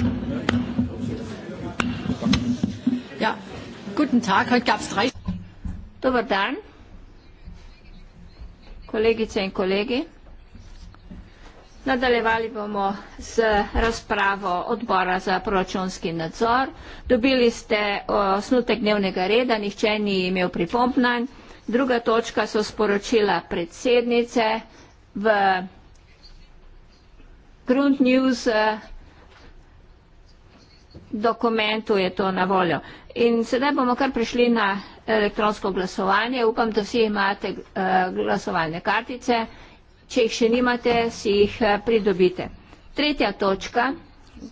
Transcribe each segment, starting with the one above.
Bay? Ja, guten Tag. Heute gab es drei. Dobar dan. Kolegice in kolegi. Nadaljevali bomo z razpravo odbora za proračunski nadzor. Dobili ste osnutek dnevnega reda, nihče ni imel pripomp na nj. Druga točka so sporočila predsednice v Grund News eh, dokumentu je to na voljo. In sedaj bomo kar prišli na elektronsko glasovanje. Upam, da vsi imate eh, glasovalne kartice. Če jih še nimate, si jih eh, pridobite. Tretja točka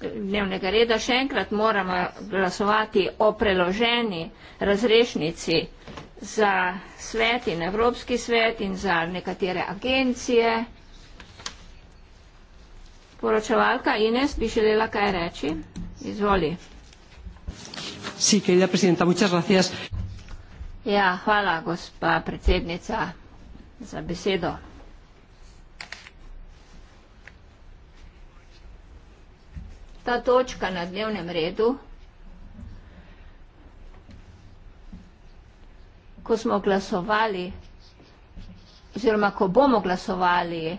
dnevnega reda. Še enkrat moramo glasovati o preloženi razrešnici za svet in Evropski svet in za nekatere agencije. Poročevalka Ines bi želela kaj reči. Hvala. Izvoli. Sí, querida presidenta, muchas gracias. Ja, hvala, gospa predsednica, za besedo. Ta točka na dnevnem redu, ko smo glasovali oziroma ko bomo glasovali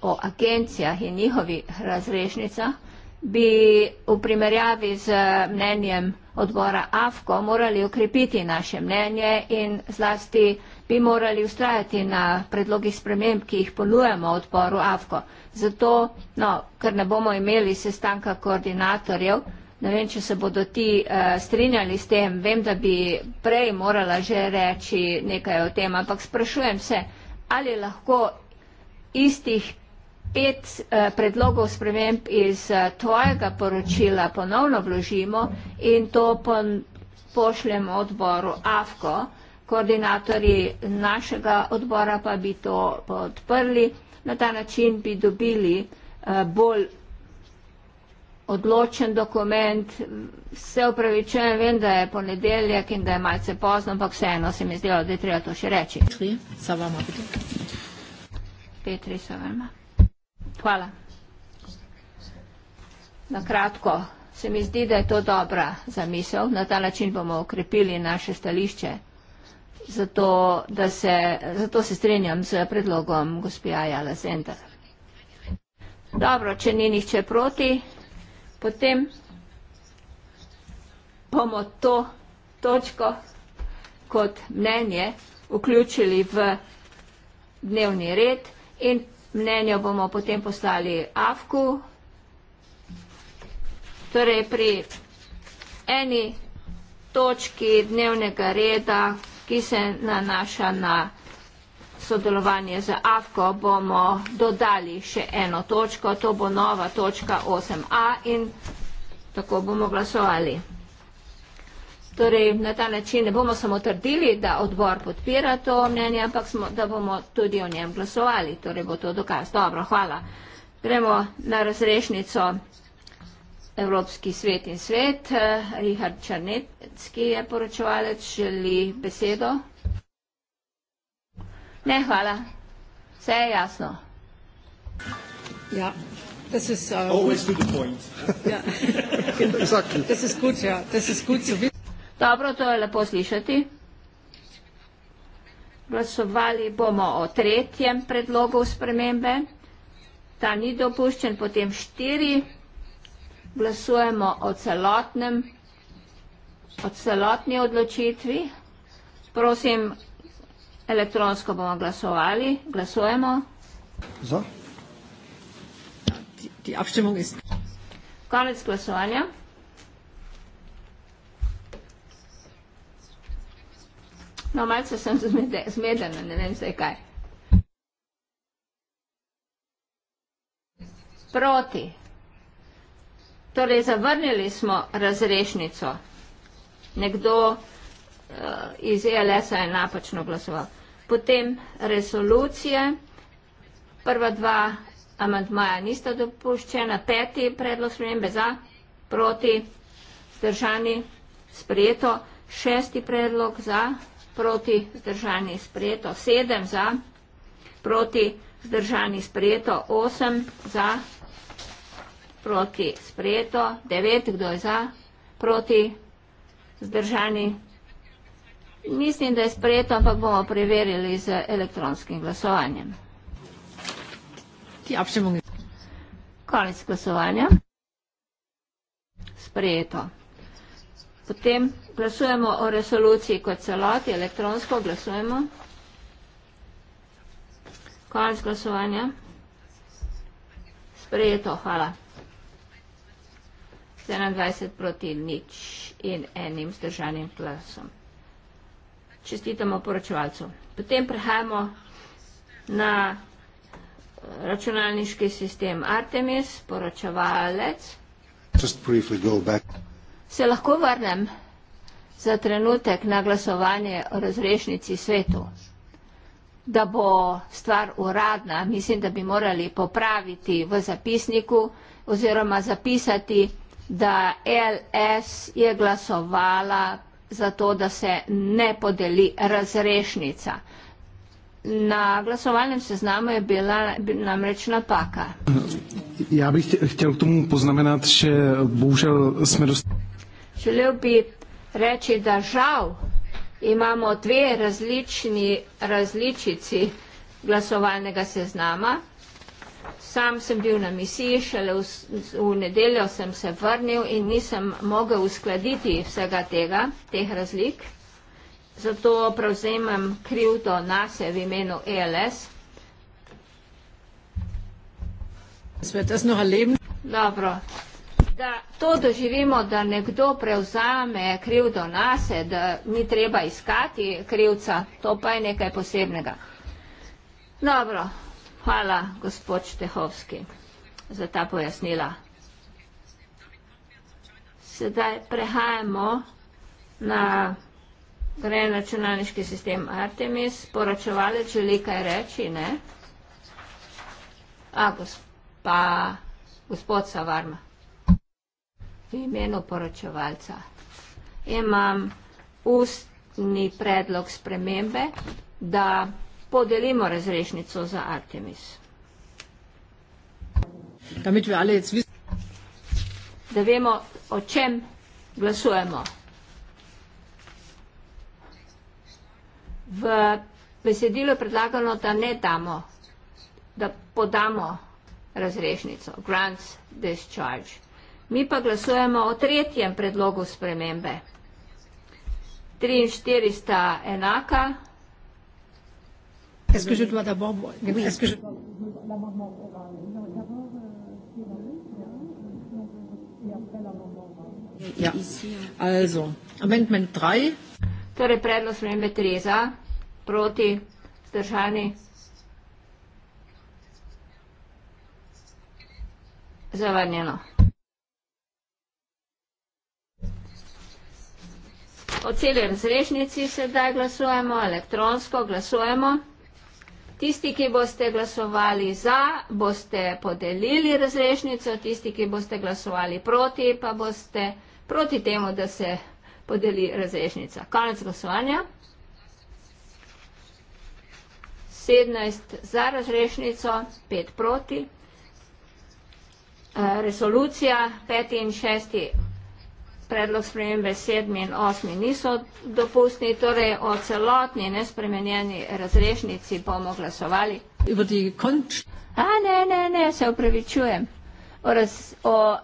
o agencijah in njihovih razrešnicah, bi v primerjavi z mnenjem odbora AFKO morali ukrepiti naše mnenje in zlasti bi morali ustrajati na predlogih sprememb, ki jih ponujemo odboru AFKO. Zato, no, ker ne bomo imeli sestanka koordinatorjev, ne vem, če se bodo ti uh, strinjali s tem, vem, da bi prej morala že reči nekaj o tem, ampak sprašujem se, ali lahko istih pet uh, predlogov sprememb iz uh, tvojega poročila ponovno vložimo in to pon, pošljemo odboru AFKO. Koordinatori našega odbora pa bi to podprli. Na ta način bi dobili uh, bolj odločen dokument. Se upravičujem, vem, da je ponedeljek in da je malce pozno, ampak vseeno se mi zdelo, da je treba to še reči. Petri, sa vama. Petri, sa vama. Hvala. Na kratko, se mi zdi, da je to dobra zamisel. Na ta način bomo okrepili naše stališče. Zato, da se, zato se strenjam z predlogom gospijaja Lazenda. Dobro, če ni nihče proti, potem bomo to točko kot mnenje vključili v dnevni red in mnenja bomo potem poslali AFK-u. Torej pri eni točki dnevnega reda, ki se nanaša na sodelovanje z AFK-o, bomo dodali še eno točko, to bo nova točka 8a in tako bomo glasovali. Torej, na ta način ne bomo samo trdili, da odbor podpira to mnenje, ampak smo, da bomo tudi o njem glasovali. Torej, bo to dokaz. Dobro, hvala. Gremo na razrešnico Evropski svet in svet. Richard Črnecki je poročevalec, želi besedo. Ne, hvala. Vse je jasno. Ja. This is uh, always to the point. yeah. exactly. This is good. Yeah. Ja. This is good. To be Dobro, to je lepo slišati. Glasovali bomo o tretjem predlogu spremembe. Ta ni dopuščen, potem štiri. Glasujemo o celotnem, o celotni odločitvi. Prosim, elektronsko bomo glasovali. Glasujemo. Za. Konec glasovanja. No, malce sem zmedena, ne vem zdaj kaj. Proti. Torej, zavrnili smo razrešnico. Nekdo uh, iz ELS-a je napačno glasoval. Potem resolucije. Prva dva amantmaja nista dopuščena. Peti predlog spremembe za, proti, zdržani, sprejeto. Šesti predlog za, proti vzdržani sprejeto sedem za, proti vzdržani sprejeto osem za, proti sprejeto devet, kdo je za, proti vzdržani, mislim, da je sprejeto, ampak bomo preverili z elektronskim glasovanjem. Konec glasovanja. Sprejeto. Potem glasujemo o resoluciji kot celoti, elektronsko glasujemo. Konec glasovanja. Sprejeto, hvala. 27 proti nič in enim zdržanim glasom. Čestitamo poročevalcu. Potem prehajamo na eh, računalniški sistem Artemis, poročevalec. Just briefly go back. Se lahko vrnem za trenutek na glasovanje o razrešnici svetu, da bo stvar uradna, mislim, da bi morali popraviti v zapisniku oziroma zapisati, da LS je glasovala za to, da se ne podeli razrešnica. Na glasovalnem seznamu je bila namreč napaka. Ja bih htjel k tomu poznamenati, še bohužel smerost... Želel bi reči, da žal imamo dve različni različici glasovalnega seznama. Sam sem bil na misiji, šele v, v nedeljo sem se vrnil in nisem mogel uskladiti vsega tega, teh razlik. Zato prevzemem krivdo nase v imenu ELS. Dobro, da to doživimo, da nekdo prevzame krivdo nase, da ni treba iskati krivca, to pa je nekaj posebnega. Dobro, hvala gospod Štehovski za ta pojasnila. Sedaj prehajamo na grejen računalniški sistem Artemis. Poračevalec želi kaj reči, ne? A, gospa, gospod Savarma. Hvala v imenu poročevalca. Imam ustni predlog spremembe, da podelimo razrešnico za Artemis. Da vemo, o čem glasujemo. V besedilu je predlagano, da ne damo, da podamo razrešnico. Grants discharge. Mi pa glasujemo o tretjem predlogu spremembe. Tri in štiri sta enaka. Ja. Also, Amendment 3. Torej, predlog spremembe 3 za, proti, zdržani. Zavrnjeno. O celi razrešnici sedaj glasujemo, elektronsko glasujemo. Tisti, ki boste glasovali za, boste podelili razrešnico, tisti, ki boste glasovali proti, pa boste proti temu, da se podeli razrešnica. Konec glasovanja. 17 za razrešnico, 5 proti. Eh, resolucija 5 in 6 predlog spremembe sedmi in osmi niso dopustni, torej o celotni nespremenjeni razrešnici bomo glasovali. A ne, ne, ne, se upravičujem. O, raz, o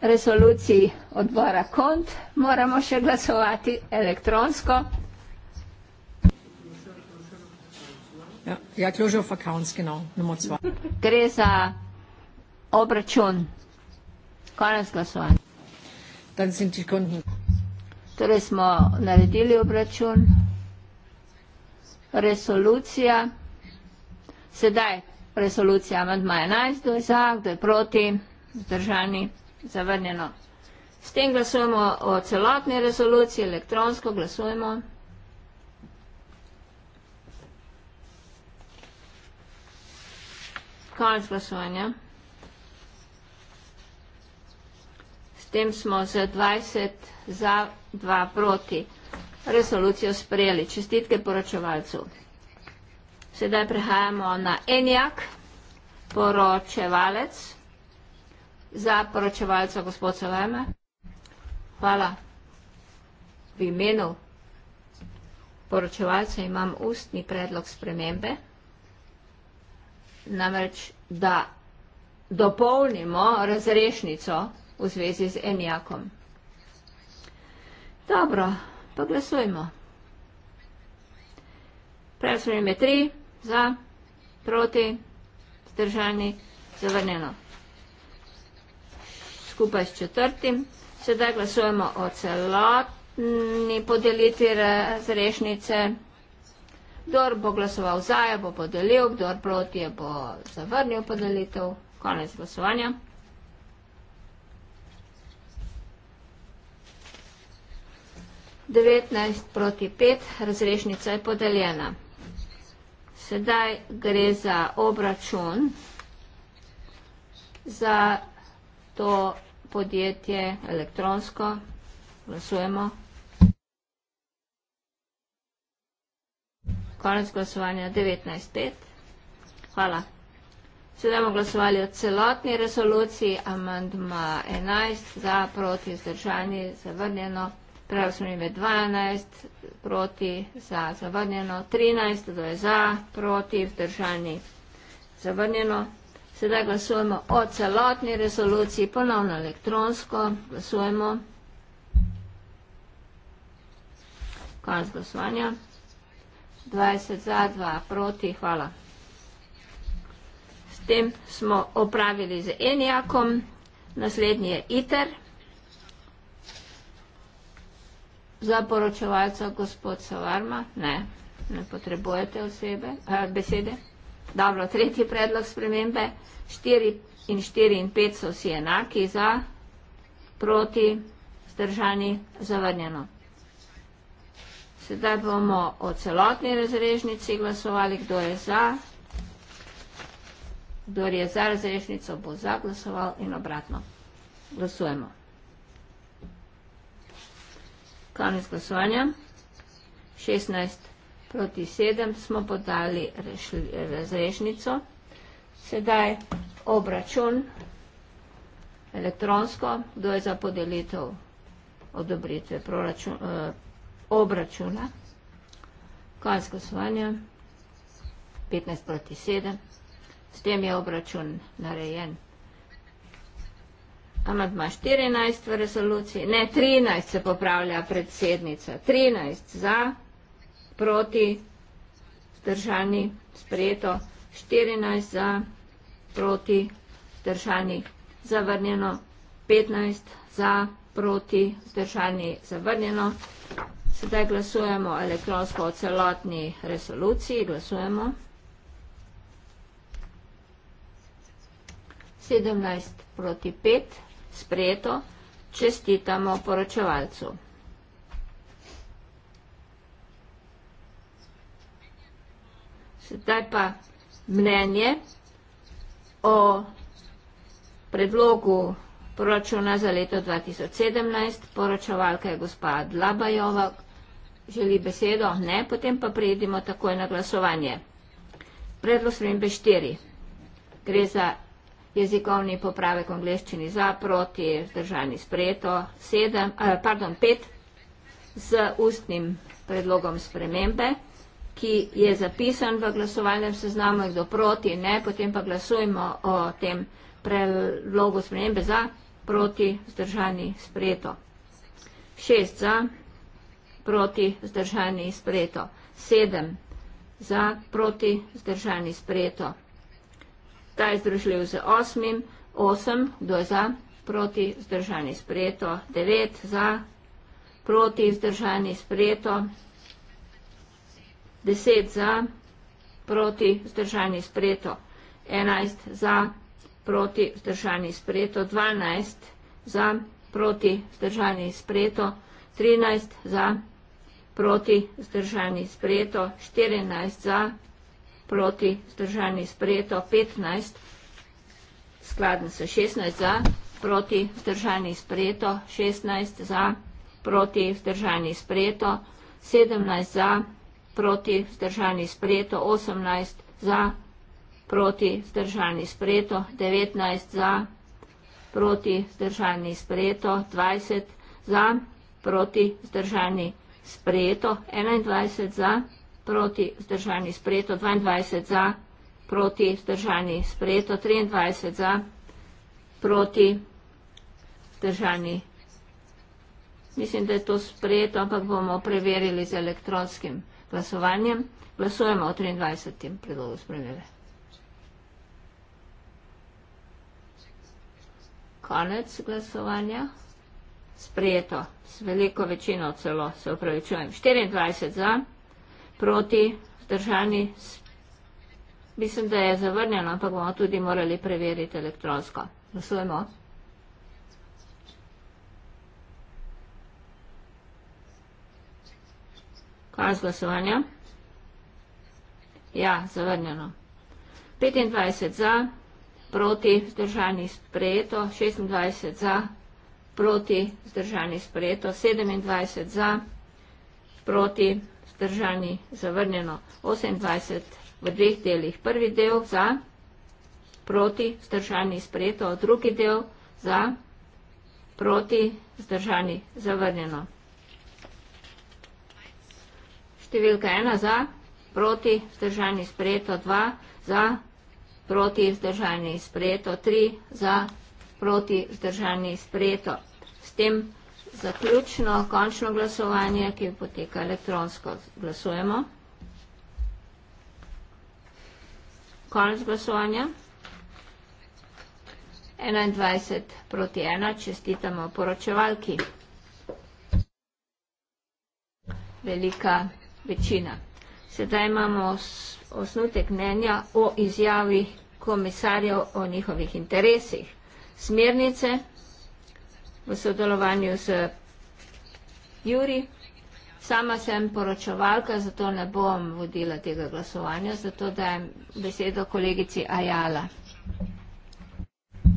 resoluciji odbora KONT moramo še glasovati elektronsko. Ja, ja, Gre za obračun. Konec glasovanja dann sind die Kunden. Torej smo naredili obračun, resolucija, sedaj resolucija amandma 11, kdo je za, kdo je proti, zdržani, zavrnjeno. S tem glasujemo o celotni resoluciji, elektronsko glasujemo. Konec glasovanja. tem smo za 20 za 2 proti resolucijo sprejeli. Čestitke poročevalcu. Sedaj prehajamo na Enjak, poročevalec, za poročevalca gospod Soleme. Hvala. V imenu poročevalca imam ustni predlog spremembe, namreč da dopolnimo razrešnico, v zvezi z enjakom. Dobro, pa glasujmo. Preslovim je tri, za, proti, zdržani, zavrneno. Skupaj s četrtim. Sedaj glasujemo o celotni podelitvi razrešnice. Kdor bo glasoval za, je bo podelil, kdor proti, je bo zavrnil podelitev. Konec glasovanja. 19 proti 5, razrešnica je podeljena. Sedaj gre za obračun za to podjetje elektronsko. Glasujemo. Konec glasovanja 19.5. Hvala. Sedaj bomo glasovali o celotni resoluciji. Amandma 11 za proti zdržani zavrnjeno. Prav smo imeli 12 proti za zavrnjeno, 13 to je za, proti, vzdržani, zavrnjeno. Sedaj glasujemo o celotni rezoluciji, ponovno elektronsko glasujemo. Konec glasovanja. 20 za, 2 proti, hvala. S tem smo opravili z Enijakom, naslednji je ITER. za poročevalca gospod Savarma, ne, ne potrebujete osebe, eh, besede. Dobro, tretji predlog spremembe, štiri in štiri in pet so vsi enaki, za, proti, zdržani, zavrnjeno. Sedaj bomo o celotni razrežnici glasovali, kdo je za, kdo je za razrežnico, bo za glasoval in obratno. Glasujemo konec glasovanja. 16 proti 7 smo podali razrešnico. Sedaj obračun elektronsko, kdo je za podelitev odobritve eh, obračuna. Konec glasovanja. 15 proti 7. S tem je obračun narejen amadma 14 v resoluciji, ne, 13 se popravlja predsednica, 13 za, proti, zdržani, sprejeto, 14 za, proti, zdržani, zavrnjeno, 15 za, proti, zdržani, zavrnjeno. Sedaj glasujemo elektronsko o celotni resoluciji, glasujemo. 17 proti 5 sprejeto, čestitamo poročevalcu. Sedaj pa mnenje o predlogu poročuna za leto 2017. Poročevalka je gospa Dlabajova. Želi besedo? Ne. Potem pa prijedimo takoj na glasovanje. Predlog srembe 4. Gre za jezikovni popravek v angleščini za, proti, vzdržani, sprejeto, sedem, eh, pardon, pet, z ustnim predlogom spremembe, ki je zapisan v glasovalnem seznamu, kdo proti, ne, potem pa glasujmo o tem predlogu spremembe za, proti, vzdržani, sprejeto. Šest za, proti, vzdržani, sprejeto. Sedem za, proti, vzdržani, sprejeto. Ta je združljiv z osmim, osem, kdo je za, proti, vzdržani, sprejeto, devet, za, proti, vzdržani, sprejeto, deset, za, proti, vzdržani, sprejeto, enajst, za, proti, vzdržani, sprejeto, dvanajst, za, proti, vzdržani, sprejeto, trinajst, za, proti, vzdržani, sprejeto, štirinajst, za, proti, vzdržani, sprejeto, proti, vzdržani, sprejeto 15, skladen se 16 za, proti, vzdržani, sprejeto 16 za, proti, vzdržani, sprejeto 17 za, proti, vzdržani, sprejeto 18 za, proti, vzdržani, sprejeto 19 za, proti, vzdržani, sprejeto 20 za, proti, vzdržani, sprejeto 21 za, proti, vzdržani, sprejeto 21 za, proti, vzdržani sprejeto, 22 za, proti, vzdržani sprejeto, 23 za, proti, vzdržani. Mislim, da je to sprejeto, ampak bomo preverili z elektronskim glasovanjem. Glasujemo o 23. predlogu spremljave. Konec glasovanja. Sprejeto. S veliko večino celo se upravičujem. 24 za. 24 za proti zdržani, mislim, da je zavrnjeno, ampak bomo tudi morali preveriti elektronsko. Glasujemo. Konec glasovanja. Ja, zavrnjeno. 25 za, proti zdržani sprejeto, 26 za, proti zdržani sprejeto, 27 za, proti zdržani sprejeto proti, vzdržani, zavrnjeno 28 v dveh delih. Prvi del za, proti, vzdržani, sprejeto, drugi del za, proti, vzdržani, zavrnjeno. Številka ena za, proti, vzdržani, sprejeto, dva za, proti, vzdržani, sprejeto, tri za, proti, vzdržani, sprejeto. S tem vzdržani zaključno končno glasovanje, ki poteka elektronsko. Glasujemo. Konec glasovanja. 21 proti 1. Čestitamo poročevalki. Velika večina. Sedaj imamo osnutek mnenja o izjavi komisarjev o njihovih interesih. Smernice, v sodelovanju z Juri. Sama sem poročevalka, zato ne bom vodila tega glasovanja, zato dajem besedo kolegici Ajala.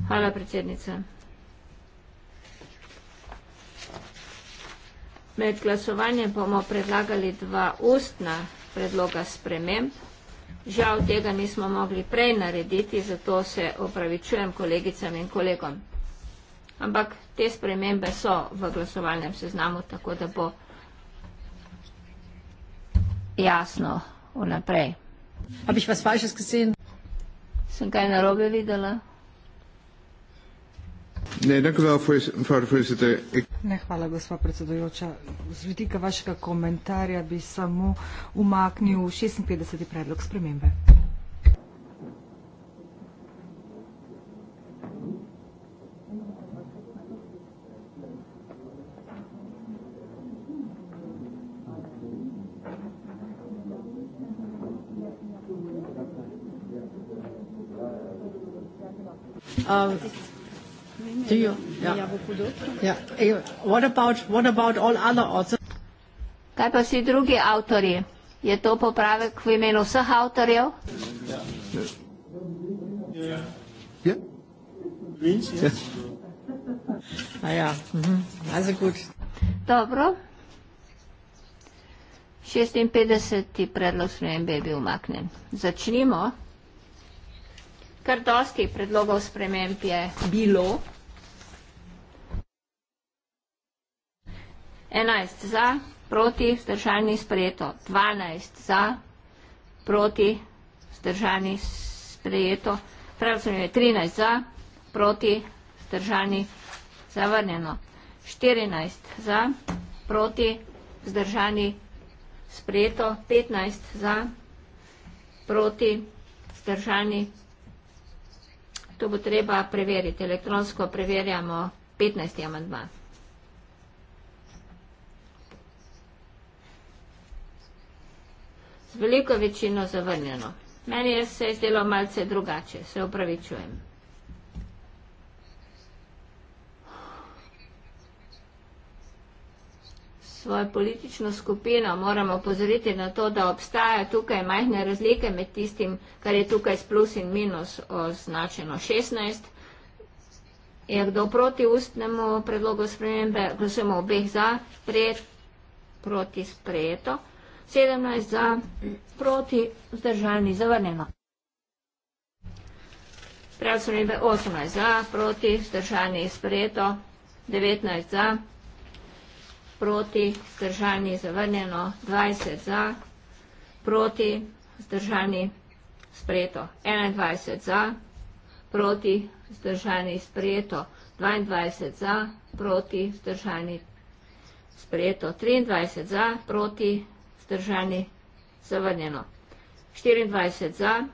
Hvala, predsednica. Med glasovanjem bomo predlagali dva ustna predloga sprememb. Žal tega nismo mogli prej narediti, zato se opravičujem kolegicam in kolegom ampak te spremembe so v glasovalnem seznamu, tako da bo jasno vnaprej. A bi vas vaše skresen? Sem kaj narobe videla? Ne, ne, ne, hvala, gospa predsedojoča. Z vidika vašega komentarja bi samo umaknil 56. predlog spremembe. Um, do you? Yeah. What about what about all other authors? Kaj pa si drugi autori? Je to popravek v imenu vseh avtorjev? Ja. Ja. Ja. Ah, ja. Mhm. Dobro. 56. predlog smem bi bil umaknen. Začnimo kar dosti predlogov sprememb je bilo. 11 za, proti, vzdržani, sprejeto. 12 za, proti, vzdržani, sprejeto. Pravzaprav je 13 za, proti, vzdržani, zavrnjeno. 14 za, proti, vzdržani, sprejeto. 15 za, proti, vzdržani, sprejeto. To bo treba preveriti. Elektronsko preverjamo 15. amandma. Z veliko večino zavrnjeno. Meni je se je zdelo malce drugače. Se upravičujem. svojo politično skupino, moramo pozoriti na to, da obstajajo tukaj majhne razlike med tistim, kar je tukaj s plus in minus označeno 16. Je kdo proti ustnemu predlogu spremembe, glasujemo obeh za, sprejet, proti sprejeto, 17 za, proti vzdržani zavrnjeno. Predlog spremembe 18 za, proti vzdržani sprejeto, 19 za, proti, zdržani, zavrnjeno, 20 za, proti, zdržani, sprejeto, 21 za, proti, zdržani, sprejeto, 22 za, proti, zdržani, sprejeto, 23 za, proti, zdržani, zavrnjeno, 24 za,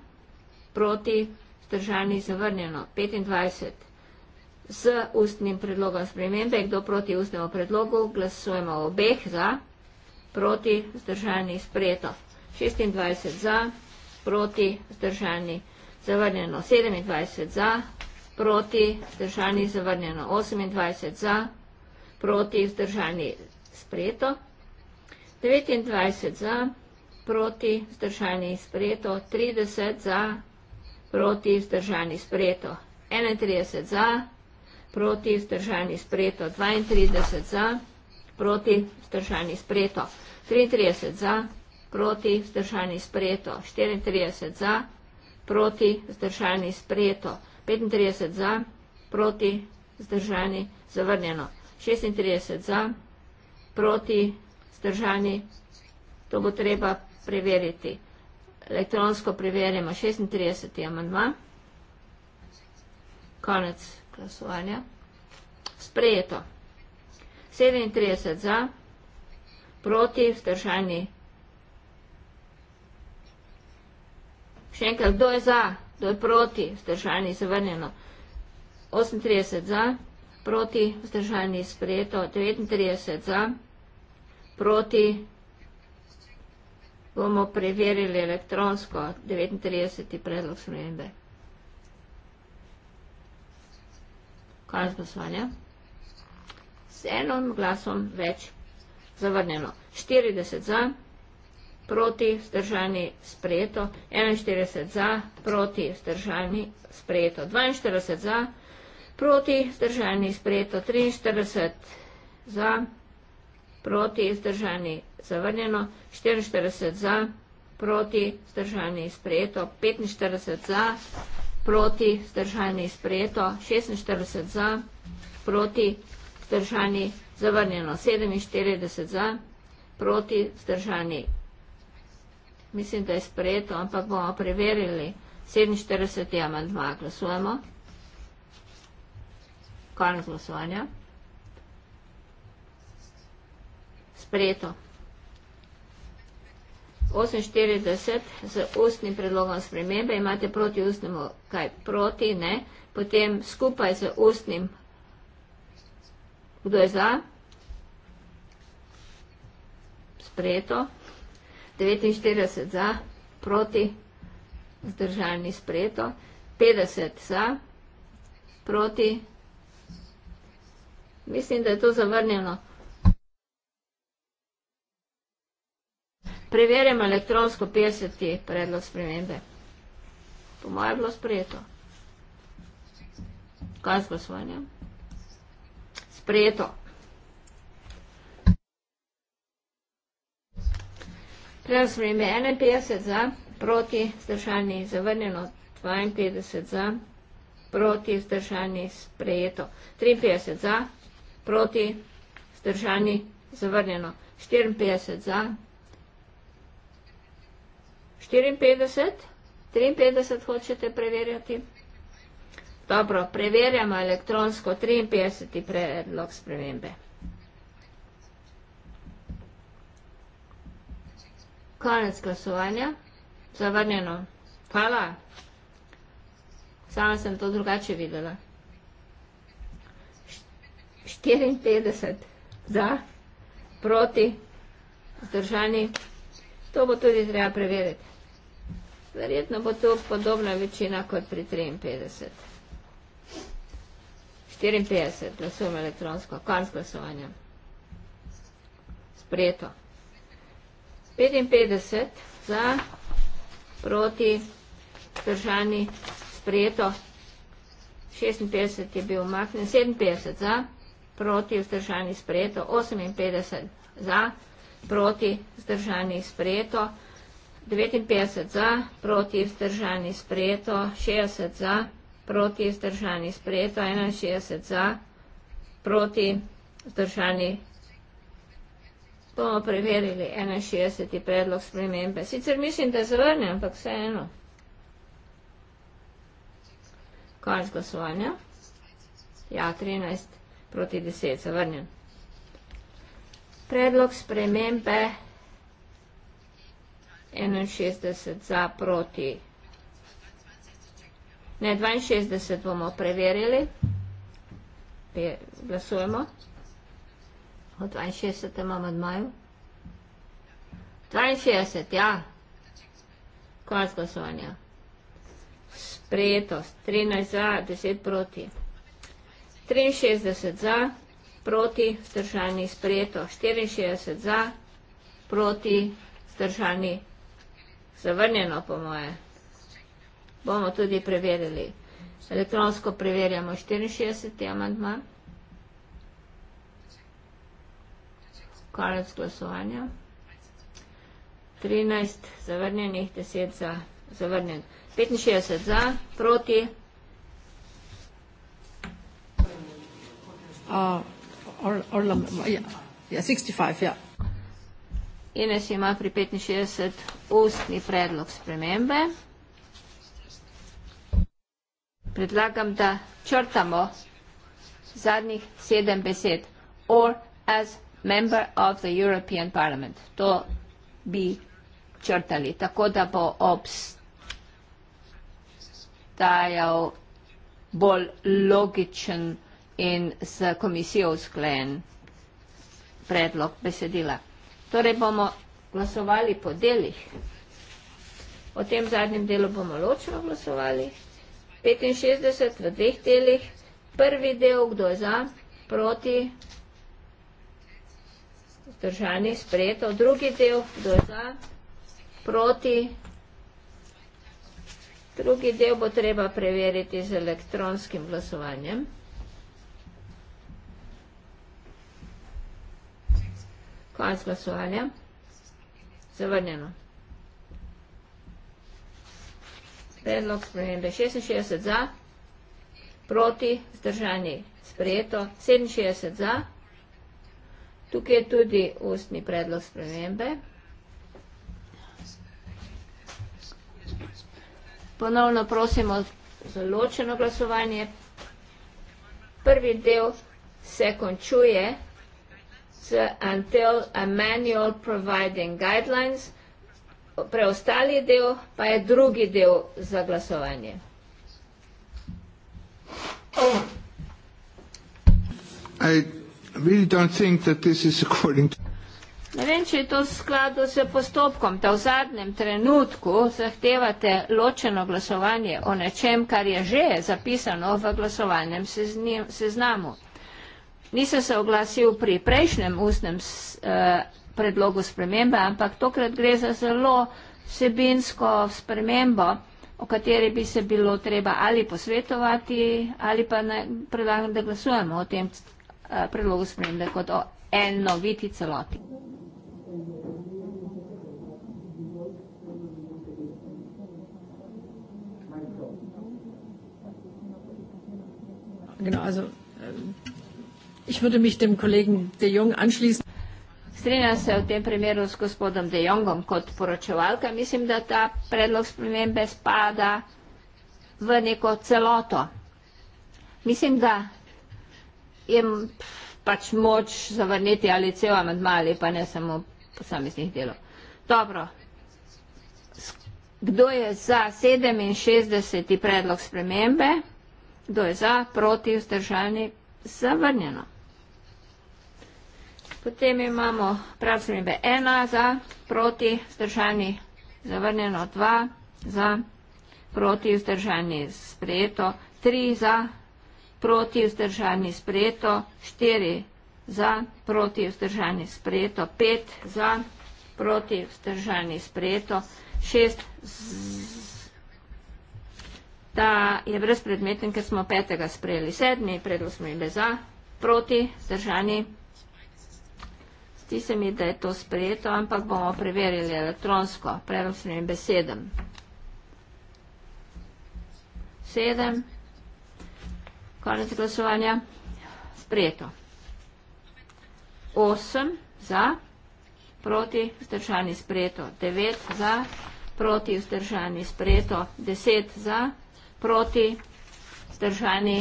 proti, zdržani, zavrnjeno, 25 za, z ustnim predlogom spremembe. Kdo proti ustnemu predlogu, glasujemo obeh za, proti zdržani sprejeto. 26 za, proti zdržani zavrnjeno. 27 za, proti zdržani zavrnjeno. 28 za, proti zdržani sprejeto. 29 za, proti zdržani sprejeto. 30 za, proti zdržani sprejeto. 31 za, proti zdržani sprejeto proti, vzdržani spreto, 32 za, proti, vzdržani spreto, 33 za, proti, vzdržani spreto, 34 za, proti, vzdržani spreto, 35 za, proti, vzdržani, zavrnjeno, 36 za, proti, vzdržani, to bo treba preveriti. Elektronsko preverimo 36. amandma. Konec glasovanja. Sprejeto. 37 za, proti, vzdržani. Še enkrat, kdo je za, kdo je proti, vzdržani, zavrnjeno. 38 za, proti, vzdržani, sprejeto. 39 za, proti, bomo preverili elektronsko, 39 predlog spremembe. kaj smo sanja. S enom glasom več zavrnjeno. 40 za, proti, vzdržani, sprejeto. 41 za, proti, vzdržani, sprejeto. 42 za, proti, vzdržani, sprejeto. 43 za, proti, vzdržani, zavrnjeno. 44 za, proti, vzdržani, sprejeto. 45 za, proti, vzdržani, sprejeto proti, vzdržani, sprejeto, 46 za, proti, vzdržani, zavrnjeno, 47 za, proti, vzdržani. Mislim, da je sprejeto, ampak bomo preverili 47. amandma. Glasujemo. Konec glasovanja. Sprejeto. 48 z ustnim predlogom spremembe, imate proti ustnemu kaj proti, ne, potem skupaj z ustnim, kdo je za, sprejeto, 49 za, proti, zdržalni sprejeto, 50 za, proti, mislim, da je to zavrnjeno, Preverjam elektronsko 50. predlog spremembe. Po moje je bilo sprejeto. Kaj z glasovanjem? Sprejeto. Predlog spremembe 51 za, proti zdržani zavrnjeno, 52 za, proti zdržani sprejeto, 53 za, proti zdržani zavrnjeno, 54 za, 54, 53 hočete preverjati? Dobro, preverjamo elektronsko 53. predlog spremembe. Konec glasovanja. Zavrnjeno. Hvala. Sama sem to drugače videla. 54 za, proti, zdržani. To bo tudi treba preveriti. Verjetno bo to podobna večina kot pri 53. 54 glasujem elektronsko, konc glasovanja. Sprejeto. 55 za, proti, držani, sprejeto. 56 je bil umaknjen, 57 za, proti, vzdržani, sprejeto, 58 za, proti, vzdržani, sprejeto, 59 za, proti, vzdržani, sprejeto, 60 za, proti, vzdržani, sprejeto, 61 za, proti, vzdržani, bomo preverili 61. predlog spremembe. Sicer mislim, da zavrnem, ampak vseeno. Konec glasovanja. Ja, 13 proti 10, zavrnem. Predlog spremembe 61 za proti. Ne, 62 bomo preverili. Glasujemo. O 62. amadmaju. 62, ja. Konc glasovanja. Sprejetost. 13 za, 10 proti. 63 za. 63 za proti, vzdržani, sprejeto, 64 za, proti, vzdržani, zavrnjeno po moje. Bomo tudi preverili. Elektronsko preverjamo 64. amantma. Konec glasovanja. 13 zavrnjenih, 10 za, zavrnjen. 65 za, proti. Hvala. Uh, 65, ja. Ines ima pri 65 ustni predlog spremembe. Predlagam, da črtamo zadnjih sedem besed or as member of the European Parliament. To bi črtali, tako da bo obstajal bolj logičen predlog in s komisijo usklajen predlog besedila. Torej bomo glasovali po delih. O tem zadnjem delu bomo ločno glasovali. 65 v dveh delih. Prvi del, kdo je za, proti, zdržani, sprejeto. Drugi del, kdo je za, proti, drugi del bo treba preveriti z elektronskim glasovanjem. Konec glasovanja. Zavrnjeno. Predlog spremembe 66 za, proti, zdržani, sprejeto, 67 za. Tukaj je tudi ustni predlog spremembe. Ponovno prosimo za ločeno glasovanje. Prvi del se končuje. Uh, until a manual providing guidelines, preostali del pa je drugi del za glasovanje. Ne vem, če je to v skladu s postopkom, da v zadnjem trenutku zahtevate ločeno glasovanje o nečem, kar je že zapisano v glasovanjem seznamu nisem se oglasil pri prejšnjem ustnem eh, predlogu spremembe, ampak tokrat gre za zelo vsebinsko spremembo, o kateri bi se bilo treba ali posvetovati, ali pa predlagam, da glasujemo o tem eh, predlogu spremembe kot o enoviti celoti. Gnozo. Ich würde mich dem Kollegen De Jong anschließen. Strinjam se v tem primeru s gospodom De Jongom kot poročevalka. Mislim, da ta predlog spremembe spada v neko celoto. Mislim, da je pač moč zavrniti ali cel amandma ali pa ne samo posameznih delov. Dobro. Kdo je za 67. predlog spremembe? Kdo je za, proti, vzdržalni? Zavrnjeno. Potem imamo pracovnjebe 1 za, proti, vzdržani, zavrnjeno 2 za, proti, vzdržani, sprejeto 3 za, proti, vzdržani, sprejeto 4 za, proti, vzdržani, sprejeto 5 za, proti, vzdržani, sprejeto 6 za. Ta je brezpredmeten, ker smo petega sprejeli sedmi, predvsem je bil za, proti, vzdržani, sprejeto 6 za. Zdi se mi, da je to sprejeto, ampak bomo preverili elektronsko, predvsem sem jim besedem. Sedem, konec glasovanja, sprejeto. Osem, za, proti, vzdržani, sprejeto. Devet, za, proti, vzdržani, sprejeto. Deset, za, proti, vzdržani,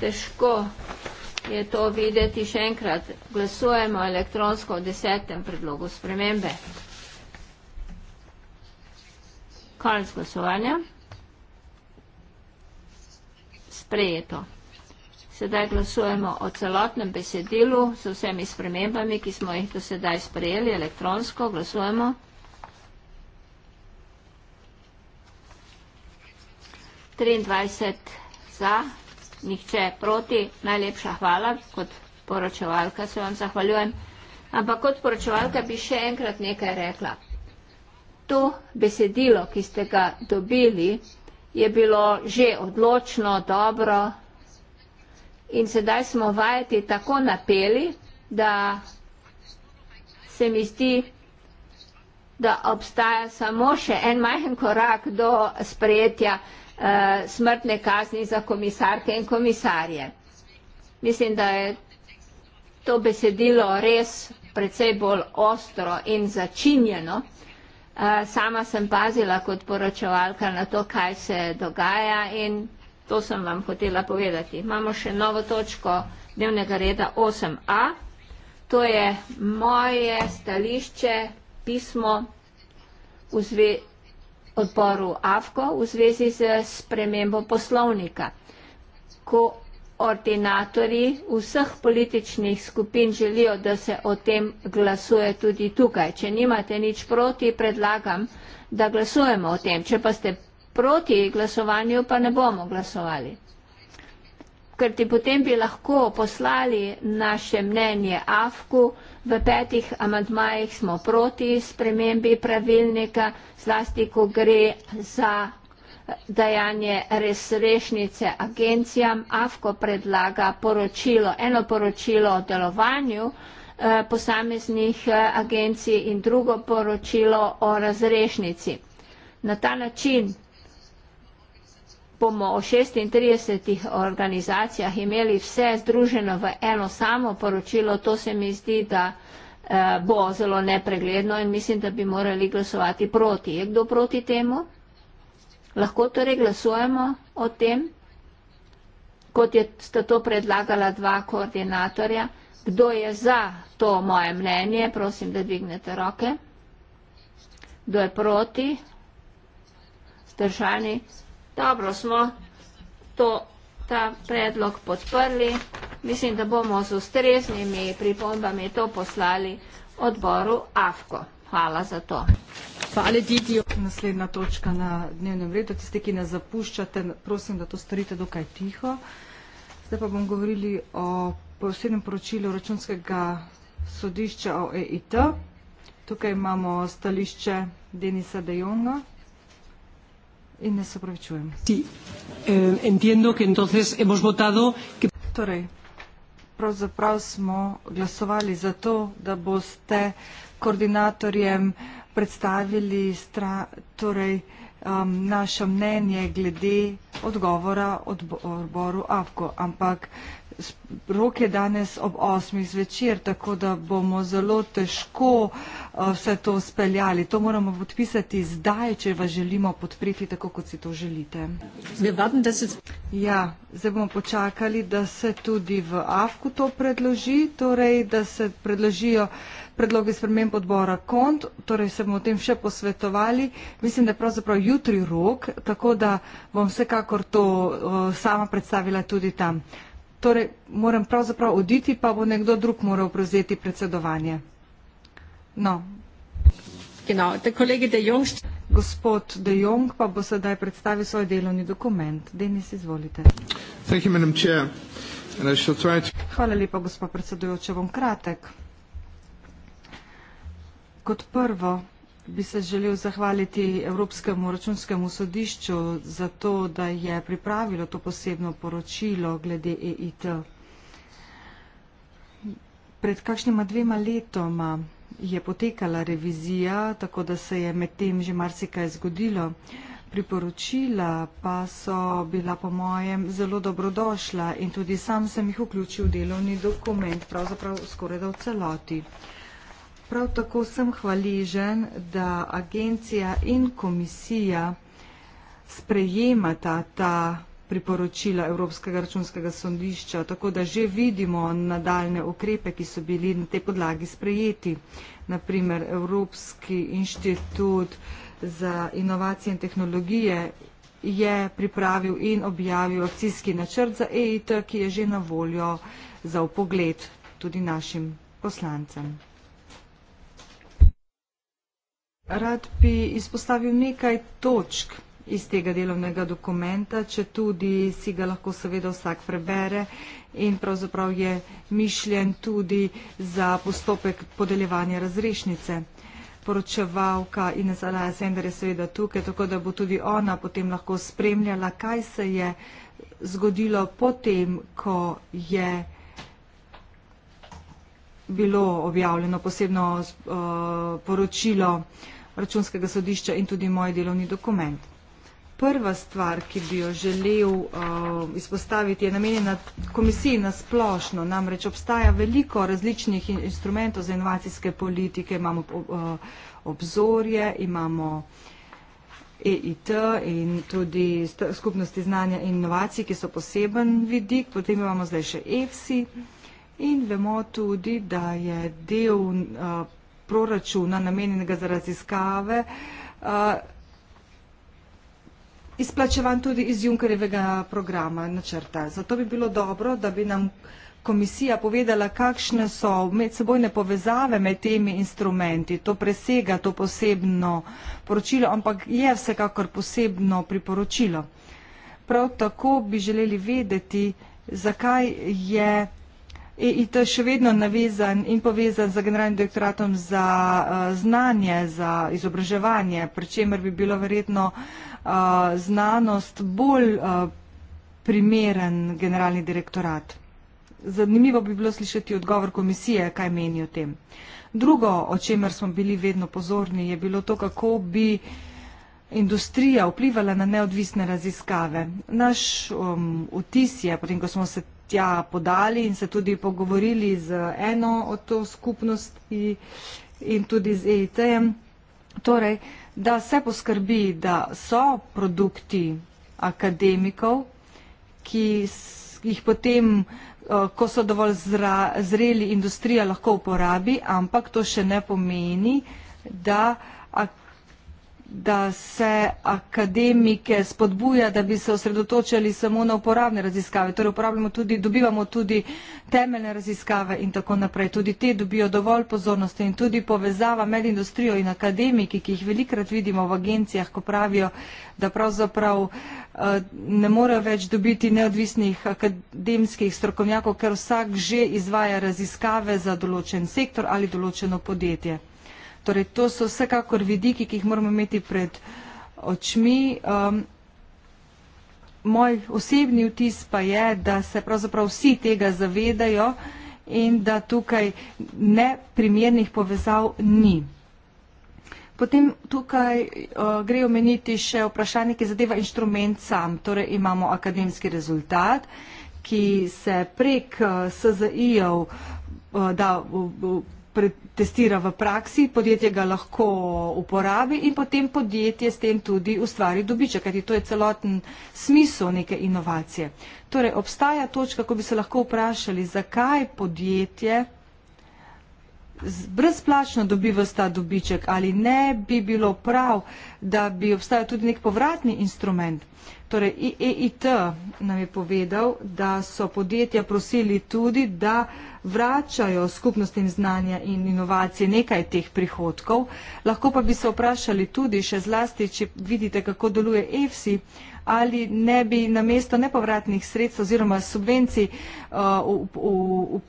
težko, sprejeto je to videti še enkrat. Glasujemo elektronsko o desetem predlogu spremembe. Konec glasovanja. Sprejeto. Sedaj glasujemo o celotnem besedilu s vsemi spremembami, ki smo jih do sedaj sprejeli elektronsko. Glasujemo. Triindvajset za, nihče proti, najlepša hvala, kot poročevalka se vam zahvaljujem. Ampak kot poročevalka bi še enkrat nekaj rekla. To besedilo, ki ste ga dobili, je bilo že odločno, dobro in sedaj smo vajeti tako napeli, da se mi zdi, da obstaja samo še en majhen korak do sprejetja vsega uh, smrtne kazni za komisarke in komisarje. Mislim, da je to besedilo res precej bolj ostro in začinjeno. Uh, sama sem pazila kot poročevalka na to, kaj se dogaja in to sem vam hotela povedati. Imamo še novo točko dnevnega reda 8a. To je moje stališče, pismo v zvezi odboru AFKO v zvezi z spremembo poslovnika. Ko ordinatori vseh političnih skupin želijo, da se o tem glasuje tudi tukaj. Če nimate nič proti, predlagam, da glasujemo o tem. Če pa ste proti glasovanju, pa ne bomo glasovali ker ti potem bi lahko poslali naše mnenje AFKU. V petih amantmajih smo proti spremembi pravilnika, zlasti ko gre za dajanje resrešnice agencijam. AFKO predlaga poročilo, eno poročilo o delovanju eh, posameznih eh, agencij in drugo poročilo o razrešnici. Na ta način bomo o 36 organizacijah imeli vse združeno v eno samo poročilo, to se mi zdi, da eh, bo zelo nepregledno in mislim, da bi morali glasovati proti. Je kdo proti temu? Lahko torej glasujemo o tem, kot je sta to predlagala dva koordinatorja. Kdo je za to moje mnenje? Prosim, da dvignete roke. Kdo je proti? Zdržani. Dobro smo to, ta predlog podprli. Mislim, da bomo z ustreznimi pripombami to poslali odboru AFKO. Hvala za to. Hvala, Didi. Naslednja točka na dnevnem redu. Tiste, ki ne zapuščate, prosim, da to storite dokaj tiho. Zdaj pa bom govorili o posebnem poročilu računskega sodišča o EIT. Tukaj imamo stališče Denisa Dejonga. De in ne se pravičujem. Sí. Eh, entiendo que entonces hemos votado que... Torej, pravzaprav smo glasovali za to, da boste koordinatorjem predstavili stra, torej, um, naše mnenje glede odgovora odboru AFKO, ampak Rok je danes ob 8. zvečer, tako da bomo zelo težko eh, vse to speljali. To moramo podpisati zdaj, če vas želimo podpreti tako, kot si to želite. Ja, zdaj bomo počakali, da se tudi v AFK-u to predloži, torej, da se predložijo predloge sprememb odbora KONT, torej se bomo o tem še posvetovali. Mislim, da je pravzaprav jutri rok, tako da bom vsekakor to eh, sama predstavila tudi tam torej moram pravzaprav oditi, pa bo nekdo drug moral prevzeti predsedovanje. No. Genau, no, der Kollege de Jong. Gospod de Jong pa bo sedaj predstavil svoj delovni dokument. Denis, izvolite. Thank you, madam chair. And I shall try to... Hvala lepa, gospod predsedujoče, bom kratek. Kot prvo, bi se želel zahvaliti Evropskemu računskemu sodišču za to, da je pripravilo to posebno poročilo glede EIT. Pred kakšnima dvema letoma je potekala revizija, tako da se je med tem že marsikaj zgodilo. Priporočila pa so bila po mojem zelo dobrodošla in tudi sam sem jih vključil v delovni dokument, pravzaprav skoraj da v celoti. Prav tako sem hvaležen, da agencija in komisija sprejemata ta priporočila Evropskega računskega sodišča, tako da že vidimo nadaljne ukrepe, ki so bili na tej podlagi sprejeti. Naprimer, Evropski inštitut za inovacije in tehnologije je pripravil in objavil akcijski načrt za EIT, ki je že na voljo za upogled tudi našim poslancem. Rad bi izpostavil nekaj točk iz tega delovnega dokumenta, če tudi si ga lahko seveda vsak prebere in pravzaprav je mišljen tudi za postopek podeljevanja razrešnice. Poročevalka Ines Alaja Sender je seveda tukaj, tako da bo tudi ona potem lahko spremljala, kaj se je zgodilo potem, ko je bilo objavljeno posebno uh, poročilo uh, računskega sodišča in tudi moj delovni dokument. Prva stvar, ki bi jo želel uh, izpostaviti, je namenjena komisiji na splošno. Namreč obstaja veliko različnih in instrumentov za inovacijske politike. Imamo uh, obzorje, imamo EIT in tudi skupnosti znanja in inovacij, ki so poseben vidik. Potem imamo zdaj še EFSI in vemo tudi, da je del. Uh, proračuna, namenjenega za raziskave, eh, izplačevan tudi iz Junkerjevega programa načrta. Zato bi bilo dobro, da bi nam komisija povedala, kakšne so medsebojne povezave med temi instrumenti. To presega to posebno poročilo, ampak je vsekakor posebno priporočilo. Prav tako bi želeli vedeti, zakaj je E in to je še vedno navezan in povezan z generalnim direktoratom za uh, znanje, za izobraževanje, pri čemer bi bilo verjetno uh, znanost bolj uh, primeren generalni direktorat. Zanimivo bi bilo slišati odgovor komisije, kaj meni o tem. Drugo, o čemer smo bili vedno pozorni, je bilo to, kako bi industrija vplivala na neodvisne raziskave. Naš um, vtis je, potem ko smo se tja podali in se tudi pogovorili z eno od to skupnosti in tudi z EIT-jem. Torej, da se poskrbi, da so produkti akademikov, ki jih potem, eh, ko so dovolj zreli, industrija lahko uporabi, ampak to še ne pomeni, da da se akademike spodbuja, da bi se osredotočali samo na uporabne raziskave. Torej uporabljamo tudi, dobivamo tudi temeljne raziskave in tako naprej. Tudi te dobijo dovolj pozornosti in tudi povezava med industrijo in akademiki, ki jih velikrat vidimo v agencijah, ko pravijo, da pravzaprav eh, ne morejo več dobiti neodvisnih akademskih strokovnjakov, ker vsak že izvaja raziskave za določen sektor ali določeno podjetje. Torej, to so vsekakor vidiki, ki jih moramo imeti pred očmi. Um, moj osebni vtis pa je, da se pravzaprav vsi tega zavedajo in da tukaj neprimernih povezav ni. Potem tukaj uh, gre omeniti še vprašanje, ki zadeva inštrument sam. Torej imamo akademski rezultat, ki se prek uh, SZI-jev uh, da. Uh, uh, testira v praksi, podjetje ga lahko uporabi in potem podjetje s tem tudi ustvari dobiček, kajti to je celoten smisel neke inovacije. Torej, obstaja točka, ko bi se lahko vprašali, zakaj podjetje brezplačno dobiva ta dobiček ali ne bi bilo prav, da bi obstajal tudi nek povratni instrument torej EIT nam je povedal, da so podjetja prosili tudi, da vračajo skupnostim znanja in inovacije nekaj teh prihodkov. Lahko pa bi se vprašali tudi, še zlasti, če vidite, kako deluje EFSI, ali ne bi na mesto nepovratnih sredstv oziroma subvencij uh, v, v,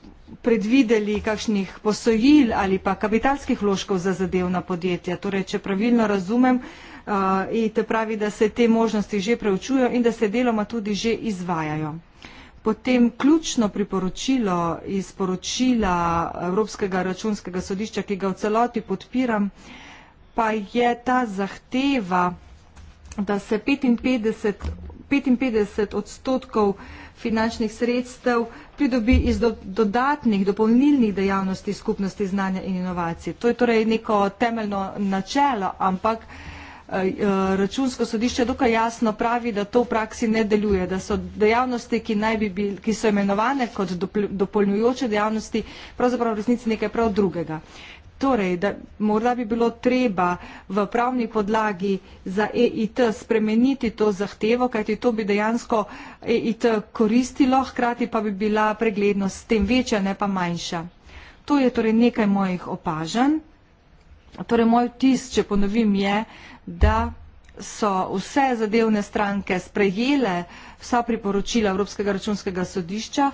predvideli kakšnih posojil ali pa kapitalskih vložkov za zadevna podjetja. Torej, če pravilno razumem, uh, uh, in te pravi, da se te možnosti že preučujo in da se deloma tudi že izvajajo. Potem ključno priporočilo iz poročila Evropskega računskega sodišča, ki ga v celoti podpiram, pa je ta zahteva, da se 55, 55 odstotkov finančnih sredstev pridobi iz do, dodatnih dopolnilnih dejavnosti skupnosti znanja in inovacij. To je torej neko temeljno načelo, ampak Eh, računsko sodišče dokaj jasno pravi, da to v praksi ne deluje, da so dejavnosti, ki, bi bil, ki so imenovane kot dopolnjujoče dejavnosti, pravzaprav v resnici nekaj prav drugega. Torej, da morda bi bilo treba v pravni podlagi za EIT spremeniti to zahtevo, kajti to bi dejansko EIT koristilo, hkrati pa bi bila preglednost s tem večja, ne pa manjša. To je torej nekaj mojih opažanj. Torej, moj vtis, če ponovim, je, da so vse zadevne stranke sprejele vsa priporočila Evropskega računskega sodišča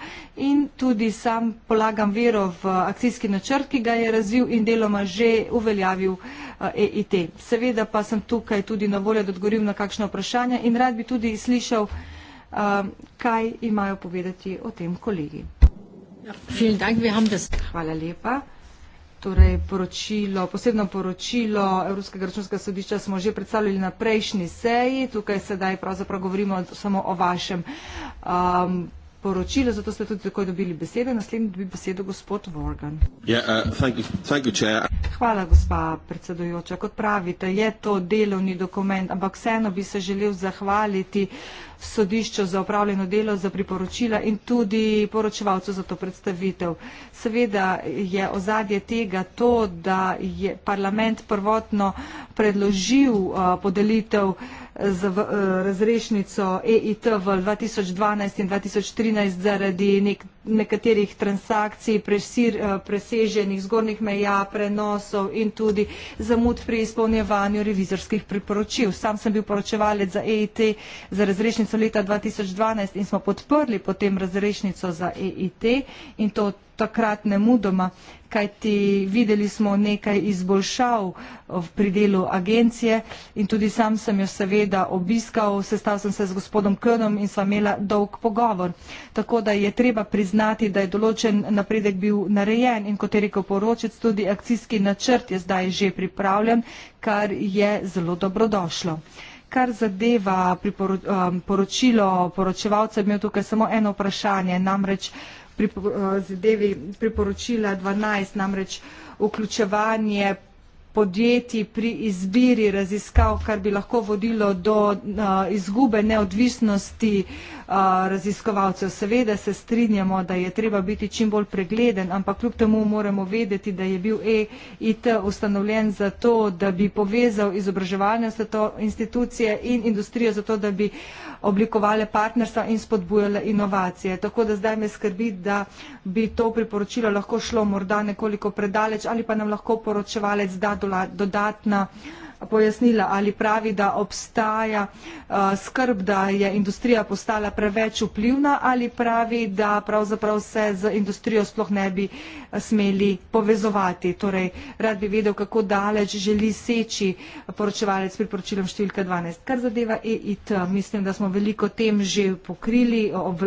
in tudi sam polagam vero v akcijski načrt, ki ga je razvil in deloma že uveljavil EIT. Eh, e Seveda pa sem tukaj tudi na voljo, da odgovorim na kakšno vprašanje in rad bi tudi slišal, eh, kaj imajo povedati o tem kolegi. Hvala lepa. Torej, poročilo, posebno poročilo Evropskega računskega sodišča smo že predstavljali na prejšnji seji. Tukaj sedaj pravzaprav govorimo samo o vašem um, poročilo, zato ste tudi takoj dobili besedo. Naslednji dobi besedo gospod Vorgan. Uh, Hvala, gospa predsedujoča. Kot pravite, je to delovni dokument, ampak vseeno bi se želel zahvaliti sodišču za upravljeno delo, za priporočila in tudi poročevalcu za to predstavitev. Seveda je ozadje tega to, da je parlament prvotno predložil uh, podelitev uh, z eh, razrešnico EIT v 2012 in 2013 zaradi nek nekaterih transakcij, presir, eh, preseženih zgornjih meja, prenosov in tudi zamud pri izpolnjevanju revizorskih priporočil. Sam sem bil poročevalec za EIT za razrešnico leta 2012 in smo podprli potem razrešnico za EIT in to takrat ne mudoma, kajti videli smo nekaj izboljšav v eh, pridelu agencije in tudi sam sem jo seveda obiskal, sestal sem se z gospodom Könom in sva imela dolg pogovor. Tako da je treba priznati, priznati, da je določen napredek bil narejen in kot je rekel poročec, tudi akcijski načrt je zdaj že pripravljen, kar je zelo dobrodošlo. Kar zadeva priporo, um, poročilo poročevalca, imel tukaj samo eno vprašanje, namreč pripo, uh, zadevi priporočila 12, namreč vključevanje podjetij pri izbiri raziskav, kar bi lahko vodilo do uh, izgube neodvisnosti uh, raziskovalcev. Seveda se strinjamo, da je treba biti čim bolj pregleden, ampak kljub temu moramo vedeti, da je bil EIT ustanovljen za to, da bi povezal izobraževalne institucije in industrijo za to, da bi oblikovali partnerstva in spodbujali inovacije. Tako da zdaj me skrbi, da bi to priporočilo lahko šlo morda nekoliko predaleč ali pa nam lahko poročevalec da določiti dodatna pojasnila ali pravi, da obstaja uh, skrb, da je industrija postala preveč vplivna ali pravi, da pravzaprav se z industrijo sploh ne bi uh, smeli povezovati. Torej, rad bi vedel, kako daleč želi seči poročevalec pri poročilom številka 12. Kar zadeva EIT, mislim, da smo veliko tem že pokrili,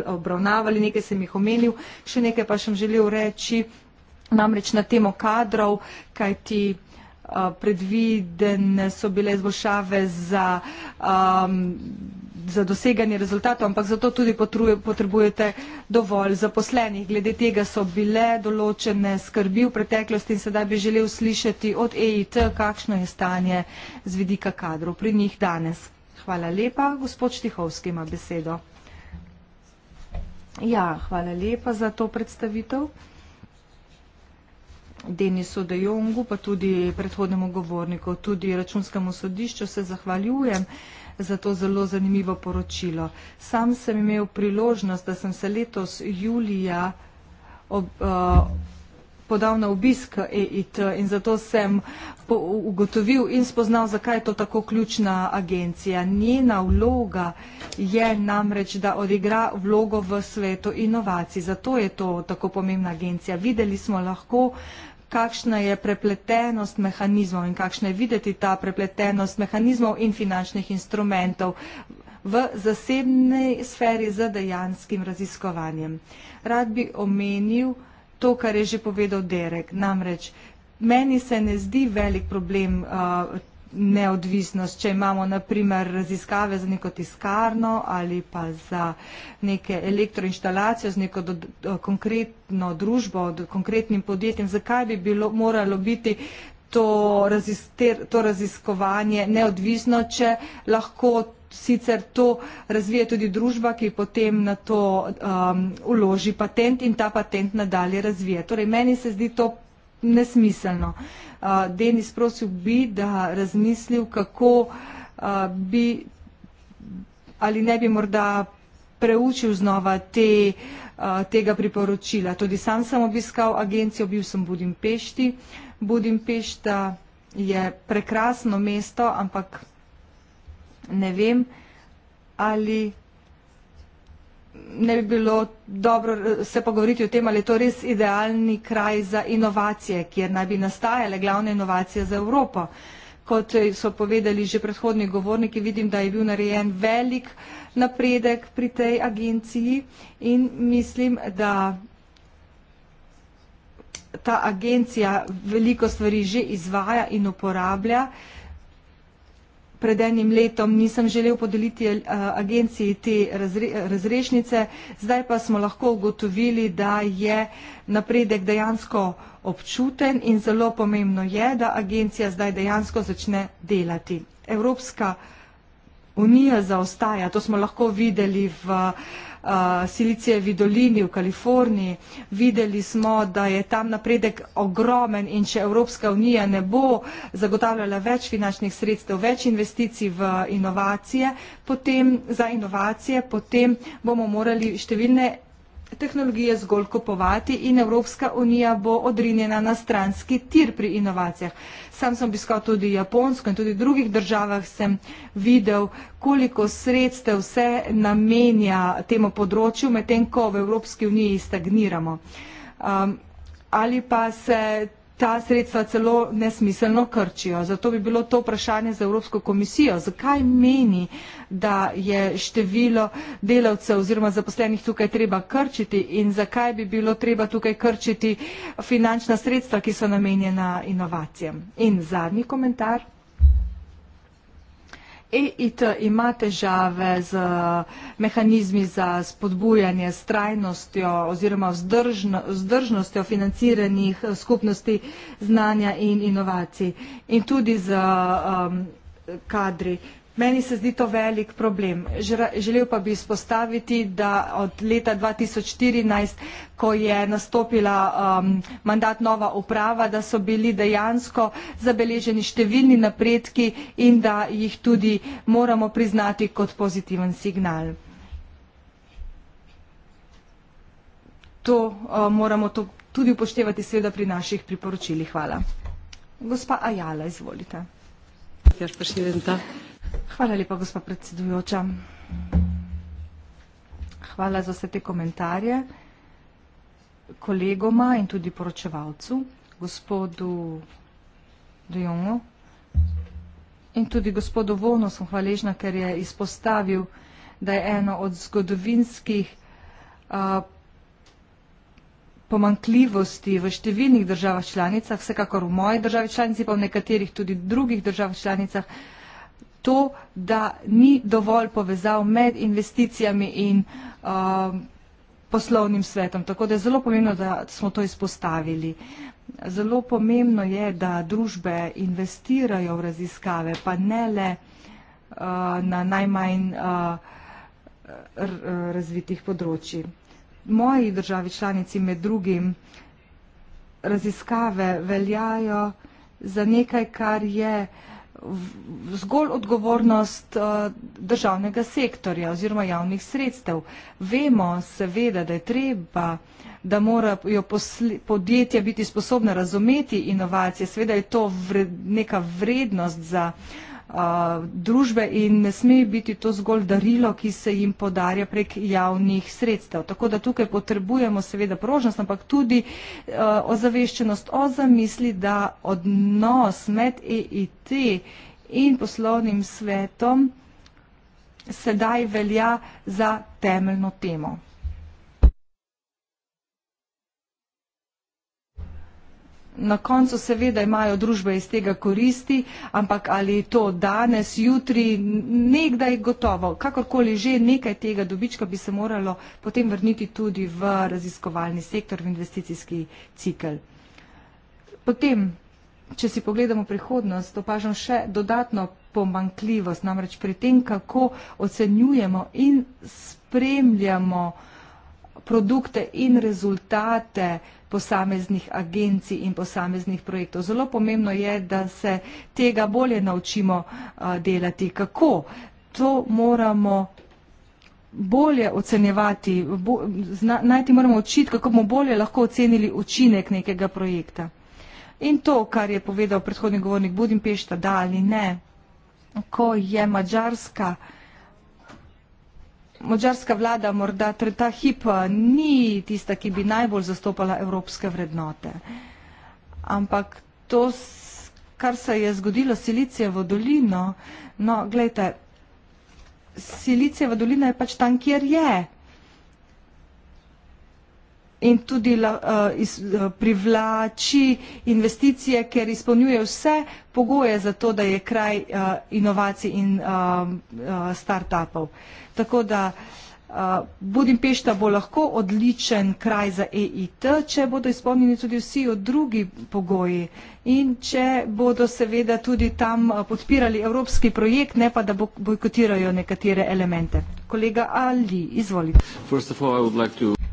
obravnavali, nekaj sem jih omenil, še nekaj pa sem želel reči, namreč na temo kadrov, kajti Eh, predvidene so bile izboljšave za, um, za doseganje rezultatov, ampak zato tudi potrebujete dovolj zaposlenih. Glede tega so bile določene skrbi v preteklosti in sedaj bi želel slišati od EIT, kakšno je stanje z vidika kadrov pri njih danes. Hvala lepa. Gospod Štihovski ima besedo. Ja, hvala lepa za to predstavitev. Denisu de Jongu, pa tudi predhodnemu govorniku, tudi računskemu sodišču se zahvaljujem za to zelo zanimivo poročilo. Sam sem imel priložnost, da sem se letos julija ob, uh, podal na obisk EIT in zato sem po, ugotovil in spoznal, zakaj je to tako ključna agencija. Njena vloga je namreč, da odigra vlogo v svetu inovacij. Zato je to tako pomembna agencija. Videli smo lahko, kakšna je prepletenost mehanizmov in kakšna je videti ta prepletenost mehanizmov in finančnih instrumentov v zasebni sferi z dejanskim raziskovanjem. Rad bi omenil to, kar je že povedal Derek. Namreč, meni se ne zdi velik problem uh, neodvisnost, če imamo naprimer raziskave za neko tiskarno ali pa za neke elektroinštalacije z neko do, do, konkretno družbo, konkretnim podjetjem, zakaj bi bilo, moralo biti to, razis, ter, to raziskovanje neodvisno, če lahko sicer to razvije tudi družba, ki potem na to um, uloži patent in ta patent nadalje razvije. Torej, meni se zdi to nesmiselno. Uh, Denis, prosil bi, da razmislil, kako uh, bi ali ne bi morda preučil znova te, uh, tega priporočila. Tudi sam sem obiskal agencijo, bil sem v Budimpešti. Budimpešta je prekrasno mesto, ampak ne vem, ali ne bi bilo dobro eh, se pogovoriti o tem, ali je to res idealni kraj za inovacije, kjer naj bi nastajale glavne inovacije za Evropo. Kot eh, so povedali že predhodni govorniki, vidim, da je bil narejen velik napredek pri tej agenciji in mislim, da ta agencija veliko stvari že izvaja in uporablja. Uh, pred enim letom nisem želel podeliti eh, agenciji te razre, razrešnice, zdaj pa smo lahko ugotovili, da je napredek dejansko občuten in zelo pomembno je, da agencija zdaj dejansko začne delati. Evropska unija zaostaja, to smo lahko videli v uh, Silicijevi dolini v Kaliforniji. Videli smo, da je tam napredek ogromen in če Evropska unija ne bo zagotavljala več finančnih sredstev, več investicij v inovacije, potem, za inovacije, potem bomo morali številne tehnologije zgolj kupovati in Evropska unija bo odrinjena na stranski tir pri inovacijah. Sam sem obiskal tudi Japonsko in tudi v drugih državah sem videl, koliko sredstev se namenja temu področju, medtem ko v Evropski uniji stagniramo. Um, ali pa se ta sredstva celo nesmiselno krčijo. Zato bi bilo to vprašanje za Evropsko komisijo. Zakaj meni, da je število delavcev oziroma zaposlenih tukaj treba krčiti in zakaj bi bilo treba tukaj krčiti finančna sredstva, ki so namenjena inovacijam? In zadnji komentar. EIT ima težave z eh, mehanizmi za spodbujanje s trajnostjo oziroma vzdržnostjo financiranih eh, skupnosti znanja in inovacij in tudi z eh, kadri. Meni se zdi to velik problem. Želel pa bi spostaviti, da od leta 2014, ko je nastopila um, mandat nova uprava, da so bili dejansko zabeleženi številni napredki in da jih tudi moramo priznati kot pozitiven signal. To uh, moramo to tudi upoštevati seveda pri naših priporočilih. Hvala. Gospa Ajala, izvolite. Gospa ja, predsednica. Hvala lepa, gospa predsedujoča. Hvala za vse te komentarje kolegoma in tudi poročevalcu, gospodu Dejongu in tudi gospodu Vono sem hvaležna, ker je izpostavil, da je eno od zgodovinskih uh, pomankljivosti v številnih državah članicah, vsekakor v moji državi članici, pa v nekaterih tudi drugih državah članicah, uh, to, da ni dovolj povezav med investicijami in uh, poslovnim svetom. Tako da je zelo pomembno, da smo to izpostavili. Zelo pomembno je, da družbe investirajo v raziskave, pa ne le uh, na najmanj uh, razvitih področji. Moji državi članici med drugim raziskave veljajo za nekaj, kar je uh, zgolj odgovornost eh, državnega sektorja oziroma javnih sredstev. Vemo seveda, da je treba, da morajo podjetja biti sposobna razumeti inovacije, seveda je to vred, neka vrednost za uh, družbe in ne sme biti to zgolj darilo, ki se jim podarja prek javnih sredstev. Tako da tukaj potrebujemo seveda prožnost, ampak tudi ozaveščenost o zamisli, da odnos med EIT in poslovnim svetom sedaj velja za temeljno temo. Na koncu seveda imajo družbe iz tega koristi, ampak ali to danes, jutri, nekdaj gotovo, kakorkoli že nekaj tega dobička bi se moralo potem vrniti tudi v raziskovalni sektor, v investicijski cikl. Potem, če si pogledamo prihodnost, opažam še dodatno pomankljivost, namreč pri tem, kako ocenjujemo in spremljamo produkte in rezultate posameznih agencij in posameznih projektov. Zelo pomembno je, da se tega bolje naučimo uh, delati. Kako? To moramo bolje ocenjevati, bo, zna, najti moramo očit, kako bomo bolje lahko ocenili učinek nekega projekta. In to, kar je povedal predhodni govornik Budimpešta, da ali ne, ko je Mačarska Mačarska vlada morda ta hip eh, ni tista, ki bi najbolj zastopala evropske vrednote. Ampak to, kar se je zgodilo Silicije v dolino, no, gledajte, Silicije v dolino je pač tam, kjer je in tudi uh, iz, uh, privlači investicije, ker izpolnjuje vse pogoje za to, da je kraj uh, inovacij in uh, start-upov. Tako da uh, Budimpešta bo lahko odličen kraj za EIT, če bodo izpolnjeni tudi vsi od drugi pogoji in če bodo seveda tudi tam podpirali evropski projekt, ne pa da bojkotirajo nekatere elemente. Kolega Ali, izvolite.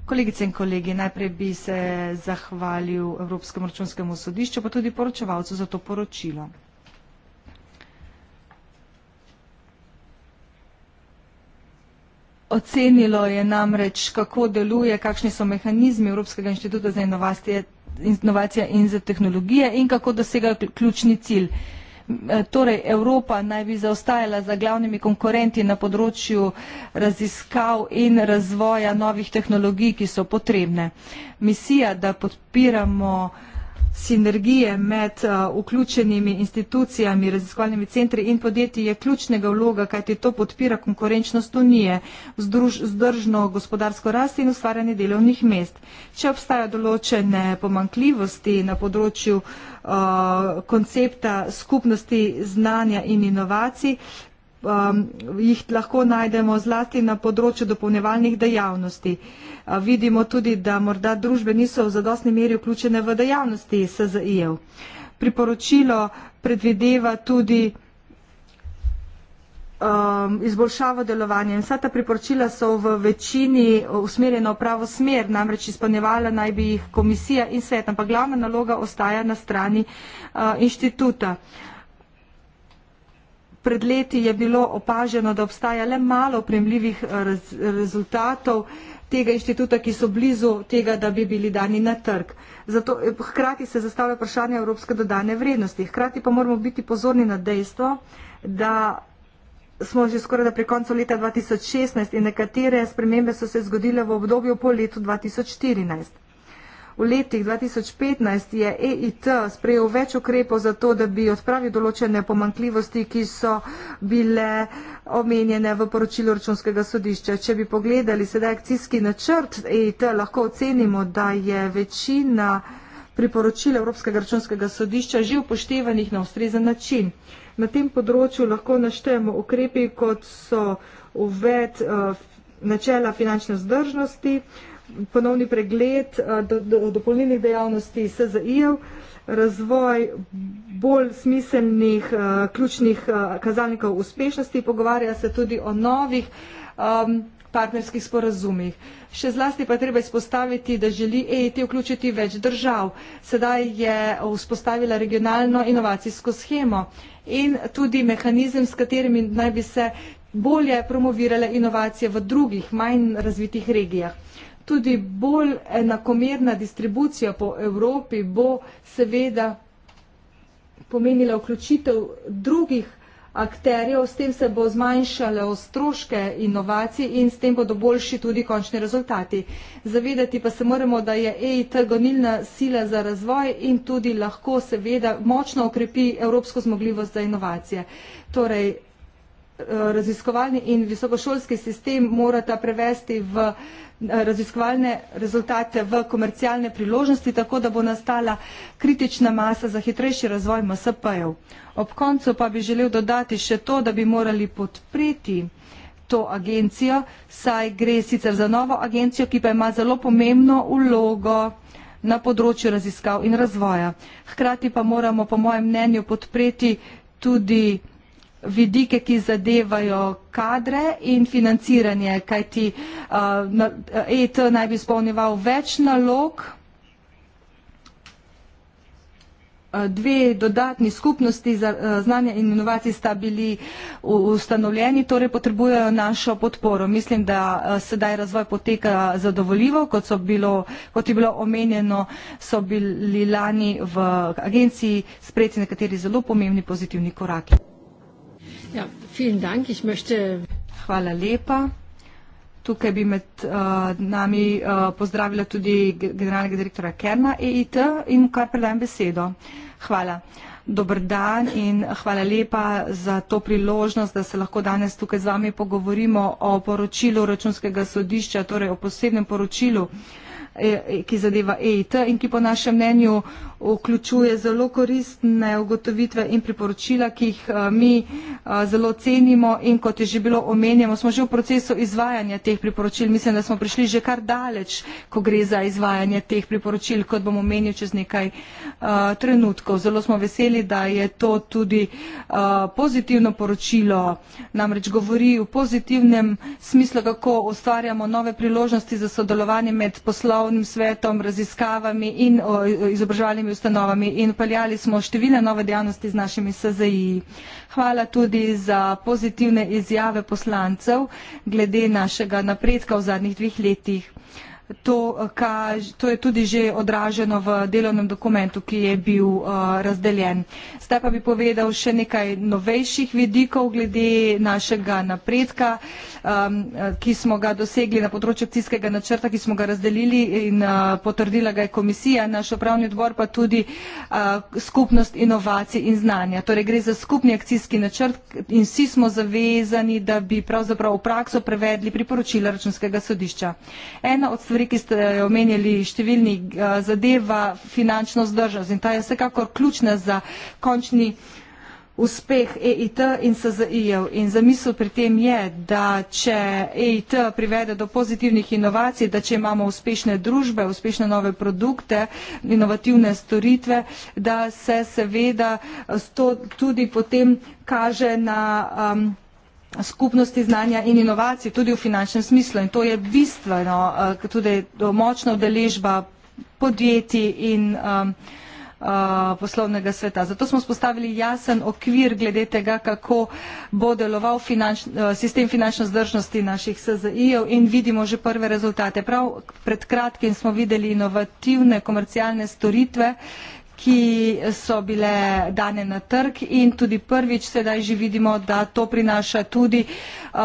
Kolegice in kolegi, najprej bi se zahvalil Evropskem računskemu sodišču, pa tudi poročevalcu za to poročilo. Ocenilo je namreč, kako deluje, kakšni so mehanizmi Evropskega inštituta za inovacije in za tehnologije in kako dosega ključni cilj. Eh, torej evropa naj bi zaostajala za glavnimi konkurenti na področju raziskav in razvoja novih tehnologij, ki so potrebne. Misija, da podpiramo uh, sinergije med eh, vključenimi institucijami, raziskovalnimi centri in podjetji je ključnega vloga, kajti to podpira konkurenčnost unije, vzdržno gospodarsko rast in ustvarjanje delovnih mest. Če obstajajo določene pomankljivosti na področju eh, koncepta skupnosti znanja in inovacij, um, jih lahko najdemo zlasti na področju dopolnevalnih dejavnosti. Vidimo tudi, da morda družbe niso v zadostni meri vključene v dejavnosti SZI-ev. Priporočilo predvideva tudi um, izboljšavo delovanja. Vsa ta priporočila so v večini usmerjena v pravo smer, namreč izpolnjevala naj bi jih komisija in svet, ampak glavna naloga ostaja na strani uh, inštituta. Uh, pred leti je bilo opaženo, da obstaja le malo premljivih eh, rez, rezultatov tega inštituta, ki so blizu tega, da bi bili dani na trg. Zato eh, hkrati se zastavlja vprašanje evropske dodane vrednosti. Hkrati pa moramo biti pozorni na dejstvo, da smo že skoraj da pri koncu leta 2016 in nekatere spremembe so se zgodile v obdobju po letu 2014. V letih 2015 je EIT sprejel več ukrepov za to, da bi odpravil določene pomankljivosti, ki so bile omenjene v poročilu računskega sodišča. Če bi pogledali sedaj akcijski načrt EIT, lahko ocenimo, da je večina priporočil Evropskega računskega sodišča že upoštevanih na ustrezen način. Na tem področju lahko naštejemo ukrepi, kot so uved uh, eh, načela finančne vzdržnosti, uh, ponovni pregled eh, do, do, dopolnilnih dejavnosti SZI-ev, razvoj bolj smiselnih uh, ključnih uh, kazalnikov uspešnosti, pogovarja se tudi o novih um, partnerskih sporazumih. Še zlasti pa treba izpostaviti, da želi EIT vključiti več držav. Sedaj je vzpostavila regionalno inovacijsko schemo in tudi mehanizem, s katerimi naj bi se bolje promovirale inovacije v drugih, manj razvitih regijah. Uh, tudi bolj enakomerna distribucija po Evropi bo seveda pomenila vključitev drugih akterjev, s tem se bo zmanjšale stroške inovacij in s tem bodo boljši tudi končni rezultati. Zavedati pa se moramo, da je EIT gonilna sila za razvoj in tudi lahko seveda močno okrepi evropsko zmogljivost za inovacije. Torej, Eh, raziskovalni in visokošolski sistem morata prevesti v eh, raziskovalne rezultate v komercialne priložnosti, tako da bo nastala kritična masa za hitrejši razvoj MSP-jev. Ob koncu pa bi želel dodati še to, da bi morali podpreti to agencijo, saj gre sicer za novo agencijo, ki pa ima zelo pomembno ulogo na področju raziskav in razvoja. Hkrati pa moramo, po mojem mnenju, podpreti tudi vidike, ki zadevajo kadre in financiranje, kajti uh, ET naj bi izpolnjeval več nalog. Uh, dve dodatni skupnosti za uh, znanje in inovacij sta bili ustanovljeni, torej potrebujejo našo podporo. Mislim, da sedaj razvoj poteka zadovoljivo, kot, bilo, kot je bilo omenjeno, so bili lani v agenciji sprejeti nekateri zelo pomembni pozitivni koraki. Ja, vielen Dank. Ich möchte Hvala lepa. Tukaj bi med uh, nami uh, pozdravila tudi generalnega direktora Kerna EIT in kar predajem besedo. Hvala. Dobr dan in hvala lepa za to priložnost, da se lahko danes tukaj z vami pogovorimo o poročilu računskega sodišča, torej o posebnem poročilu, eh, ki zadeva EIT in ki po našem mnenju vključuje zelo koristne ugotovitve in priporočila, ki jih eh, mi eh, zelo cenimo in kot je že bilo omenjeno, smo že v procesu izvajanja teh priporočil. Mislim, da smo prišli že kar daleč, ko gre za izvajanje teh priporočil, kot bom omenil čez nekaj eh, trenutkov. Zelo smo veseli, da je to tudi pozitivno poročilo, namreč govori v pozitivnem smislu, kako ustvarjamo nove priložnosti za sodelovanje med poslovnim svetom, raziskavami in izobraževalnimi javnimi ustanovami in upeljali smo številne nove dejavnosti z našimi SZI. Hvala tudi za pozitivne izjave poslancev glede našega napredka v zadnjih dveh letih. To, eh, kaž, to je tudi že odraženo v delovnem dokumentu, ki je bil uh, razdeljen. Zdaj pa bi povedal še nekaj novejših vidikov glede našega napredka, um, ki smo ga dosegli na področju akcijskega načrta, ki smo ga razdelili in uh, potrdila ga je komisija, naš upravni odbor pa tudi uh, skupnost inovacij in znanja. Torej gre za skupni akcijski načrt in vsi smo zavezani, da bi pravzaprav v prakso prevedli priporočila računskega sodišča stvari, ki ste omenjali, številni eh, zadeva finančno zdržnost in ta je vsekakor ključna za končni uspeh EIT in SZI-jev. In zamisel pri tem je, da če EIT privede do pozitivnih inovacij, da če imamo uspešne družbe, uspešne nove produkte, inovativne storitve, da se seveda to tudi potem kaže na. Um, skupnosti znanja in inovacij tudi v finančnem smislu in to je bistveno, eh, tudi močna udeležba podjetij in um, eh, poslovnega sveta. Zato smo spostavili jasen okvir glede tega, kako bo deloval finanč, eh, sistem finančne zdržnosti naših SZI-jev in vidimo že prve rezultate. Prav pred kratkim smo videli inovativne komercialne storitve, ki so bile dane na trg in tudi prvič sedaj že vidimo, da to prinaša tudi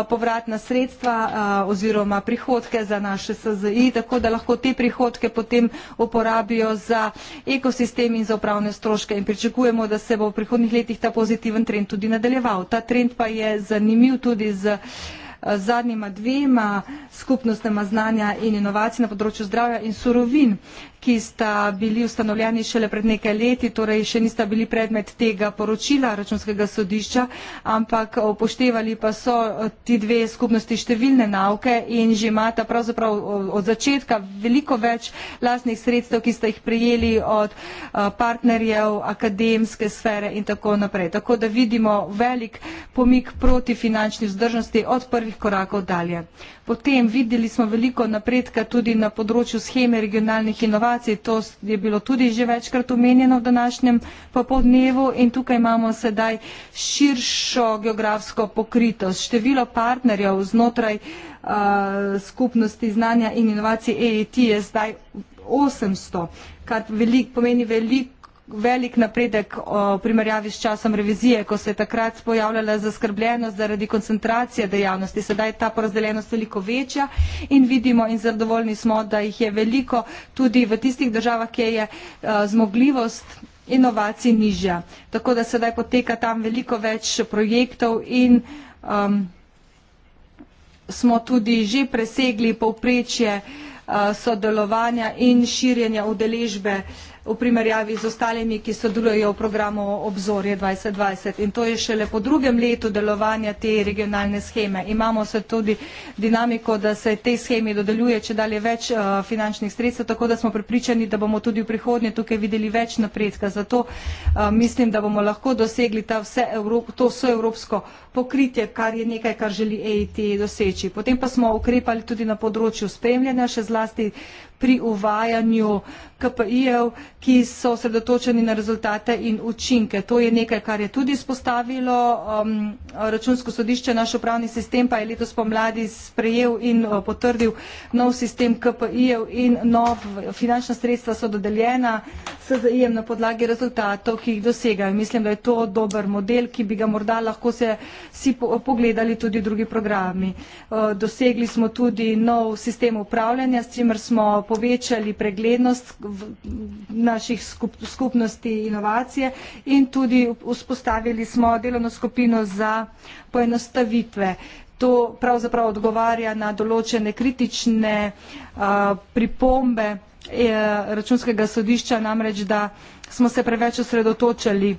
povratna sredstva oziroma prihodke za naše SZI, tako da lahko te prihodke potem uporabijo za ekosistem in za upravne stroške in pričakujemo, da se bo v prihodnih letih ta pozitiven trend tudi nadaljeval. Ta trend pa je zanimiv tudi z zadnjima dvema skupnostnema znanja in inovacij na področju zdravja in surovin ki sta bili ustanovljeni šele pred nekaj leti, torej še nista bili predmet tega poročila računskega sodišča, ampak upoštevali pa so eh, ti dve skupnosti številne nauke in že imata pravzaprav eh, od začetka veliko več lastnih sredstev, ki sta jih prijeli od eh, partnerjev, akademske sfere in tako naprej. Tako da vidimo velik pomik proti finančni vzdržnosti od prvih korakov dalje. Potem videli smo veliko napredka tudi na področju scheme regionalnih inovacij, situaciji. To je bilo tudi že večkrat omenjeno v današnjem popodnevu in tukaj imamo sedaj širšo geografsko pokritost. Število partnerjev znotraj uh, skupnosti znanja in inovacij EIT je zdaj 800, kar velik, pomeni veliko velik napredek o eh, primerjavi s časom revizije, ko se je takrat pojavljala zaskrbljenost zaradi koncentracije dejavnosti. Sedaj je ta porazdeljenost veliko večja in vidimo in zadovoljni smo, da jih je veliko tudi v tistih državah, kjer je eh, zmogljivost inovacij nižja. Tako da sedaj poteka tam veliko več projektov in um, smo tudi že presegli povprečje uh, sodelovanja in širjenja udeležbe uh, v primerjavi z ostalimi, ki sodelujejo v programu Obzorje 2020. In to je šele po drugem letu delovanja te regionalne scheme. Imamo se tudi dinamiko, da se te scheme dodeljuje, če dalje več uh, finančnih sredstev, tako da smo pripričani, da bomo tudi v prihodnje tukaj videli več napredka. Zato uh, mislim, da bomo lahko dosegli vse Evrop, to vseevropsko pokritje, kar je nekaj, kar želi EIT doseči. Potem pa smo ukrepali tudi na področju spremljanja, še zlasti pri uvajanju KPI-jev, ki so sredotočeni na rezultate in učinke. To je nekaj, kar je tudi spostavilo um, računsko sodišče. Naš upravni sistem pa je letos pomladi sprejel in uh, potrdil nov sistem KPI-jev in nov finančna sredstva so dodeljena se zajem na podlagi rezultatov, ki jih dosegajo. Mislim, da je to dober model, ki bi ga morda lahko se, si po, pogledali tudi drugi programi. Dosegli smo tudi nov sistem upravljanja, s čimer smo povečali preglednost naših skup, skupnosti inovacije in tudi vzpostavili smo delovno skupino za poenostavitve to pravzaprav odgovarja na določene kritične pripombe e, računskega sodišča, namreč da smo se preveč osredotočali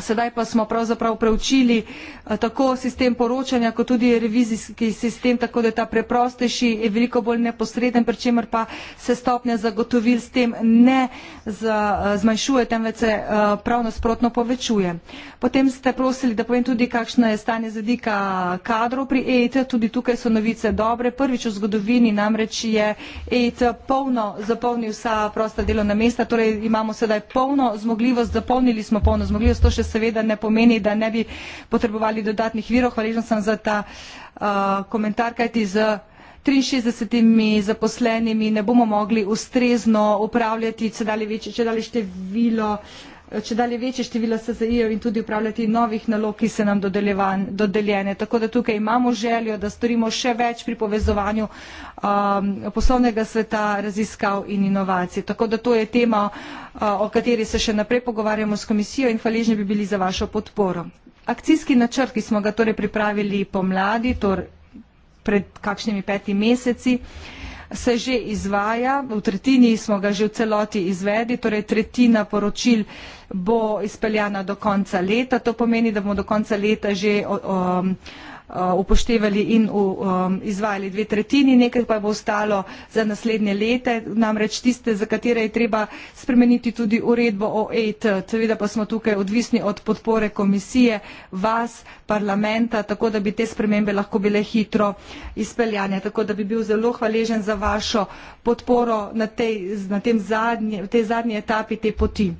Sedaj pa smo pravzaprav preučili eh, tako sistem poročanja, kot tudi revizijski sistem, tako da je ta preprostejši, je veliko bolj neposreden, pri čemer pa se stopnja zagotovil s tem ne eh, zmanjšuje, temveč se eh, prav nasprotno povečuje. Potem ste prosili, da povem tudi, kakšno je stanje z vidika kadrov pri EIT. Tudi tukaj so novice dobre. Prvič v zgodovini namreč je EIT polno zapolnil vsa prosta delovna mesta, torej imamo sedaj polno zmogljivost, zapolnili smo polno zmogljivost če seveda ne pomeni, da ne bi potrebovali dodatnih virov. Hvaležen sem za ta uh, komentar, kajti z 63 zaposlenimi ne bomo mogli ustrezno upravljati, če dali, več, če dali število uh, če dalje večje število SZI-jev in tudi upravljati novih nalog, ki se nam dodeljene. Tako da tukaj imamo željo, da storimo še več pri povezovanju um, poslovnega sveta, raziskav in inovacij. Tako da to je tema, uh, o kateri se še naprej pogovarjamo s komisijo in hvaležni bi bili za vašo podporo. Akcijski načrt, ki smo ga torej pripravili pomladi, torej pred kakšnimi petimi meseci, uh, se že izvaja, v tretjini smo ga že v celoti izvedli, torej tretjina poročil bo izpeljana do konca leta, to pomeni, da bomo do konca leta že o, o, Eh, upoštevali in v, um, izvajali dve tretjini, nekaj pa bo ostalo za naslednje lete, namreč tiste, za katere je treba spremeniti tudi uredbo o EIT. Seveda pa smo tukaj odvisni od podpore komisije, vas, parlamenta, tako da bi te spremembe lahko bile hitro izpeljane. Tako da bi bil zelo hvaležen za vašo podporo na, tej, na zadnji, tej zadnji etapi te poti.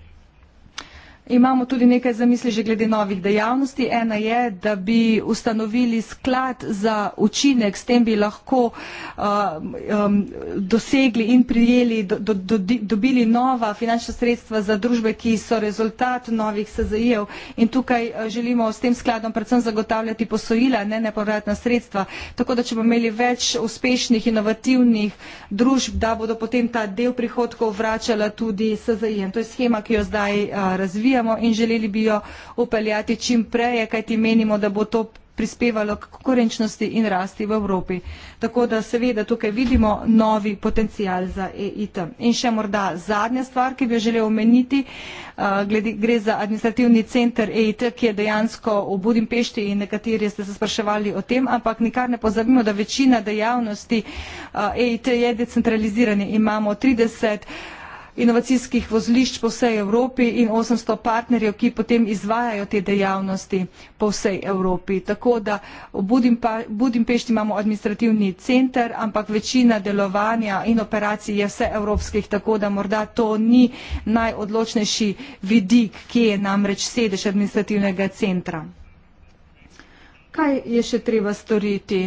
Imamo tudi nekaj zamisli že glede novih dejavnosti. Ena je, da bi ustanovili sklad za učinek, s tem bi lahko um, um, dosegli in prijeli, do, do, do, dobili nova finančna sredstva za družbe, ki so rezultat novih SZI-jev. In tukaj uh, želimo s tem skladom predvsem zagotavljati posojila, ne nepovratna sredstva. Tako da, če bomo imeli več uspešnih, inovativnih družb, da bodo potem ta del prihodkov vračala tudi SZI-jem. To je schema, ki jo zdaj uh, razvijamo podpiramo in želeli bi jo upeljati čim prej, kajti menimo, da bo to prispevalo k konkurenčnosti in rasti v Evropi. Tako da seveda tukaj vidimo novi potencial za EIT. In še morda zadnja stvar, ki bi jo želel omeniti, eh, gre za administrativni center EIT, ki je dejansko v Budimpešti in nekateri ste se spraševali o tem, ampak nikar ne pozabimo, da večina dejavnosti EIT eh, e je decentralizirane. Imamo 30 inovacijskih vozlišč po vsej Evropi in 800 partnerjev, ki potem izvajajo te dejavnosti po vsej Evropi. Tako da v Budimpešti imamo administrativni center, ampak večina delovanja in operacij je vse evropskih, tako da morda to ni najodločnejši vidik, ki je namreč sedež administrativnega centra. Kaj je še treba storiti?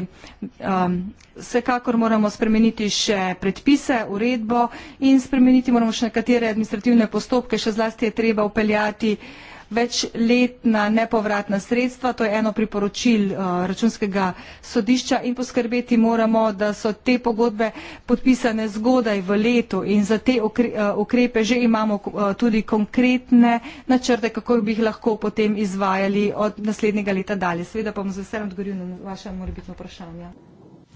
Um, vsekakor moramo spremeniti še predpise, uredbo in spremeniti moramo še nekatere administrativne postopke, še zlasti je treba upeljati uh, večletna nepovratna sredstva, to je eno priporočil eh, računskega sodišča in poskrbeti moramo, da so te pogodbe podpisane zgodaj v letu in za te eh, ukrepe že imamo eh, tudi konkretne načrte, kako bi jih lahko potem izvajali od naslednjega leta dalje. Seveda pa bom z veseljem odgovoril na vaše morebitno vprašanje.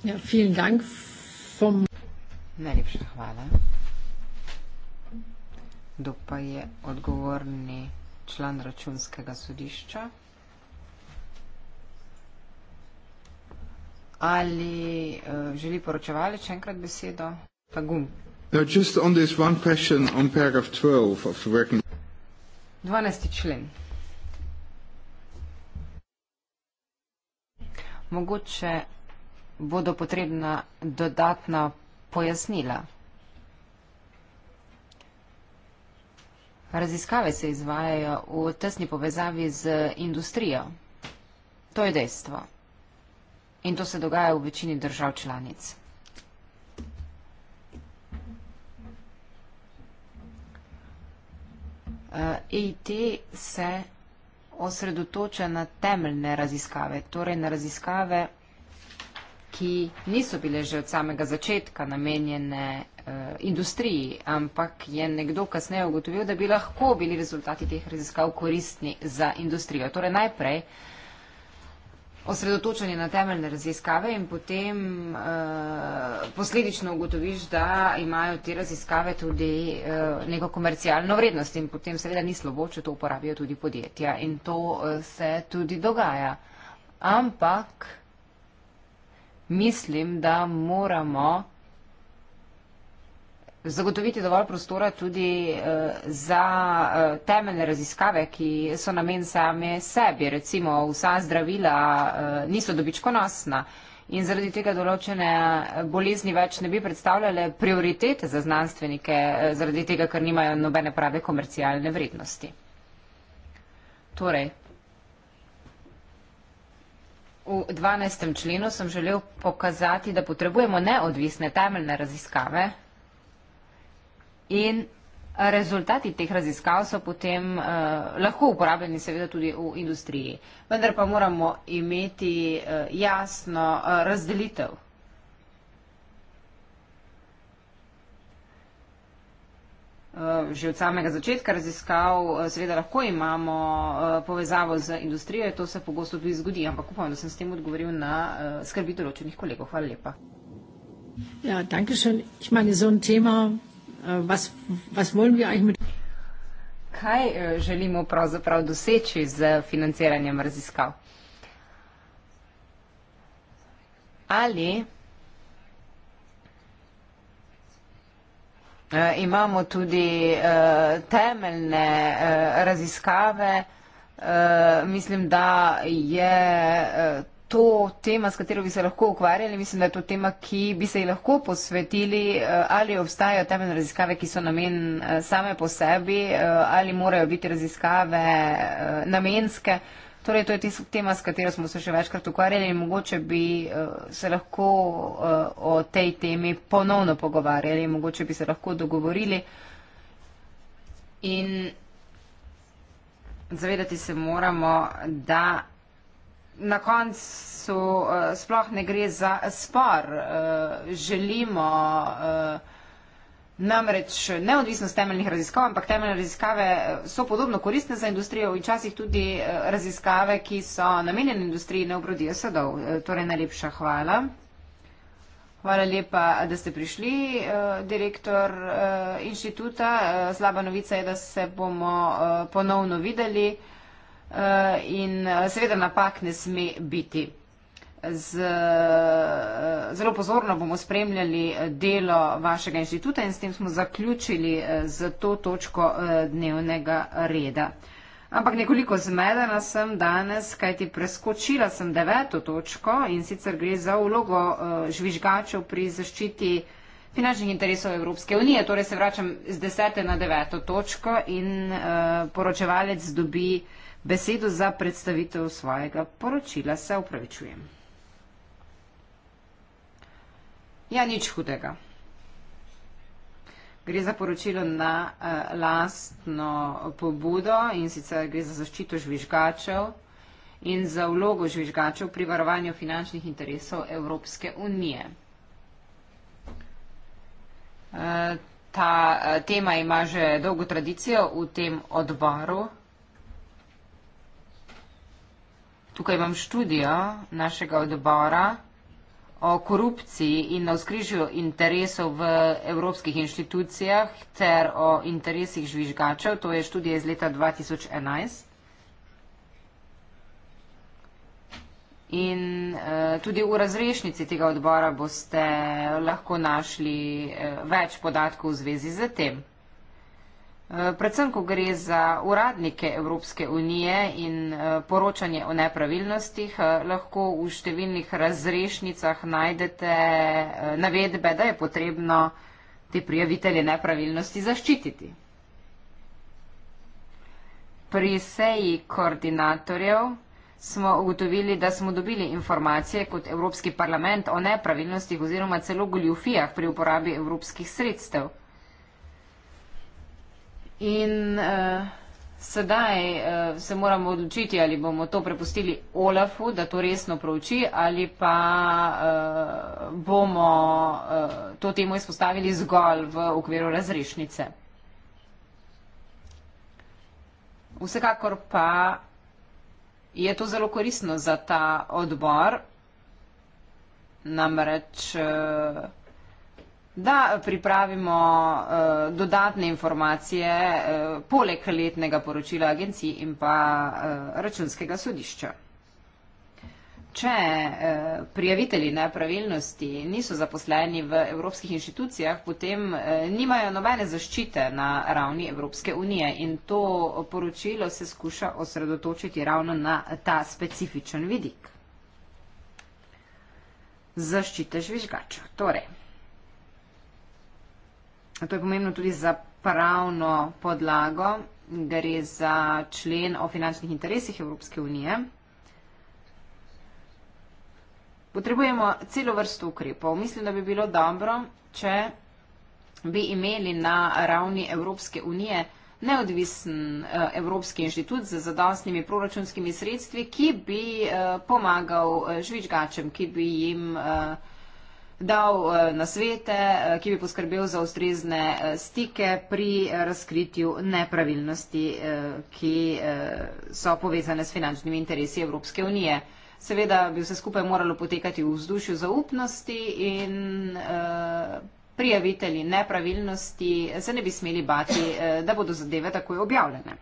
Ja, vielen Dank vom... Najlepša hvala. Kdo pa je odgovorni? član računskega sodišča. Ali uh, želi poročevali še enkrat besedo? Pa gum. No, just on this one question on paragraph 12 of the working... 12. člen. Mogoče bodo potrebna dodatna pojasnila. Raziskave se izvajajo v tesni povezavi z industrijo. To je dejstvo. In to se dogaja v večini držav članic. EIT eh, e se osredotoča na temeljne raziskave, torej na raziskave, ki niso bile že od samega začetka namenjene Eh, industriji, ampak je nekdo kasneje ugotovil, da bi lahko bili rezultati teh raziskav koristni za industrijo. Torej najprej osredotočanje na temeljne raziskave in potem uh, posledično ugotoviš, da imajo te raziskave tudi uh, neko komercialno vrednost in potem seveda ni slabo, če to uporabijo tudi podjetja in to uh, se tudi dogaja. Ampak mislim, da moramo zagotoviti dovolj prostora tudi uh, za uh, temeljne raziskave, ki so namen same sebi. Recimo vsa zdravila uh, niso dobičkonosna in zaradi tega določene bolezni več ne bi predstavljale prioritete za znanstvenike, uh, zaradi tega, ker nimajo nobene prave komercialne vrednosti. Torej, v 12. členu sem želel pokazati, da potrebujemo neodvisne temeljne raziskave, In rezultati teh raziskav so potem uh, lahko uporabljeni seveda tudi v industriji. Vendar pa moramo imeti uh, jasno uh, razdelitev. Že od samega začetka raziskav seveda lahko imamo povezavo z industrijo, to se pogosto tudi zgodi, ampak upam, da sem s tem odgovoril na skrbi določenih kolegov. Hvala lepa. Ja, danke schön. Ich meine, so ein Thema, Eh, was, was wollen wir eigentlich mit Kaj eh, želimo pravzaprav doseči z financiranjem raziskav? Ali uh, imamo tudi uh, temeljne uh, raziskave, uh, mislim, da je uh, to tema, s katero bi se lahko ukvarjali, mislim, da je to tema, ki bi se ji lahko posvetili, eh, ali obstajajo temeljne raziskave, ki so namen eh, same po sebi, eh, ali morajo biti raziskave namenske. Torej, to je tista tema, s katero smo se še večkrat ukvarjali in mogoče bi se lahko o tej temi ponovno pogovarjali, mogoče bi se lahko dogovorili. In zavedati se moramo, da na koncu uh, sploh ne gre za spor. Uh, želimo uh, namreč neodvisnost temeljnih raziskav, ampak temeljne raziskave so podobno koristne za industrijo in včasih tudi uh, raziskave, ki so namenjene industriji, ne obrodijo sadov. Uh, torej najlepša hvala. Hvala lepa, da ste prišli, direktor inštituta. Slaba novica je, da se bomo ponovno videli. Eh, in eh, seveda napak ne sme biti. Z, eh, zelo pozorno bomo spremljali delo vašega inštituta in s tem smo zaključili z to točko dnevnega reda. Ampak nekoliko zmedena sem danes, kajti preskočila sem deveto točko in sicer gre za vlogo žvižgačev pri zaščiti finančnih interesov Evropske unije. Torej se vračam z desete na deveto točko in poročevalec dobi besedo za predstavitev svojega poročila, se upravičujem. Ja, nič hudega. Gre za poročilo na uh, lastno pobudo in sicer gre za zaščito žvižgačev in za vlogo žvižgačev pri varovanju finančnih interesov Evropske unije. Uh, ta uh, tema ima že dolgo tradicijo v tem odboru. Tukaj imam študijo našega odbora o korupciji in na vzkrižju interesov v evropskih inštitucijah ter o interesih žvižgačev. To je študija iz leta 2011. In eh, tudi v razrešnici tega odbora boste lahko našli eh, več podatkov v zvezi z tem. Eh, predvsem ko gre za uradnike Evropske unije in eh, poročanje o nepravilnostih, eh, lahko v številnih razrešnicah najdete navedbe, da je potrebno te prijavitelje nepravilnosti zaščititi. Pri seji koordinatorjev smo ugotovili, da smo dobili informacije kot Evropski parlament o nepravilnostih oziroma celo goljufijah pri uporabi evropskih sredstev. In uh, sedaj uh, se moramo odločiti, ali bomo to prepustili Olafu, da to resno prouči, ali pa uh, bomo uh, to temo izpostavili zgolj v okviru razrešnice. Vsekakor pa je to zelo koristno za ta odbor, namreč. Uh, da pripravimo uh, dodatne informacije uh, poleg letnega poročila agencij in pa uh, računskega sodišča. Če prijavitelji nepravilnosti niso zaposleni v evropskih inštitucijah, potem nimajo nobene zaščite na ravni Evropske unije in to poročilo se skuša osredotočiti ravno na ta specifičen vidik. Zaščite žvižgača. Torej, To je pomembno tudi za pravno podlago. Gre za člen o finančnih interesih Evropske unije. Potrebujemo celo vrsto ukrepov. Mislim, da bi bilo dobro, če bi imeli na ravni Evropske unije neodvisen eh, Evropski inštitut z zadostnimi proračunskimi sredstvi, ki bi eh, pomagal eh, žvižgačem, ki bi jim pomagal dal eh, nasvete, eh, ki bi poskrbel za ustrezne eh, stike pri razkritju nepravilnosti, ki so povezane s finančnimi interesi Evropske unije. Seveda bi vse skupaj moralo potekati v vzdušju zaupnosti in prijavitelji nepravilnosti se ne bi smeli bati, da bodo zadeve takoj objavljene.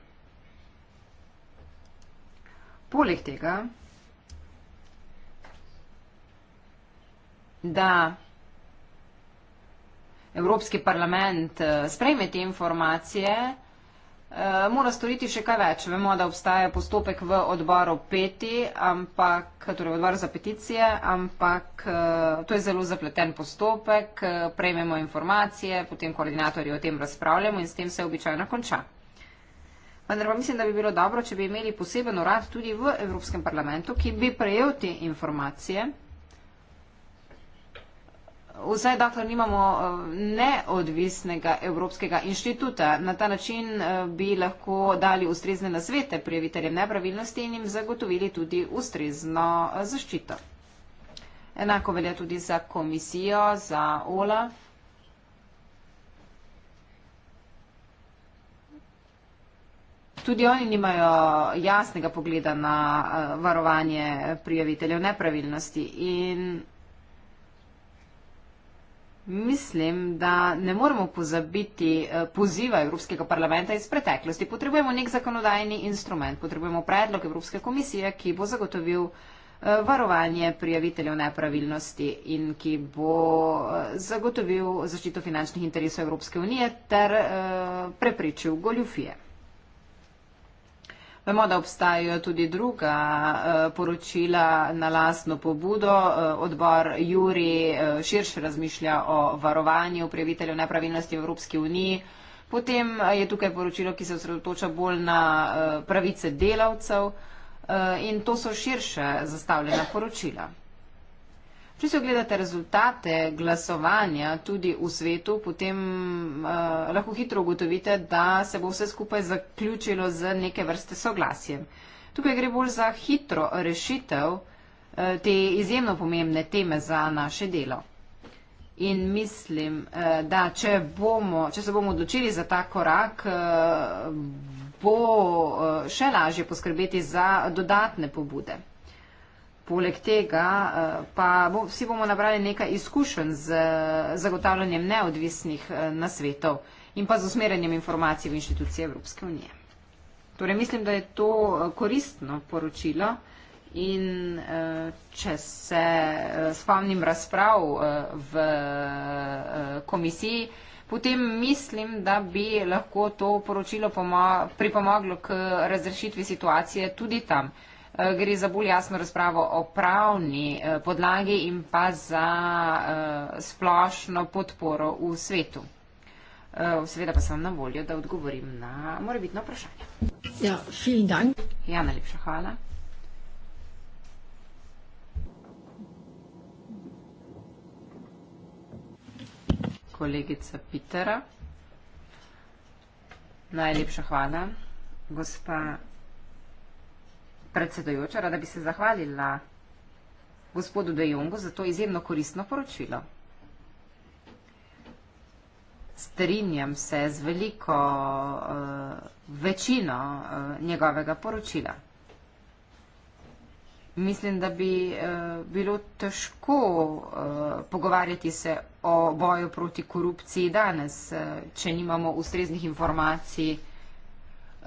Poleg tega da Evropski parlament eh, sprejme te informacije, eh, mora storiti še kaj več. Vemo, da obstaja postopek v odboru peti, ampak, torej v odboru za peticije, ampak eh, to je zelo zapleten postopek, prejmemo informacije, potem koordinatorji o tem razpravljamo in s tem se običajno konča. Vendar pa mislim, da bi bilo dobro, če bi imeli poseben urad tudi v Evropskem parlamentu, ki bi prejel te informacije vsaj dakle nimamo eh, neodvisnega Evropskega inštituta. Na ta način eh, bi lahko dali ustrezne nasvete prijaviteljem nepravilnosti in jim zagotovili tudi ustrezno eh, zaščito. Enako velja tudi za komisijo, za OLA. Tudi oni nimajo jasnega pogleda na varovanje prijaviteljev nepravilnosti in Mislim, da ne moramo pozabiti eh, poziva Evropskega parlamenta iz preteklosti. Potrebujemo nek zakonodajni instrument, potrebujemo predlog Evropske komisije, ki bo zagotovil eh, varovanje prijaviteljev nepravilnosti in ki bo eh, zagotovil zaščito finančnih interesov Evropske unije ter preprečil goljufije. Vemo, da obstajajo tudi druga eh, poročila na lastno pobudo. Eh, odbor Juri eh, širše razmišlja o varovanju prijaviteljev nepravilnosti v Evropski uniji. Potem je tukaj poročilo, ki se osredotoča bolj na pravice delavcev in to so širše zastavljena poročila. Če se ogledate rezultate glasovanja tudi v svetu, potem uh, lahko hitro ugotovite, da se bo vse skupaj zaključilo z neke vrste soglasjem. Tukaj gre bolj za hitro rešitev uh, te izjemno pomembne teme za naše delo. In mislim, uh, da če, bomo, če se bomo odločili za ta korak, uh, bo uh, še lažje poskrbeti za dodatne pobude. Poleg tega eh, pa bo, vsi bomo nabrali nekaj izkušenj z eh, zagotavljanjem neodvisnih eh, nasvetov in pa z usmerjanjem informacij v inštitucije Evropske unije. Torej mislim, da je to koristno poročilo in če se spomnim razprav v komisiji, potem mislim, da bi lahko to poročilo pripomoglo k razrešitvi situacije tudi tam. Eh, gre za bolj jasno razpravo o pravni eh, podlagi in pa za eh, splošno podporo v svetu. Seveda pa sem na voljo, da odgovorim na morebitno vprašanje. Ja, vsi dan. Ja, najlepša hvala. Kolegica Pitera. Najlepša hvala. Gospa Predsedujoča, rada bi se zahvalila gospodu De Jongu za to izjemno koristno poročilo. Strinjam se z veliko uh, večino uh, njegovega poročila. Mislim, da bi uh, bilo težko uh, pogovarjati se o boju proti korupciji danes, uh, če nimamo ustreznih informacij uh,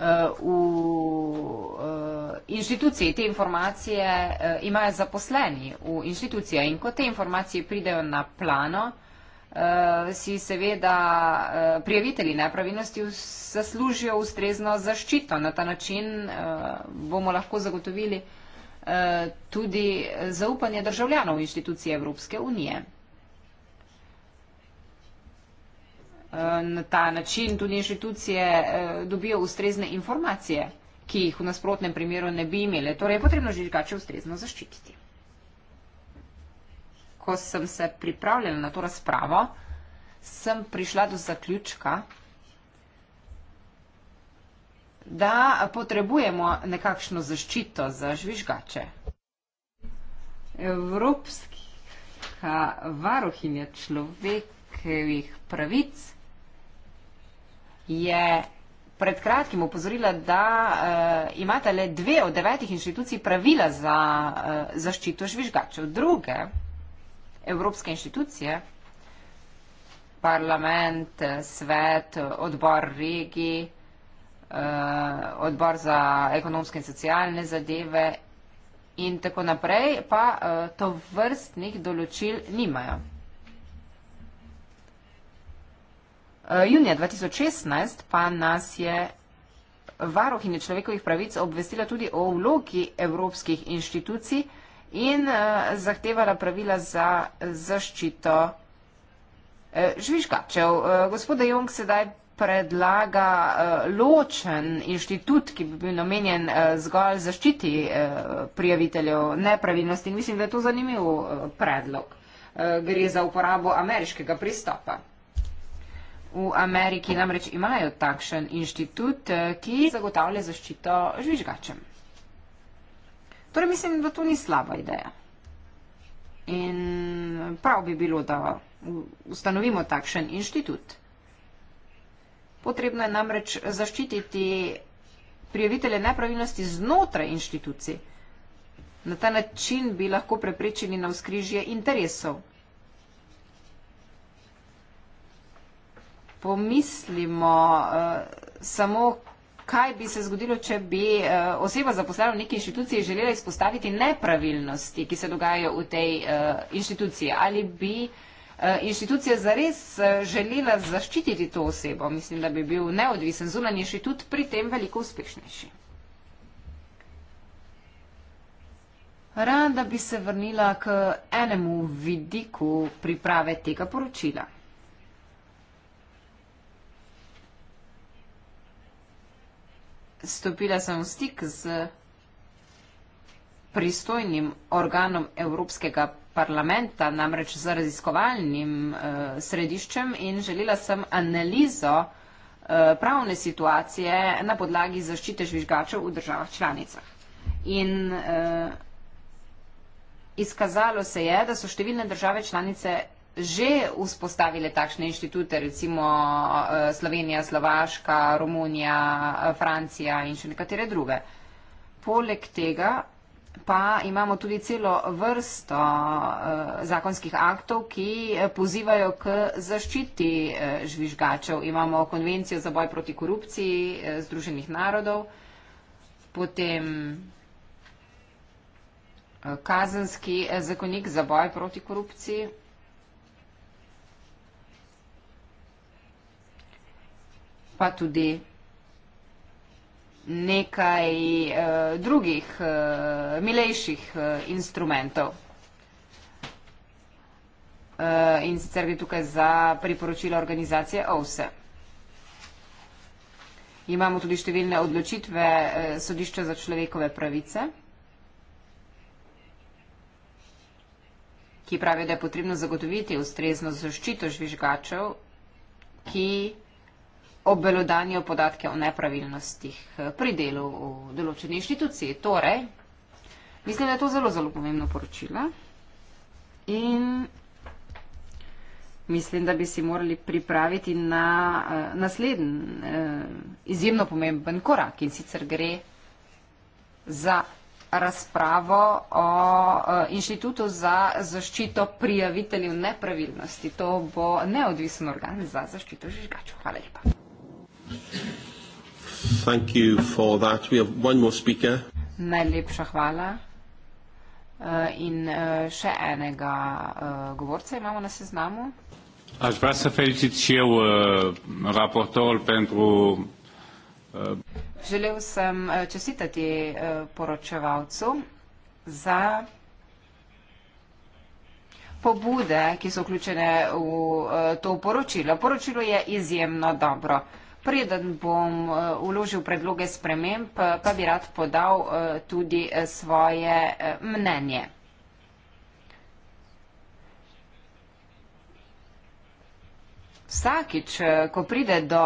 Eh, v eh, inštituciji te informacije eh, imajo zaposleni v inštitucija in ko te informacije pridejo na plano, si seveda prijavitelji nepravilnosti zaslužijo ustrezno zaščito. Na ta način bomo lahko zagotovili tudi zaupanje državljanov inštitucije Evropske unije. Eh, na ta način tudi inštitucije eh, dobijo ustrezne informacije, ki jih v nasprotnem primeru ne bi imele. Torej je potrebno žvižgače ustrezno zaščititi. Ko sem se pripravljala na to razpravo, sem prišla do zaključka, da potrebujemo nekakšno zaščito za žvižgače. Evropska varohinja človekovih pravic je pred kratkim upozorila, da uh, eh, imate le dve od devetih inštitucij pravila za uh, zaščito žvižgačev. Druge evropske inštitucije, parlament, svet, odbor regij, uh, odbor za ekonomske in socialne zadeve in tako naprej, pa uh, to vrstnih določil nimajo. Eh, junija 2016 pa nas je varohinje človekovih pravic obvestila tudi o vlogi evropskih inštitucij in eh, zahtevala pravila za zaščito eh, žvižgačev. Gospode Jung sedaj predlaga ločen inštitut, ki bi bil namenjen zgolj zaščiti prijaviteljev nepravilnosti. Mislim, da je to zanimiv predlog. Gre za uporabo ameriškega pristopa. V Ameriki namreč imajo takšen inštitut, eh, ki zagotavlja zaščito žvižgačem. Torej mislim, da to ni slaba ideja. In prav bi bilo, da ustanovimo takšen inštitut. Potrebno je namreč zaščititi prijavitelje nepravilnosti znotraj inštitucij. Na ta način bi lahko preprečili na vzkrižje interesov pomislimo uh, samo, kaj bi se zgodilo, če bi uh, oseba zaposlena v neki inštituciji želela izpostaviti nepravilnosti, ki se dogajajo v tej uh, inštituciji. Ali bi inštitucija zares želela zaščititi to osebo. Mislim, da bi bil neodvisen zunanji inštitut pri tem veliko uspešnejši. Rada bi se vrnila k enemu vidiku priprave tega poročila. stopila sem v stik z pristojnim organom Evropskega parlamenta, namreč z raziskovalnim uh, središčem in želela sem analizo eh, pravne situacije na podlagi zaščite žvižgačev v državah članicah. In eh, izkazalo se je, da so številne države članice že vzpostavile takšne inštitute, recimo eh, Slovenija, Slovaška, Romunija, eh, Francija in še nekatere druge. Poleg tega pa imamo tudi celo vrsto eh, zakonskih aktov, ki pozivajo k zaščiti žvižgačev. Imamo konvencijo za boj proti korupciji Združenih narodov, potem kazenski zakonik za boj proti korupciji. pa tudi nekaj uh, drugih uh, milejših uh, instrumentov. Uh, in sicer gre tukaj za priporočila organizacije OVSE. Imamo tudi številne odločitve uh, sodišča za človekove pravice, ki pravijo, da je potrebno zagotoviti ustrezno zaščito žvižgačev, ki obelodanijo podatke o nepravilnostih eh, pri delu v določeni inštituciji. Torej, mislim, da je to zelo, zelo pomembno poročilo in mislim, da bi si morali pripraviti na uh, eh, naslednji uh, eh, izjemno pomemben korak in sicer gre za razpravo o uh, inštitutu za zaščito prijaviteljev nepravilnosti. To bo neodvisen organ za zaščito žvižgačev. Hvala lepa. Thank you for that. We have one more speaker. Najlepša hvala. Uh, in uh, še enega uh, govorca imamo na seznamu. Aș vrea să felicit și eu uh, raportorul pentru... Želel sem čestitati poročevalcu za pobude, ki so vključene v to poročilo. Poročilo je izjemno dobro. Uh, Preden bom uložil eh, predloge sprememb, eh, pa bi rad podal eh, tudi svoje mnenje. Vsakič, ko pride do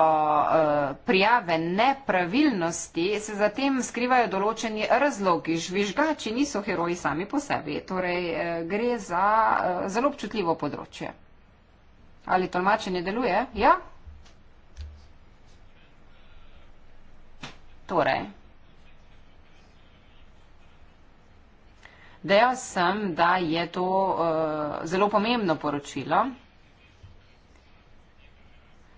prijave nepravilnosti, se zatem skrivajo določeni razlogi. Žvižgači niso heroji sami po sebi, torej gre za zelo občutljivo področje. Ali tolmačenje deluje? Ja? Ja? Torej, dejal sem, da je to uh, zelo pomembno poročilo.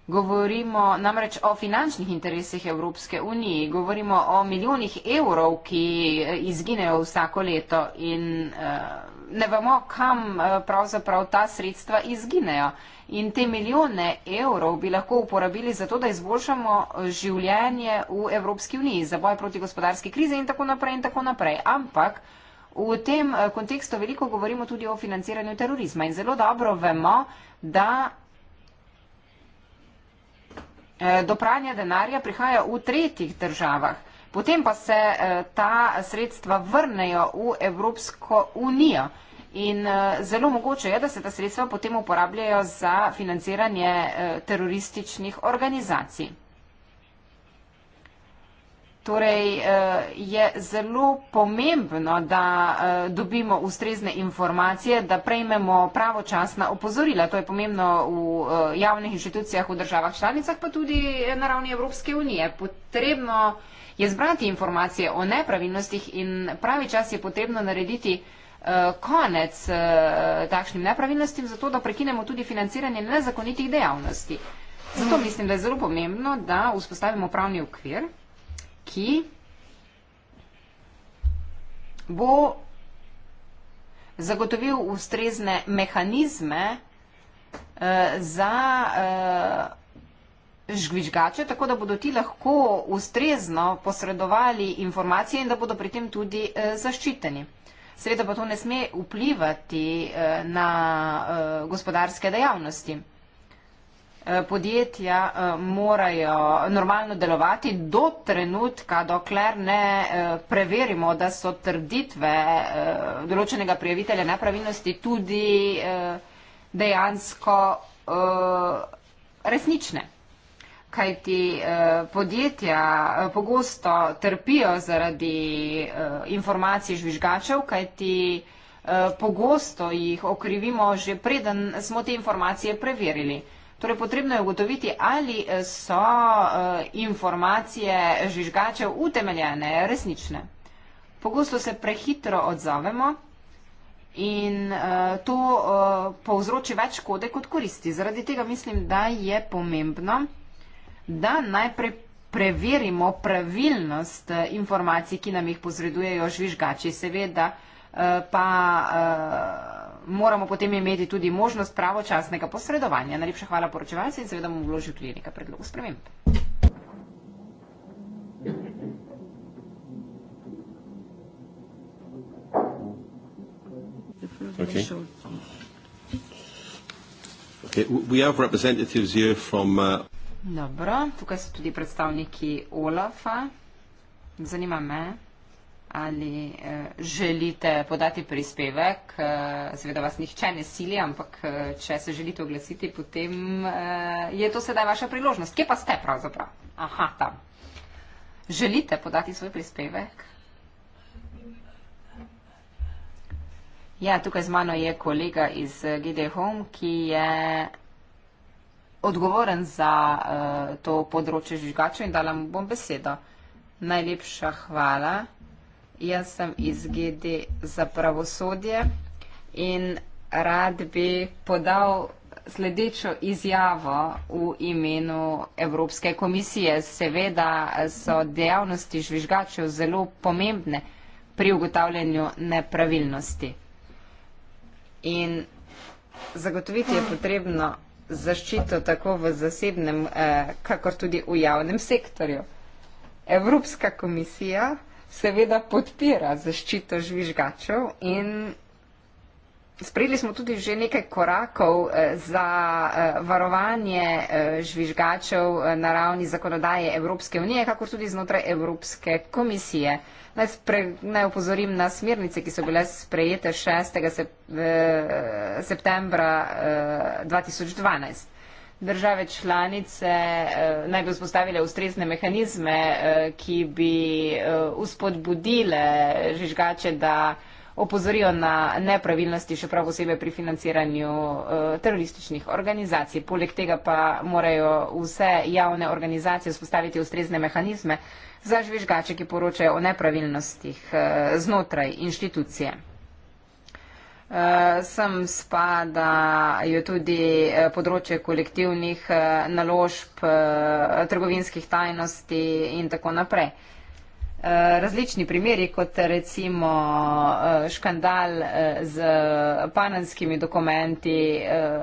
Govorimo namreč o finančnih interesih Evropske unije, govorimo o milijonih evrov, ki eh, izginejo vsako leto in uh, ne vemo, kam eh, pravzaprav ta sredstva izginejo. In te milijone evrov bi lahko uporabili za to, da izboljšamo eh, življenje v Evropski uniji, za boj proti gospodarski krizi in tako naprej in tako naprej. Ampak v tem eh, kontekstu veliko govorimo tudi o financiranju terorizma in zelo dobro vemo, da do pranja denarja prihaja v tretjih državah potem pa se eh, ta sredstva vrnejo v Evropsko unijo. In eh, zelo mogoče je, da se ta sredstva potem uporabljajo za financiranje eh, terorističnih organizacij. Torej je zelo pomembno, da dobimo ustrezne informacije, da prejmemo pravočasna opozorila. To je pomembno v javnih inštitucijah, v državah članicah, pa tudi na ravni Evropske unije. Potrebno je zbrati informacije o nepravilnostih in pravi čas je potrebno narediti eh, konec eh, takšnim nepravilnostim, zato da prekinemo tudi financiranje nezakonitih dejavnosti. Zato mislim, da je zelo pomembno, da vzpostavimo pravni okvir, ki bo zagotovil ustrezne mehanizme eh, za vzpostavljanje žvižgače, tako da bodo ti lahko ustrezno posredovali informacije in da bodo pri tem tudi eh, zaščiteni. Sreda pa to ne sme vplivati eh, na eh, gospodarske dejavnosti. Podjetja morajo normalno delovati do trenutka, dokler ne preverimo, da so trditve določenega prijavitelja nepravilnosti tudi dejansko resnične kajti eh, podjetja eh, pogosto trpijo zaradi eh, informacij žvižgačev, kajti pogosto jih okrivimo že preden smo te informacije preverili. Torej potrebno je ugotoviti, ali so informacije žvižgačev utemeljene, resnične. Pogosto se prehitro odzovemo in to povzroči več škode kot koristi. Zaradi tega mislim, da je pomembno, da je pomembno, da najprej preverimo pravilnost eh, informacij, ki nam jih posredujejo žvižgači. Seveda eh, pa eh, moramo potem imeti tudi možnost pravočasnega posredovanja. Najlepša hvala poročevalci in seveda bom vložil tudi nekaj predlogu sprememb. Okay. Okay, we have representatives here from uh Dobro, tukaj so tudi predstavniki OLAF-a. Zanima me, ali eh, želite podati prispevek. Eh, seveda vas nihče ne sili, ampak eh, če se želite oglasiti, potem eh, je to sedaj vaša priložnost. Kje pa ste pravzaprav? Aha, tam. Želite podati svoj prispevek? Ja, tukaj z mano je kolega iz eh, GD Home, ki je odgovoren za uh, to področje žvižgačev in dala mu bom besedo. Najlepša hvala. Jaz sem iz GD za pravosodje in rad bi podal sledečo izjavo v imenu Evropske komisije. Seveda so dejavnosti žvižgačev zelo pomembne pri ugotavljanju nepravilnosti. In zagotoviti je potrebno. Hmm zaščito tako v zasebnem, eh, kakor tudi v javnem sektorju. Evropska komisija seveda podpira zaščito žvižgačev in Sprejeli smo tudi že nekaj korakov eh, za eh, varovanje eh, žvižgačev na ravni zakonodaje Evropske unije, kakor tudi znotraj Evropske komisije. Naj, spre, naj upozorim na smernice, ki so bile sprejete 6. septembra 2012. Države članice naj bi vzpostavile ustrezne mehanizme, ki bi uspodbudile žvižgače, da opozorijo na nepravilnosti, še prav posebej pri financiranju eh, terorističnih organizacij. Poleg tega pa morajo vse javne organizacije vzpostaviti ustrezne mehanizme za žvižgače, ki poročajo o nepravilnostih eh, znotraj inštitucije. Eh, sem spada jo tudi področje kolektivnih naložb, trgovinskih tajnosti in tako naprej. Eh, različni primeri, kot recimo eh, škandal eh, z panenskimi dokumenti,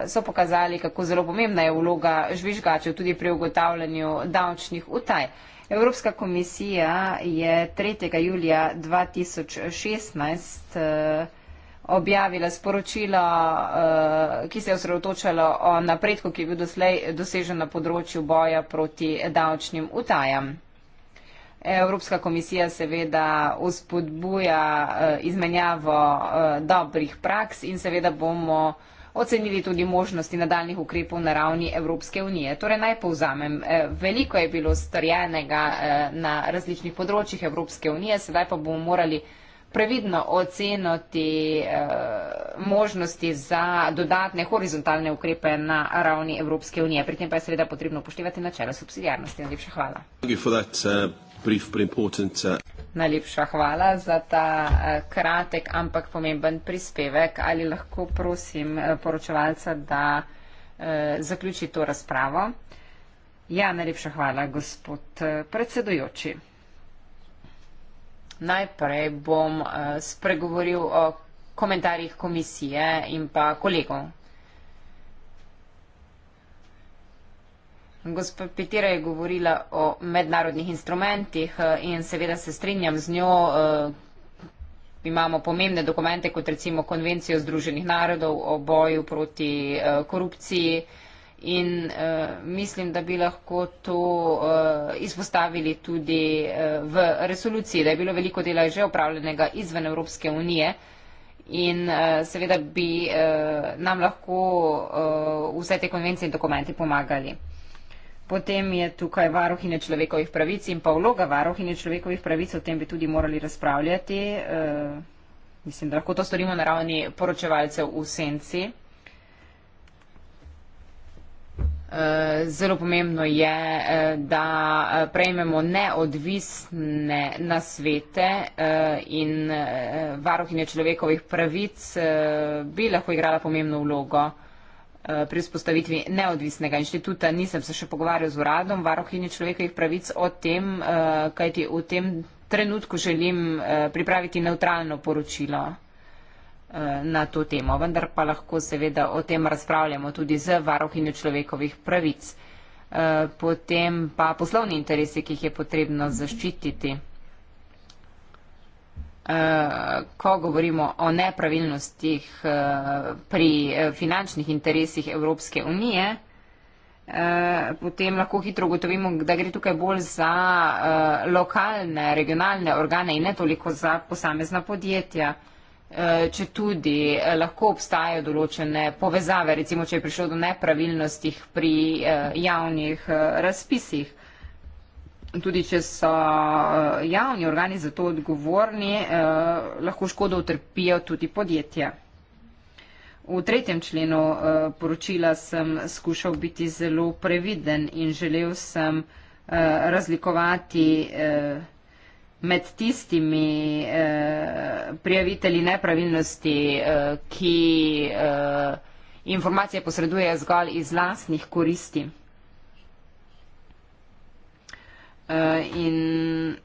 so pokazali, kako zelo pomembna je vloga žvižgačev tudi pri ugotavljanju davčnih utaj. Evropska komisija je 3. julija 2016 objavila sporočilo, ki se je osredotočalo o napredku, ki je bil doslej dosežen na področju boja proti davčnim utajam. Evropska komisija seveda uspodbuja eh, izmenjavo eh, dobrih praks in seveda bomo ocenili tudi možnosti nadaljnih ukrepov na ravni Evropske unije. Torej naj povzamem, eh, veliko je bilo storjenega na različnih področjih Evropske unije, sedaj pa bomo morali previdno oceniti možnosti za dodatne horizontalne ukrepe na ravni Evropske unije. Pri tem pa je seveda potrebno upoštevati načelo subsidijarnosti. Najlepša hvala brief but important. Uh, Najlepša hvala za ta eh, kratek, ampak pomemben prispevek. Ali lahko prosim eh, poročevalca, da eh, zaključi to razpravo? Ja, najlepša hvala, gospod eh, predsedujoči. Najprej bom eh, spregovoril o komentarjih komisije in pa kolegov, Gospod Petira je govorila o mednarodnih instrumentih eh, in seveda se strinjam z njo. Eh, imamo pomembne dokumente, kot recimo konvencijo Združenih narodov o boju proti eh, korupciji in mislim, da bi lahko to izpostavili tudi v resoluciji, da je bilo veliko dela že opravljenega izven Evropske unije. In uh, seveda bi uh, nam lahko uh, vse te konvencije in dokumenti pomagali. Potem je tukaj varuhinje človekovih pravic in pa vloga varuhinje človekovih pravic, o tem bi tudi morali razpravljati. Uh, mislim, da lahko to storimo na ravni poročevalcev v senci. Eh, zelo pomembno je, eh, da prejmemo neodvisne nasvete in varuhinje človekovih pravic bi lahko igrala pomembno vlogo. Eh, pri vzpostavitvi neodvisnega inštituta. Nisem se še pogovarjal z uradom varohinje človekovih pravic o tem, eh, kajti v tem trenutku želim eh, pripraviti neutralno poročilo na to temo, vendar pa lahko seveda o tem razpravljamo tudi z varohinjo človekovih pravic. Potem pa poslovni interesi, ki jih je potrebno zaščititi. Eh, ko govorimo o nepravilnostih eh, pri eh, finančnih interesih Evropske unije, potem lahko hitro ugotovimo, da gre tukaj bolj za lokalne, regionalne organe in ne toliko za posamezna podjetja. Če tudi lahko obstajajo določene povezave, recimo če je prišlo do nepravilnostih pri javnih razpisih tudi če so eh, javni organi za to odgovorni, eh, lahko škodo utrpijo tudi podjetja. V tretjem členu eh, poročila sem skušal biti zelo previden in želel sem razlikovati med tistimi prijavitelji nepravilnosti, ki informacije posredujejo zgolj iz lastnih koristi. Eh, in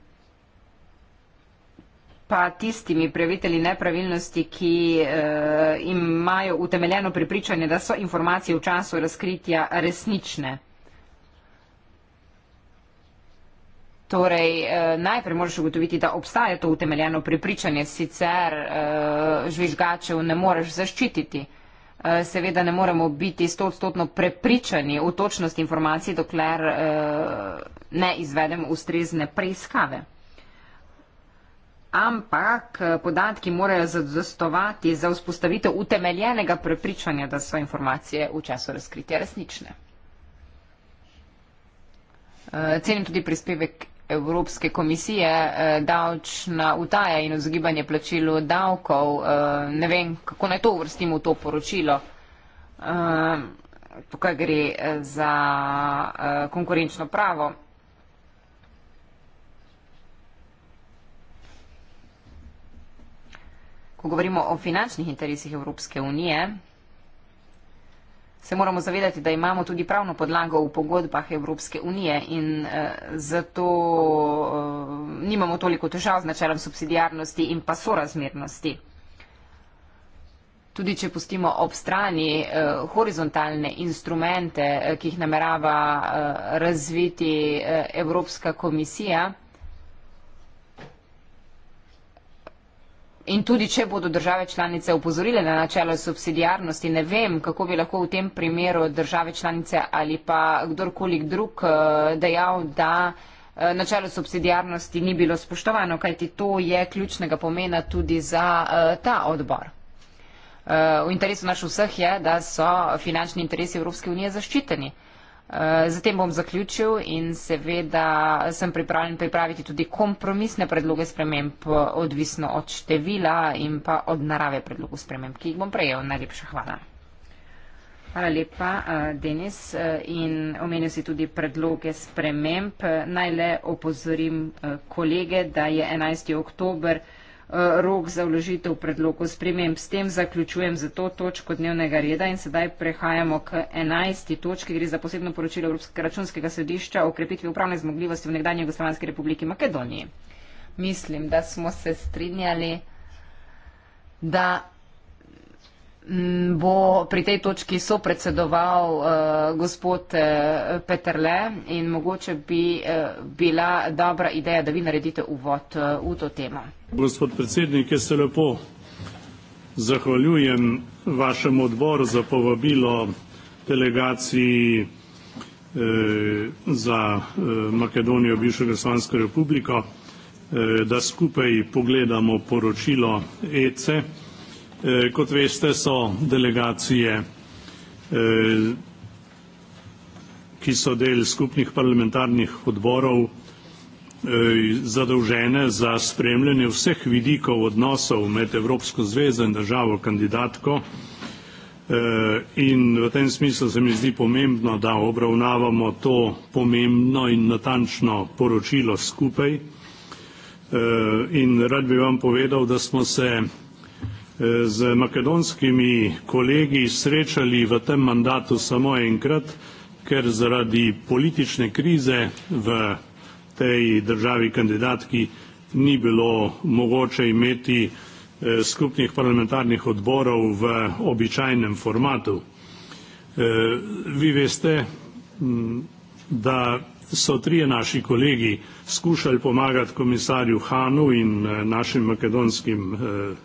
pa tistimi prijavitelji nepravilnosti, ki uh, imajo utemeljeno pripričanje, da so informacije v času razkritja resnične. Torej, uh, najprej moraš ugotoviti, da obstaja to utemeljeno pripričanje, sicer uh, žvižgačev ne moreš zaščititi. Eh, seveda ne moremo biti stotstotno prepričani v točnost informacij, dokler eh, ne izvedemo ustrezne preiskave. Ampak eh, podatki morajo zadostovati za vzpostavitev utemeljenega prepričanja, da so informacije v času razkritja resnične. Cenim tudi prispevek Evropske komisije eh, davčna utaja in vzgibanje plačilo davkov. Eh, ne vem, kako naj to uvrstimo v to poročilo. Eh, tukaj gre za konkurenčno pravo. Ko govorimo o finančnih interesih Evropske unije, se moramo zavedati, da imamo tudi pravno podlago v pogodbah Evropske unije in e, zato e, nimamo toliko težav z načelom subsidijarnosti in pa sorazmernosti. Tudi če pustimo ob strani e, horizontalne instrumente, e, ki jih namerava e, razviti e, Evropska komisija, In tudi, če bodo države članice upozorile na načelo subsidijarnosti, ne vem, kako bi lahko v tem primeru države članice ali pa kdorkoli drug eh, dejal, da eh, načelo subsidijarnosti ni bilo spoštovano, kajti to je ključnega pomena tudi za eh, ta odbor. V interesu naš vseh je, da so finančni interesi Evropske unije zaščiteni. Eh, Z tem bom zaključil in seveda sem pripravljen pripraviti tudi kompromisne predloge sprememb, eh, odvisno od števila in pa od narave predlogov sprememb, ki jih bom prejel. Najlepša hvala. Hvala lepa, eh, Denis. In omenil si tudi predloge sprememb. Naj le opozorim kolege, da je 11. oktober Eh, rok za vložitev predlogov sprememb. S tem zaključujem za to točko dnevnega reda in sedaj prehajamo k 11. točki, gre za posebno poročilo Evropskega računskega sodišča o krepitvi upravne zmogljivosti v nekdanji Jugoslavijski republiki Makedoniji. Mislim, da smo se strinjali, da Mm, bo pri tej točki sopredsedoval uh, gospod uh, Peterle in mogoče bi uh, bila dobra ideja, da vi naredite uvod uh, v to temo. Gospod predsednik, jaz se lepo zahvaljujem vašemu odboru za povabilo delegaciji eh, za eh, Makedonijo, bivšo Gospodarsko republiko, eh, da skupaj pogledamo poročilo ECE. Eh, kot veste, so delegacije, eh, ki so del skupnih parlamentarnih odborov, eh, zadolžene za spremljanje vseh vidikov odnosov med Evropsko zvezo in državo kandidatko. In v tem smislu se mi zdi pomembno, da obravnavamo to pomembno in natančno poročilo skupaj. In rad bi vam povedal, da smo se z makedonskimi kolegi srečali v tem mandatu samo enkrat, ker zaradi politične krize v tej državi kandidatki ni bilo mogoče imeti eh, skupnih parlamentarnih odborov v običajnem formatu. Eh, vi veste, hm, da so trije naši kolegi skušali pomagati komisarju Hanu in eh, našim makedonskim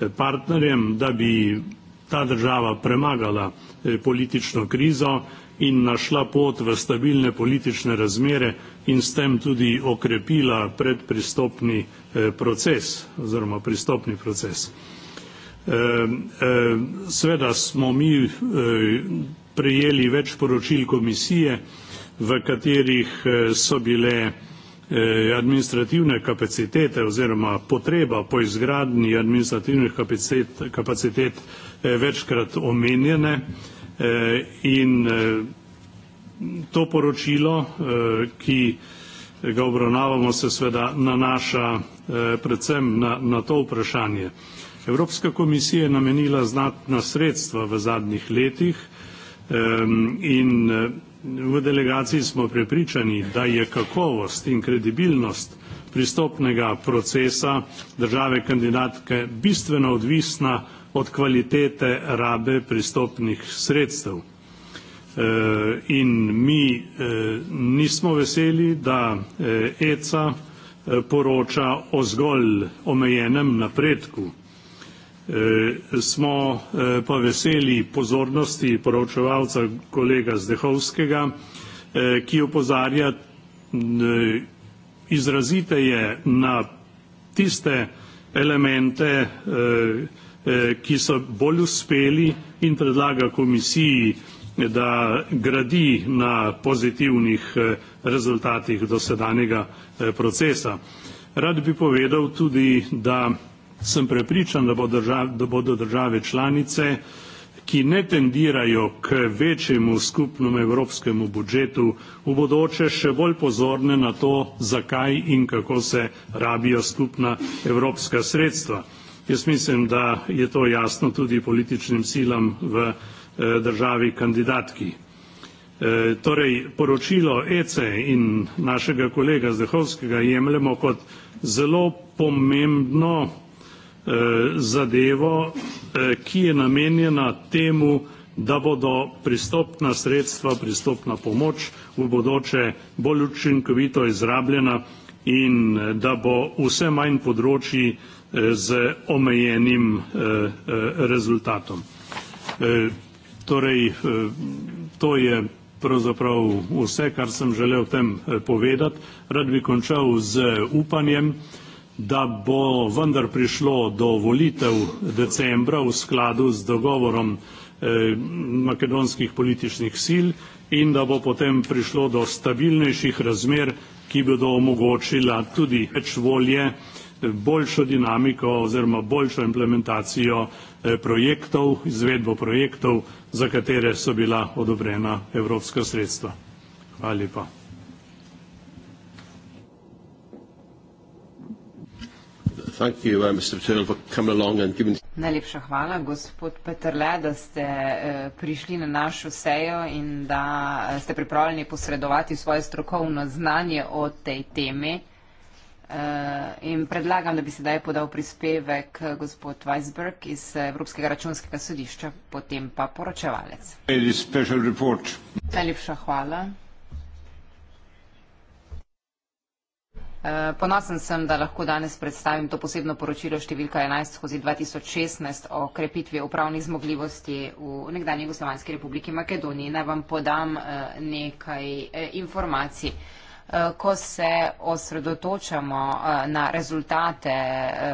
Eh, partnerjem, da bi ta država premagala eh, politično krizo in našla pot v stabilne politične razmere in s tem tudi okrepila predpristopni eh, proces oziroma pristopni proces. Ehm, ehm, Sveda smo mi prejeli več poročil komisije, v katerih so bile Eh, administrativne kapacitete oziroma potreba po izgradnji administrativnih kapacitet, kapacitet eh, večkrat omenjene eh, in to poročilo, ki ga obravnavamo, se sveda nanaša predvsem na, na to vprašanje. Evropska komisija je namenila znatna sredstva v zadnjih letih in V delegaciji smo prepričani, da je kakovost in kredibilnost pristopnega procesa države kandidatke bistveno odvisna od kvalitete rabe pristopnih sredstev. Eh, in mi eh, nismo veseli, da eh, ECA poroča o zgolj omejenem napredku Eh, smo eh, pa veseli pozornosti poročevalca kolega Zdehovskega, eh, ki opozarja izraziteje na tiste elemente, ki so bolj uspeli in predlaga komisiji, da gradi na pozitivnih rezultatih dosedanjega procesa. Rad bi povedal tudi, da sem prepričan, da, bo držav, da bodo države članice, ki ne tendirajo k večjemu skupnemu evropskemu budžetu, v bodoče še bolj pozorne na to, zakaj in kako se rabijo skupna evropska sredstva. Jaz mislim, da je to jasno tudi političnim silam v eh, državi kandidatki. Eh, torej, poročilo ECE in našega kolega Zdehovskega jemljemo kot zelo pomembno Eh, zadevo, eh, ki je namenjena temu, da bodo pristopna sredstva, pristopna pomoč v bodoče bolj učinkovito izrabljena in eh, da bo vse manj področji z omejenim rezultatom. Torej, to je pravzaprav vse, kar sem želel tem povedati. Rad bi končal z upanjem, da bo vendar prišlo do volitev decembra v skladu z dogovorom eh, makedonskih političnih sil in da bo potem prišlo do stabilnejših razmer, ki bodo omogočila tudi več volje, eh, boljšo dinamiko oziroma boljšo implementacijo eh, projektov, izvedbo projektov, za katere so bila odobrena evropska sredstva. Hvala lepa. Uh, Najlepša hvala, gospod Petrle, da ste eh, prišli na našo sejo in da eh, ste pripravljeni posredovati svoje strokovno znanje o tej temi. Eh, in predlagam, da bi sedaj podal prispevek gospod Weisberg iz Evropskega računskega sodišča, potem pa poročevalec. Najlepša hvala. Eh, ponosen sem, da lahko danes predstavim to posebno poročilo številka 11 skozi 2016 o krepitvi upravnih zmogljivosti v nekdanji Jugoslovanski republiki Makedoniji. Naj vam podam eh, nekaj eh, informacij. Ko se osredotočamo na rezultate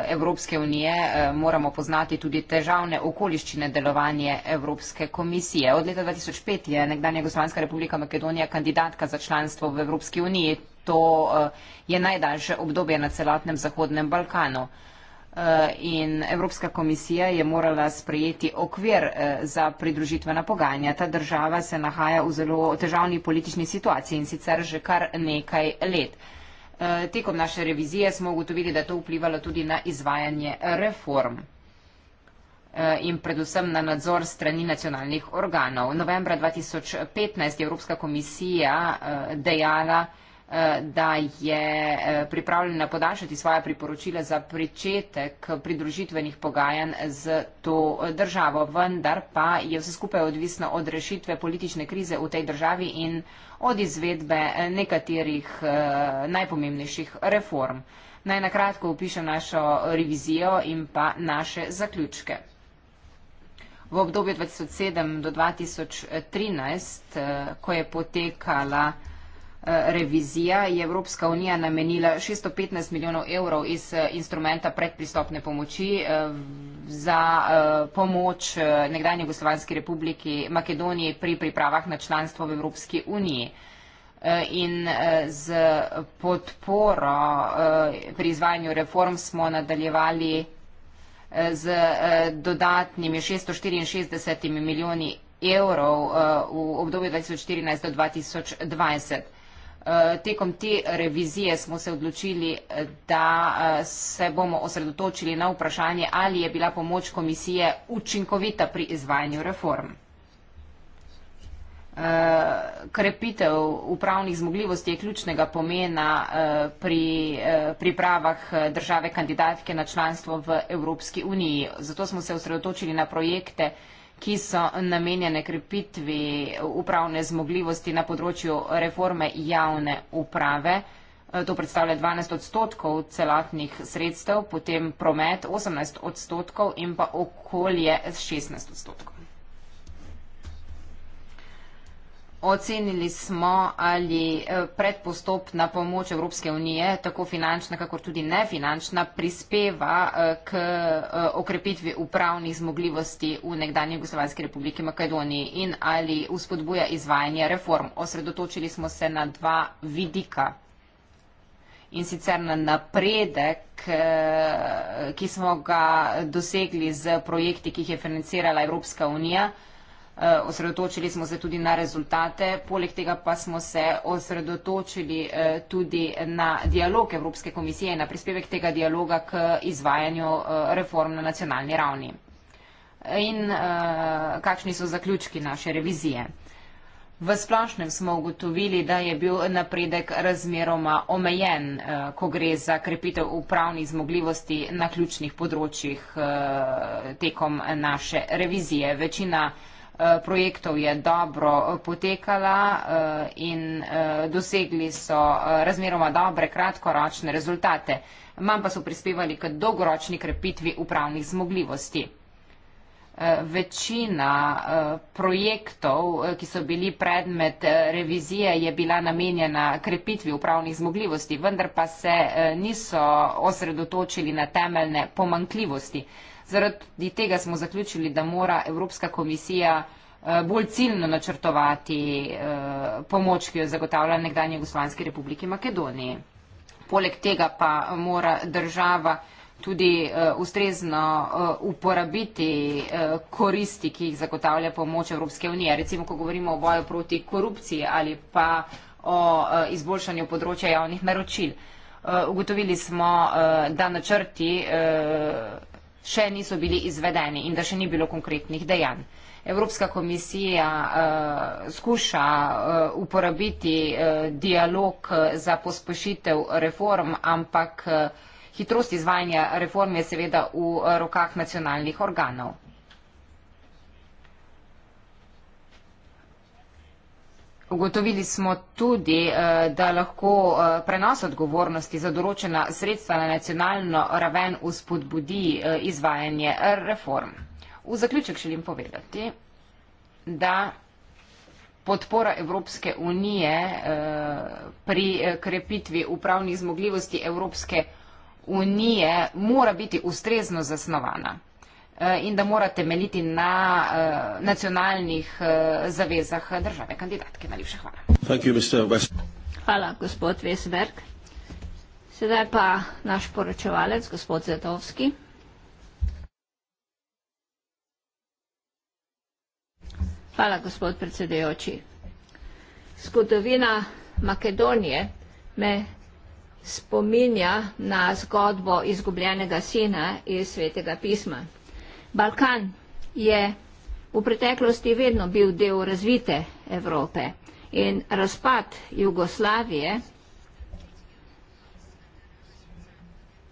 Evropske unije, moramo poznati tudi težavne okoliščine delovanje Evropske komisije. Od leta 2005 je nekdanja Jugoslovanska republika Makedonija kandidatka za članstvo v Evropski uniji to eh, je najdaljše obdobje na celotnem Zahodnem Balkanu. Eh, in Evropska komisija je morala sprejeti okvir eh, za pridružitvena pogajanja. Ta država se nahaja v zelo težavni politični situaciji in sicer že kar nekaj let. Tekom naše revizije smo ugotovili, da je to vplivalo tudi na izvajanje reform in predvsem na nadzor strani nacionalnih organov. Novembra 2015 je Evropska komisija dejala, da je to vplivalo na izvajanje reform da je eh, pripravljena podaljšati svoja priporočila za pričetek pridružitvenih pogajanj z to eh, državo. Vendar pa je vse skupaj odvisno od rešitve politične krize v tej državi in od izvedbe eh, nekaterih najpomembnejših reform. Naj na kratko opišem našo revizijo in pa naše zaključke. V obdobju 2007 do 2013, ko je potekala Eh, revizija je Evropska unija namenila 615 milijonov evrov iz eh, instrumenta predpristopne pomoči eh, za pomoč nekdanje Jugoslovanski republiki Makedoniji pri pripravah na članstvo v Evropski uniji. In z podporo pri izvajanju reform smo nadaljevali z dodatnimi 664 milijoni evrov v obdobju 2014 do 2020. Eh, tekom te revizije smo se odločili, eh, da eh, se bomo osredotočili na vprašanje, ali je bila pomoč komisije učinkovita pri izvajanju reform. Krepitev upravnih zmogljivosti je ključnega pomena pri pripravah države kandidatke na članstvo v Evropski uniji. Zato smo se osredotočili na projekte, ki so namenjene krepitvi upravne zmogljivosti na področju reforme javne uprave. E, to predstavlja 12 odstotkov celotnih sredstev, potem promet 18 odstotkov in pa okolje 16 odstotkov. Ocenili smo, ali eh, predpostopna pomoč Evropske unije, tako finančna, kakor tudi nefinančna, prispeva eh, k eh, okrepitvi upravnih zmogljivosti v nekdanji Jugoslovanski republiki Makedoniji in ali uspodbuja izvajanje reform. Osredotočili smo se na dva vidika in sicer na napredek, ki smo ga dosegli z projekti, ki jih je financirala Evropska unija. Eh, osredotočili smo se tudi na rezultate, poleg tega pa smo se osredotočili eh, tudi na dialog Evropske komisije in na prispevek tega dialoga k izvajanju eh, reform na nacionalni ravni. In kakšni so zaključki naše revizije? V splošnem smo ugotovili, da je bil napredek razmeroma omejen, ko gre za krepitev upravnih zmogljivosti na ključnih področjih tekom naše revizije. Večina Eh, projektov je dobro eh, potekala eh, in dosegli so razmeroma dobre kratkoročne rezultate, manj pa so prispevali k dolgoročni krepitvi upravnih zmogljivosti. Večina projektov, ki so bili predmet revizije, je bila namenjena krepitvi upravnih zmogljivosti, vendar pa se niso osredotočili na temeljne pomankljivosti. Zaradi tega smo zaključili, da mora Evropska komisija eh, bolj ciljno načrtovati eh, pomoč, ki jo zagotavlja nekdanje Jugoslavijske republike Makedoniji. Poleg tega pa mora država tudi eh, ustrezno uporabiti koristi, ki jih zagotavlja pomoč Evropske unije. Recimo, ko govorimo o boju proti korupciji ali pa o izboljšanju področja javnih naročil. Ugotovili smo, da načrti še niso bili izvedeni in da še ni bilo konkretnih dejanj. Evropska komisija uh, skuša uh, uporabiti uh, dialog za pospešitev reform, ampak uh, hitrost izvajanja reform je seveda v uh, rokah nacionalnih organov. Ugotovili smo tudi, eh, da lahko eh, prenos odgovornosti za določena sredstva na nacionalno raven uspodbudi eh, izvajanje reform. V zaključek želim povedati, da podpora Evropske unije pri krepitvi upravnih zmogljivosti Evropske unije mora biti ustrezno zasnovana. Eh, in da mora temeljiti na uh, nacionalnih uh, zavezah države kandidatke. Najlepša hvala. You, hvala, gospod Vesberg. Sedaj pa naš poročevalec, gospod Zetovski. Hvala, gospod predsedujoči. Zgodovina Makedonije me spominja na zgodbo izgubljenega sina iz svetega pisma. Balkan je v preteklosti vedno bil del razvite Evrope in razpad Jugoslavije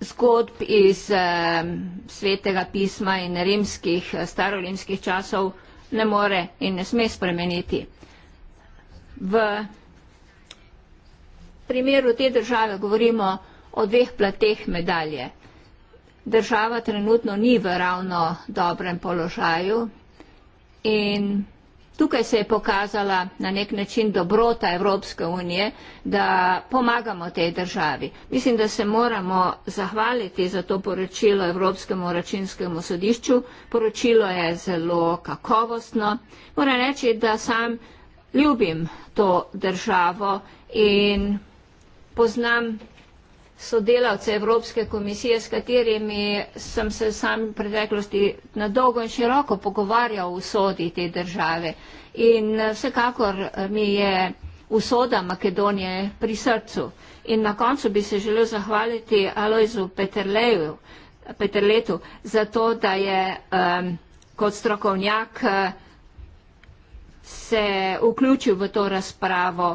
zgodb iz eh, svetega pisma in rimskih, starolimskih časov ne more in ne sme spremeniti. V primeru te države govorimo o dveh plateh medalje – država trenutno ni v ravno dobrem položaju in tukaj se je pokazala na nek način dobrota Evropske unije, da pomagamo tej državi. Mislim, da se moramo zahvaliti za to poročilo Evropskemu računskemu sodišču. Poročilo je zelo kakovostno. Moram reči, da sam ljubim to državo in poznam sodelavce Evropske komisije, s katerimi sem se sam v preteklosti na dolgo in široko pogovarjal o sodi te države. In eh, vsekakor eh, mi je usoda Makedonije pri srcu. In na koncu bi se želel zahvaliti Alojzu Peterletu za to, da je um, kot strokovnjak eh, se vključil v to razpravo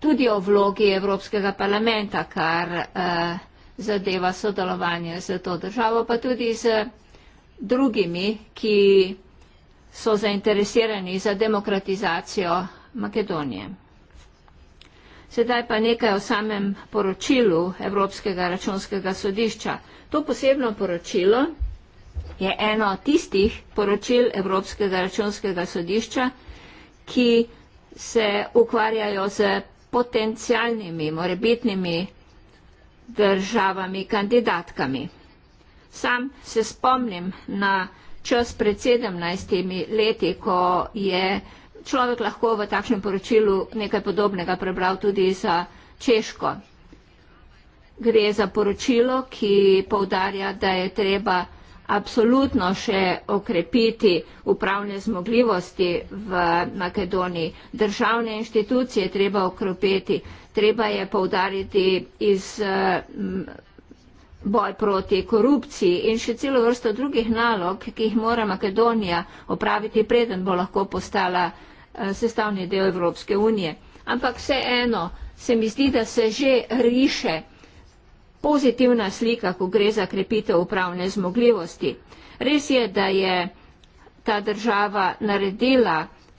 tudi o vlogi Evropskega parlamenta, kar eh, zadeva sodelovanje z to državo, pa tudi z drugimi, ki so zainteresirani za demokratizacijo Makedonije. Sedaj pa nekaj o samem poročilu Evropskega računskega sodišča. To posebno poročilo je eno tistih poročil Evropskega računskega sodišča, ki se ukvarjajo z potencijalnimi, morebitnimi državami, kandidatkami. Sam se spomnim na čas pred sedemnajstimi leti, ko je človek lahko v takšnem poročilu nekaj podobnega prebral tudi za Češko. Gre za poročilo, ki povdarja, da je treba vsega, absolutno še okrepiti upravne zmogljivosti v Makedoniji. Državne inštitucije treba okrepiti, treba je poudariti iz mm, boj proti korupciji in še celo vrsto drugih nalog, ki jih mora Makedonija opraviti, preden bo lahko postala eh, sestavni del Evropske unije. Ampak vseeno se mi zdi, da se že riše pozitivna slika, ko gre za krepitev upravne zmogljivosti. Res je, da je ta država naredila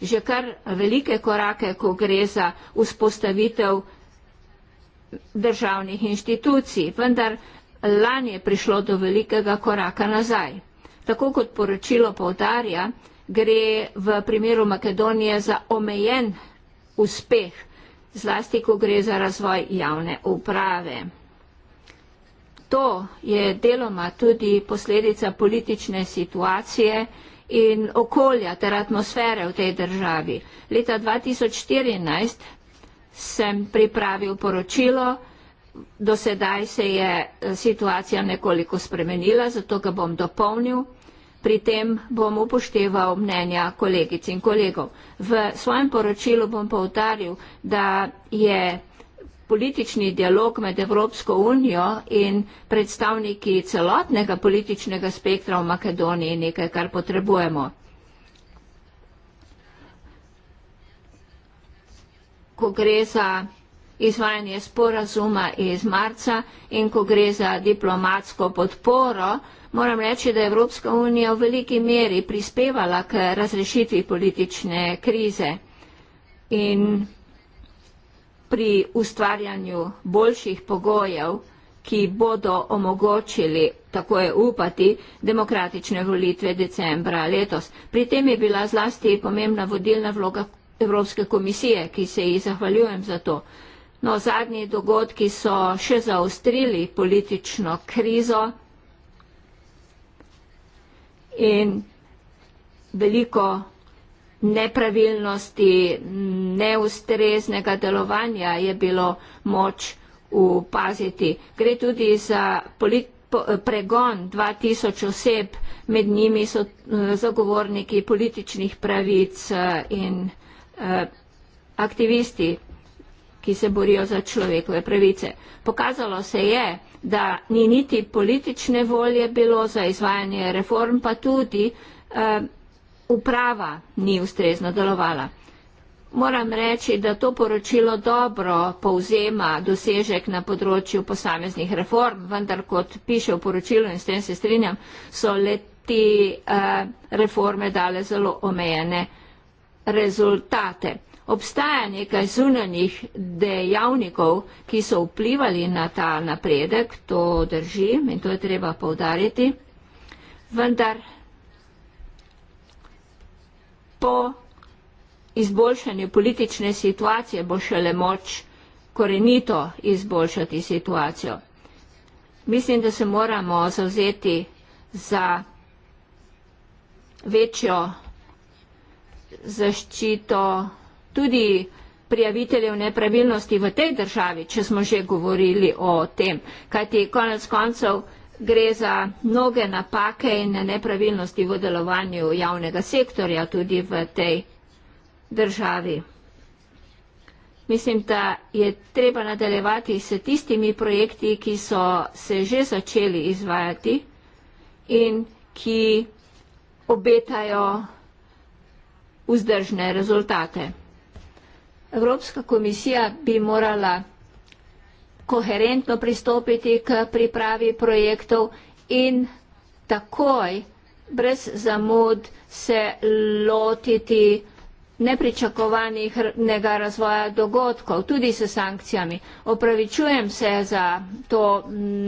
že kar velike korake, ko gre za vzpostavitev državnih inštitucij, vendar lani je prišlo do velikega koraka nazaj. Tako kot poročilo povdarja, gre v primeru Makedonije za omejen uspeh, zlasti ko gre za razvoj javne uprave to je deloma tudi posledica politične situacije in okolja ter atmosfere v tej državi. Leta 2014 sem pripravil poročilo, do sedaj se je eh, situacija nekoliko spremenila, zato ga bom dopolnil. Pri tem bom upošteval mnenja kolegic in kolegov. V svojem poročilu bom povdaril, da je politični dialog med Evropsko unijo in predstavniki celotnega političnega spektra v Makedoniji nekaj, kar potrebujemo. Ko gre za izvajanje sporazuma iz marca in ko gre za diplomatsko podporo, moram reči, da je Evropska unija v veliki meri prispevala k razrešitvi politične krize. In pri ustvarjanju boljših pogojev, ki bodo omogočili, tako je upati, demokratične volitve decembra letos. Pri tem je bila zlasti pomembna vodilna vloga Evropske komisije, ki se ji zahvaljujem za to. No, zadnji dogodki so še zaostrili politično krizo in veliko nepravilnosti, neustreznega delovanja je bilo moč upaziti. Gre tudi za polit, pregon 2000 oseb, med njimi so eh, zagovorniki političnih pravic eh, in eh, aktivisti, ki se borijo za človekove pravice. Pokazalo se je, da ni niti politične volje bilo za izvajanje reform, pa tudi uprava ni ustrezno delovala. Moram reči, da to poročilo dobro povzema dosežek na področju posameznih reform, vendar kot piše v poročilu in s tem se strinjam, so leti eh, reforme dale zelo omejene rezultate. Obstaja nekaj zunanjih dejavnikov, ki so vplivali na ta napredek, to drži in to je treba povdariti, vendar po izboljšanju politične situacije bo šele moč korenito izboljšati situacijo. Mislim, da se moramo zauzeti za večjo zaščito tudi prijaviteljev nepravilnosti v tej državi, če smo že govorili o tem, kajti konec koncev gre za mnoge napake in nepravilnosti v delovanju javnega sektorja tudi v tej državi. Mislim, da je treba nadaljevati s tistimi projekti, ki so se že začeli izvajati in ki obetajo vzdržne rezultate. Evropska komisija bi morala koherentno pristopiti k pripravi projektov in takoj brez zamud se lotiti nepričakovanega razvoja dogodkov, tudi s sankcijami. Opravičujem se za to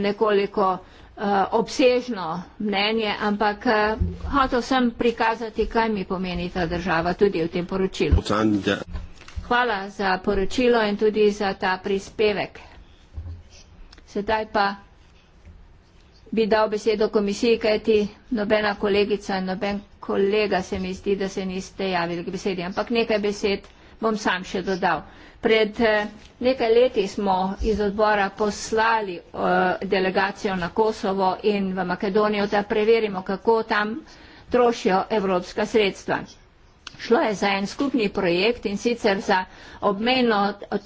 nekoliko eh, obsežno mnenje, ampak eh, hotel sem prikazati, kaj mi pomeni ta država tudi v tem poročilu. Hvala za poročilo in tudi za ta prispevek. Sedaj pa bi dal besedo komisiji, kajti nobena kolegica in noben kolega se mi zdi, da se niste javili k besedi, ampak nekaj besed bom sam še dodal. Pred eh, nekaj leti smo iz odbora poslali eh, delegacijo na Kosovo in v Makedonijo, da preverimo, kako tam trošijo evropska sredstva. Šlo je za en skupni projekt in sicer za obmejno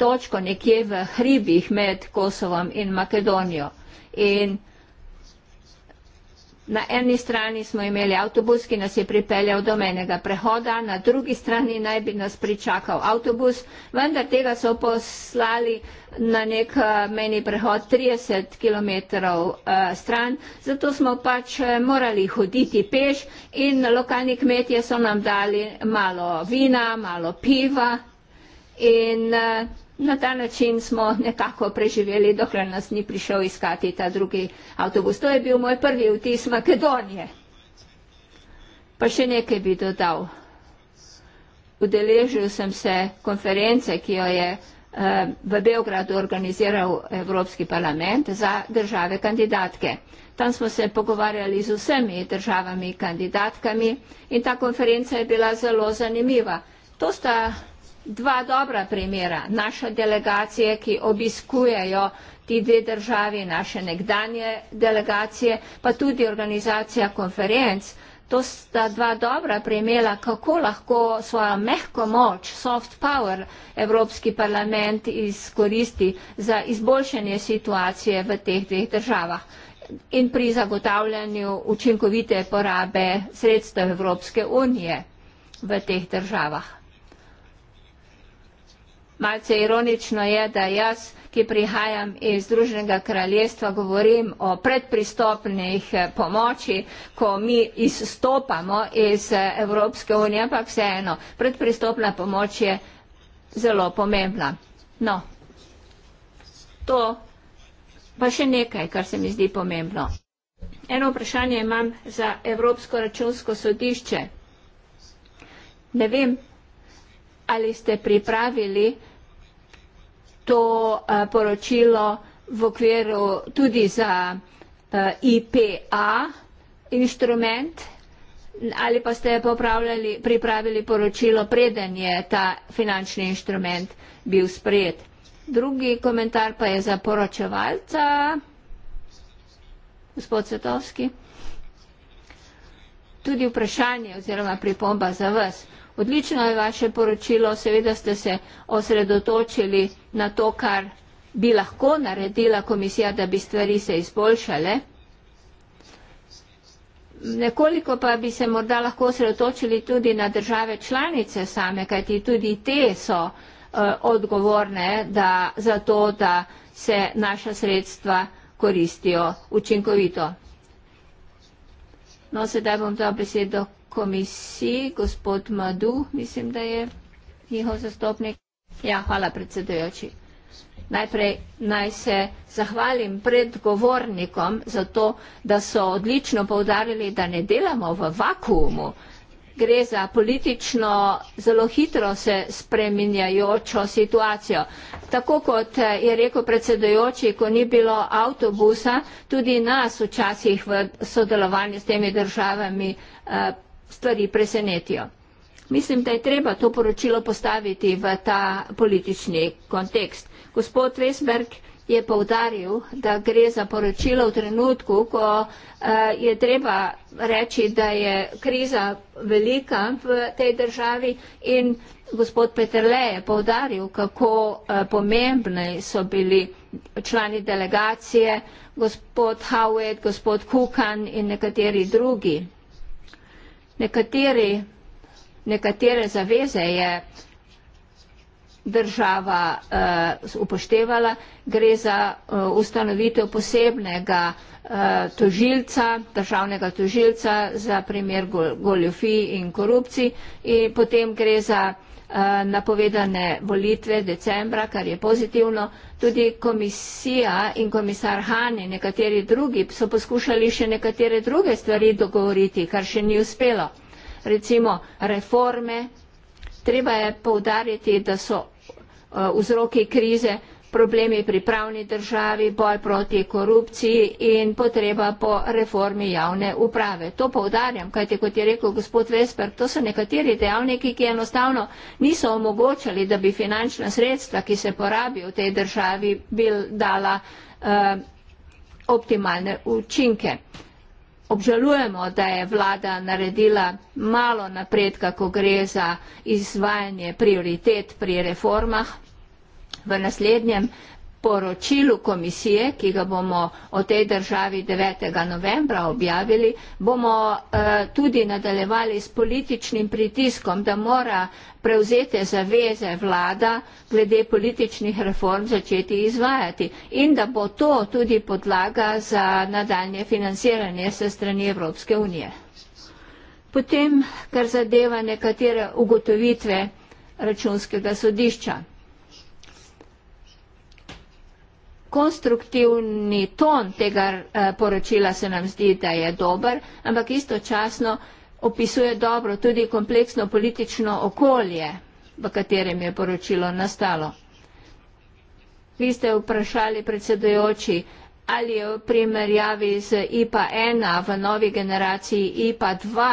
točko nekje v hribih med Kosovom in Makedonijo. In Na eni strani smo imeli avtobus, ki nas je pripeljal do menega prehoda, na drugi strani naj bi nas pričakal avtobus, vendar tega so poslali na nek eh, meni prehod 30 km eh, stran, zato smo pač eh, morali hoditi peš in lokalni kmetje so nam dali malo vina, malo piva in Na ta način smo nekako preživeli, dokler nas ni prišel iskati ta drugi avtobus. To je bil moj prvi vtis Makedonije. Pa še nekaj bi dodal. Udeležil sem se konference, ki jo je eh, v Beogradu organiziral Evropski parlament za države kandidatke. Tam smo se pogovarjali z vsemi državami kandidatkami in ta konferenca je bila zelo zanimiva. To sta dva dobra primera. Naše delegacije, ki obiskujejo ti dve državi, naše nekdanje delegacije, pa tudi organizacija konferenc, to sta dva dobra primera, kako lahko svojo mehko moč, soft power, Evropski parlament izkoristi za izboljšanje situacije v teh dveh državah in pri zagotavljanju učinkovite porabe sredstev Evropske unije v teh državah. Malce ironično je, da jaz, ki prihajam iz Združenega kraljestva, govorim o predpristopnih eh, pomoči, ko mi izstopamo iz eh, Evropske unije, ampak vseeno, predpristopna pomoč je zelo pomembna. No, to pa še nekaj, kar se mi zdi pomembno. Eno vprašanje imam za Evropsko računsko sodišče. Ne vem, ali ste pripravili to eh, poročilo v okviru tudi za eh, IPA inštrument ali pa ste pripravili poročilo preden je ta finančni inštrument bil sprejet. Drugi komentar pa je za poročevalca, gospod Svetovski. Tudi vprašanje oziroma pripomba za vas. Odlično je vaše poročilo, seveda ste se osredotočili na to, kar bi lahko naredila komisija, da bi stvari se izboljšale. Nekoliko pa bi se morda lahko osredotočili tudi na države članice same, kajti tudi te so uh, odgovorne da, za to, da se naša sredstva koristijo učinkovito. No, sedaj bom dal besedo komisiji, gospod Madu, mislim, da je njihov zastopnik. Ja, hvala predsedujoči. Najprej naj se zahvalim predgovornikom za to, da so odlično povdarili, da ne delamo v vakuumu. Gre za politično, zelo hitro se spreminjajočo situacijo. Tako kot eh, je rekel predsedojoči, ko ni bilo avtobusa, tudi nas včasih v sodelovanju s temi državami eh, stvari presenetijo. Mislim, da je treba to poročilo postaviti v ta politični kontekst. Gospod Vesberg je povdaril, da gre za poročilo v trenutku, ko uh, je treba reči, da je kriza velika v tej državi in gospod Peterle je povdaril, kako uh, pomembni so bili člani delegacije, gospod Howard, gospod Kukan in nekateri drugi. Nekateri, nekatere zaveze je država uh, upoštevala, gre za uh, ustanovitev posebnega uh, tožilca, državnega tožilca za primer goljofij in korupcij in potem gre za uh, Eh, napovedane volitve decembra, kar je pozitivno. Tudi komisija in komisar Hani, nekateri drugi so poskušali še nekatere druge stvari dogovoriti, kar še ni uspelo. Recimo reforme, treba je poudariti, da so eh, vzroki krize problemi pri pravni državi, boj proti korupciji in potreba po reformi javne uprave. To povdarjam, kajte kot je rekel gospod Vesper, to so nekateri dejavniki, ki enostavno niso omogočali, da bi finančna sredstva, ki se porabijo v tej državi, bil dala uh, optimalne učinke. Obžalujemo, da je vlada naredila malo napredka, ko gre za izvajanje prioritet pri reformah, v naslednjem poročilu komisije, ki ga bomo o tej državi 9. novembra objavili, bomo eh, tudi nadaljevali s političnim pritiskom, da mora prevzete zaveze vlada glede političnih reform začeti izvajati in da bo to tudi podlaga za nadaljnje financiranje se strani Evropske unije. Potem, kar zadeva nekatere ugotovitve računskega sodišča. konstruktivni ton tega eh, poročila se nam zdi, da je dober, ampak istočasno opisuje dobro tudi kompleksno politično okolje, v katerem je poročilo nastalo. Vi ste vprašali predsedujoči, ali je v primerjavi z IPA-1 v novi generaciji IPA-2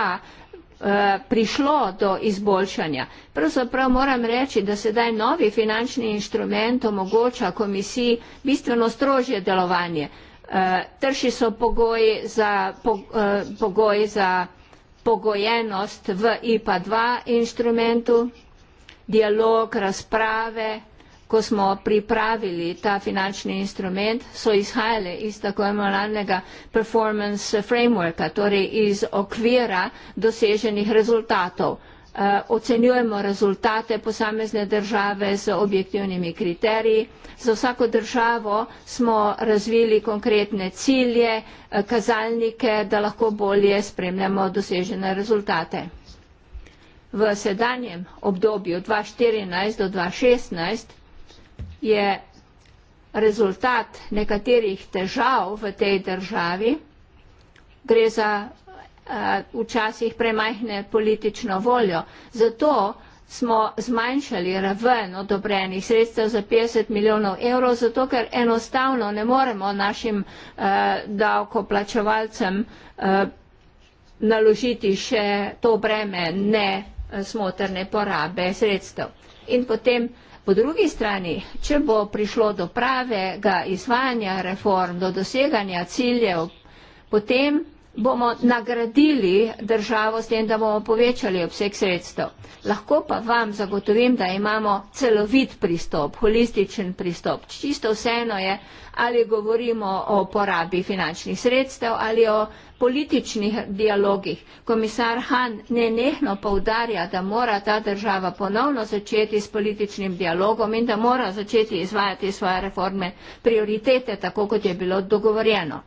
Eh, prišlo do izboljšanja. Pravzaprav moram reči, da sedaj novi finančni inštrument omogoča komisiji bistveno strožje delovanje. Eh, trši so pogoji za, eh, pogoji za pogojenost v IPA 2 inštrumentu, dialog, razprave, ko smo pripravili ta finančni instrument, so izhajale iz tako imenovanega performance frameworka, torej iz okvira doseženih rezultatov. Eh, ocenjujemo rezultate posamezne države z objektivnimi kriteriji. Za vsako državo smo razvili konkretne cilje, eh, kazalnike, da lahko bolje spremljamo dosežene rezultate. V sedanjem obdobju 2014 do 2016 je rezultat nekaterih težav v tej državi. Gre za uh, včasih premajhne politično voljo. Zato smo zmanjšali raven odobrenih sredstev za 50 milijonov evrov, zato ker enostavno ne moremo našim uh, davkoplačevalcem uh, naložiti še to breme nesmotrne porabe sredstev. In potem uh, Po drugi strani, če bo prišlo do pravega izvajanja reform, do doseganja ciljev, potem bomo nagradili državo s tem, da bomo povečali obseg sredstev. Lahko pa vam zagotovim, da imamo celovit pristop, holističen pristop. Čisto vseeno je, ali govorimo o porabi finančnih sredstev ali o političnih dialogih. Komisar Han nenehno povdarja, da mora ta država ponovno začeti s političnim dialogom in da mora začeti izvajati svoje reforme, prioritete, tako kot je bilo dogovorjeno.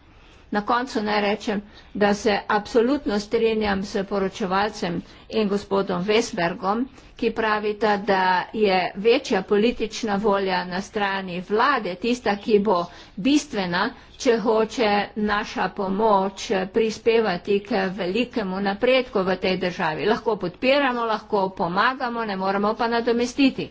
Na koncu naj rečem, da se absolutno strinjam s poročevalcem in gospodom Vesbergom, ki pravita, da je večja politična volja na strani vlade tista, ki bo bistvena, če hoče naša pomoč prispevati k velikemu napredku v tej državi. Lahko podpiramo, lahko pomagamo, ne moramo pa nadomestiti.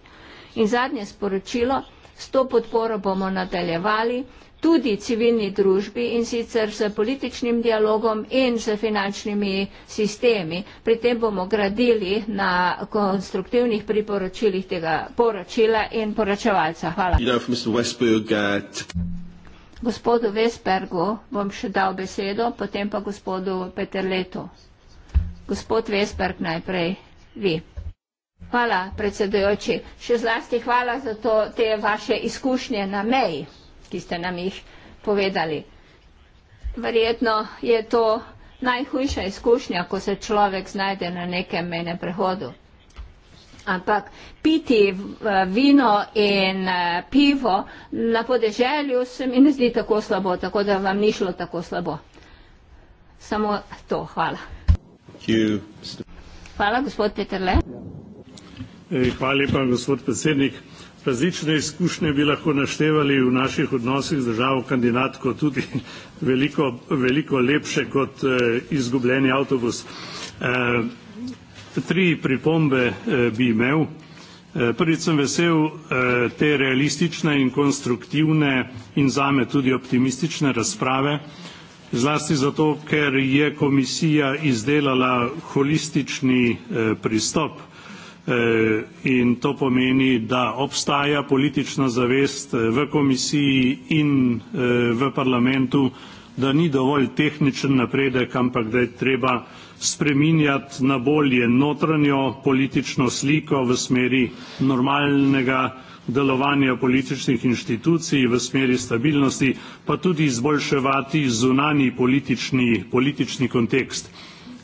In zadnje sporočilo, s to podporo bomo nadaljevali tudi civilni družbi in sicer s političnim dialogom in s finančnimi sistemi. Pri tem bomo gradili na konstruktivnih priporočilih tega poročila in poračevalca. Hvala. You know, uh, Gospodu Vespergu bom še dal besedo, potem pa gospodu Peterletu. Gospod Vesperg najprej vi. Hvala, predsedujoči. Še zlasti hvala za to, te vaše izkušnje na meji ki ste nam jih povedali. Verjetno je to najhujša izkušnja, ko se človek znajde na nekem menem prehodu. Ampak piti vino in eh, pivo na podeželju se mi ne zdi tako slabo, tako da vam ni šlo tako slabo. Samo to, hvala. Hvala, gospod Peterle. Hvala lepa, gospod predsednik. Različne izkušnje bi lahko naštevali v naših odnosih z državo kandidatko, tudi veliko, veliko lepše kot eh, izgubljeni avtobus. Eh, tri pripombe eh, bi imel. Eh, prvič sem vesel eh, te realistične in konstruktivne in zame tudi optimistične razprave, zlasti zato, ker je komisija izdelala holistični eh, pristop. Eh, in to pomeni, da obstaja politična zavest eh, v komisiji in eh, v parlamentu, da ni dovolj tehničen napredek, ampak da je treba spreminjati na bolje notranjo politično sliko v smeri normalnega delovanja političnih inštitucij, v smeri stabilnosti, pa tudi izboljševati zunanji politični, politični kontekst.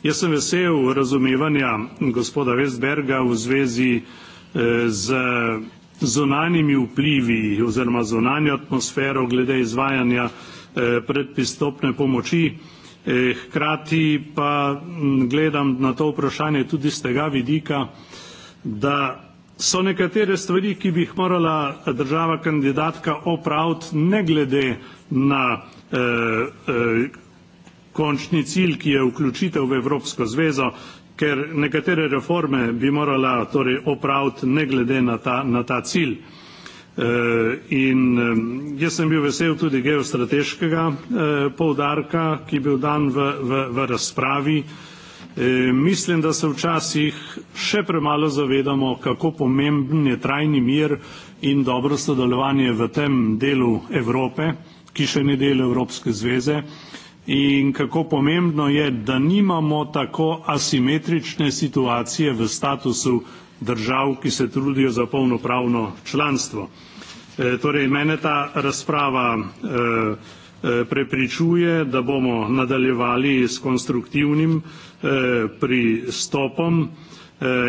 Jaz sem vesel razumevanja gospoda Westberga v zvezi eh, z zunanjimi vplivi oziroma zunanjo atmosfero glede izvajanja eh, predpristopne pomoči. Eh, hkrati pa gledam na to vprašanje tudi z tega vidika, da so nekatere stvari, ki bi jih morala država kandidatka opraviti ne glede na eh, eh, končni cilj, ki je vključitev v Evropsko zvezo, ker nekatere reforme bi morala torej opraviti ne glede na ta, na ta cilj. Eh, in eh, jaz sem bil vesel tudi geostrateškega eh, poudarka, ki je bil dan v, v, v razpravi. Mislim, da se včasih še premalo zavedamo, kako pomemben je trajni mir in dobro sodelovanje v tem delu Evrope, ki še ni del Evropske zveze in kako pomembno je, da nimamo tako asimetrične situacije v statusu držav, ki se trudijo za polnopravno članstvo. E, torej, mene ta razprava e, e, prepričuje, da bomo nadaljevali s konstruktivnim e, pristopom e,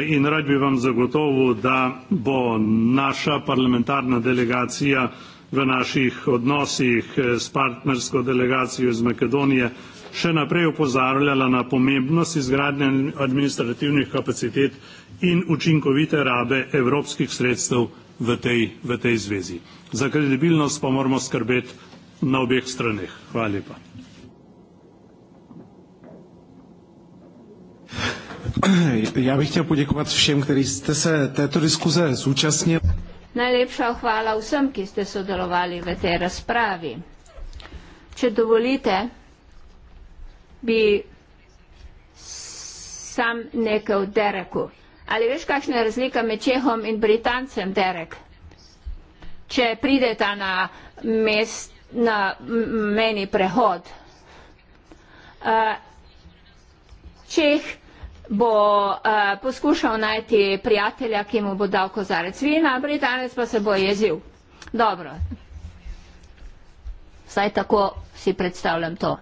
in rad bi vam zagotovil, da bo naša parlamentarna delegacija v naših odnosih eh, s partnersko delegacijo iz Makedonije še naprej opozarjala na pomembnost izgradnje administrativnih kapacitet in učinkovite rabe evropskih sredstev v tej, v tej zvezi. Za kredibilnost pa moramo skrbeti na obeh straneh. Hvala lepa. Já ja, bych chtěl poděkovat všem, kteří jste se této diskuze zúčastnili. Najlepša hvala vsem, ki ste sodelovali v tej razpravi. Če dovolite, bi sam nekaj v Dereku. Ali veš, kakšna je razlika med Čehom in Britancem, Derek? Če prideta na, mest, na meni prehod. Čeh bo uh, poskušal najti prijatelja, ki mu bo dal kozarec vina, britanec pa se bo jezil. Dobro. Vsaj tako si predstavljam to.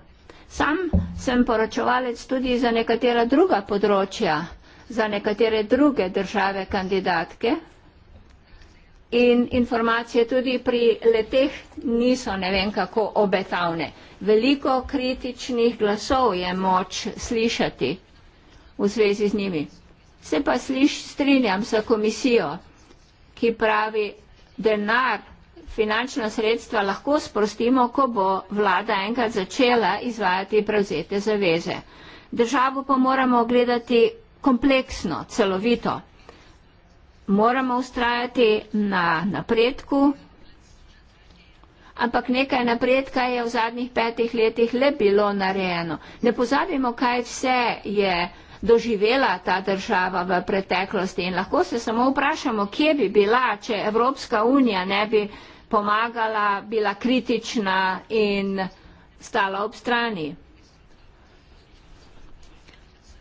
Sam sem poročevalec tudi za nekatera druga področja, za nekatere druge države kandidatke in informacije tudi pri leteh niso ne vem kako obetavne. Veliko kritičnih glasov je moč slišati v zvezi z njimi. Se pa sliš, strinjam sa komisijo, ki pravi, denar, finančna sredstva lahko sprostimo, ko bo vlada enkrat začela izvajati prevzete zaveze. Državo pa moramo gledati kompleksno, celovito. Moramo ustrajati na napredku, ampak nekaj napredka je v zadnjih petih letih le bilo narejeno. Ne pozabimo, kaj vse je doživela ta država v preteklosti in lahko se samo vprašamo, kje bi bila, če Evropska unija ne bi pomagala, bila kritična in stala ob strani.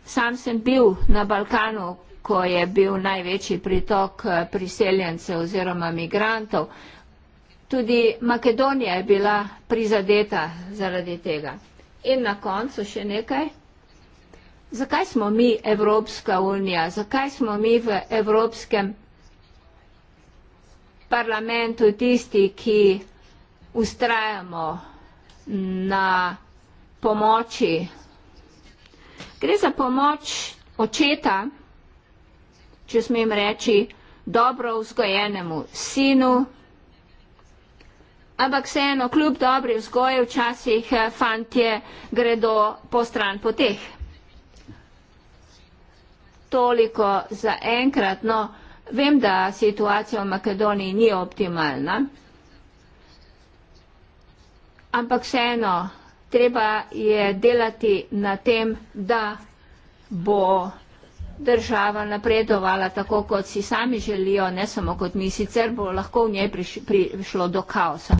Sam sem bil na Balkanu, ko je bil največji pritok eh, priseljencev oziroma migrantov. Tudi Makedonija je bila prizadeta zaradi tega. In na koncu še nekaj zakaj smo mi Evropska unija, zakaj smo mi v Evropskem parlamentu tisti, ki ustrajamo na pomoči. Gre za pomoč očeta, če smem reči, dobro vzgojenemu sinu, ampak vseeno kljub dobri vzgoji včasih eh, fantje gredo po stran poteh toliko za enkrat, no vem, da situacija v Makedoniji ni optimalna, ampak vseeno treba je delati na tem, da bo država napredovala tako, kot si sami želijo, ne samo kot mi, sicer bo lahko v njej prišlo do kaosa.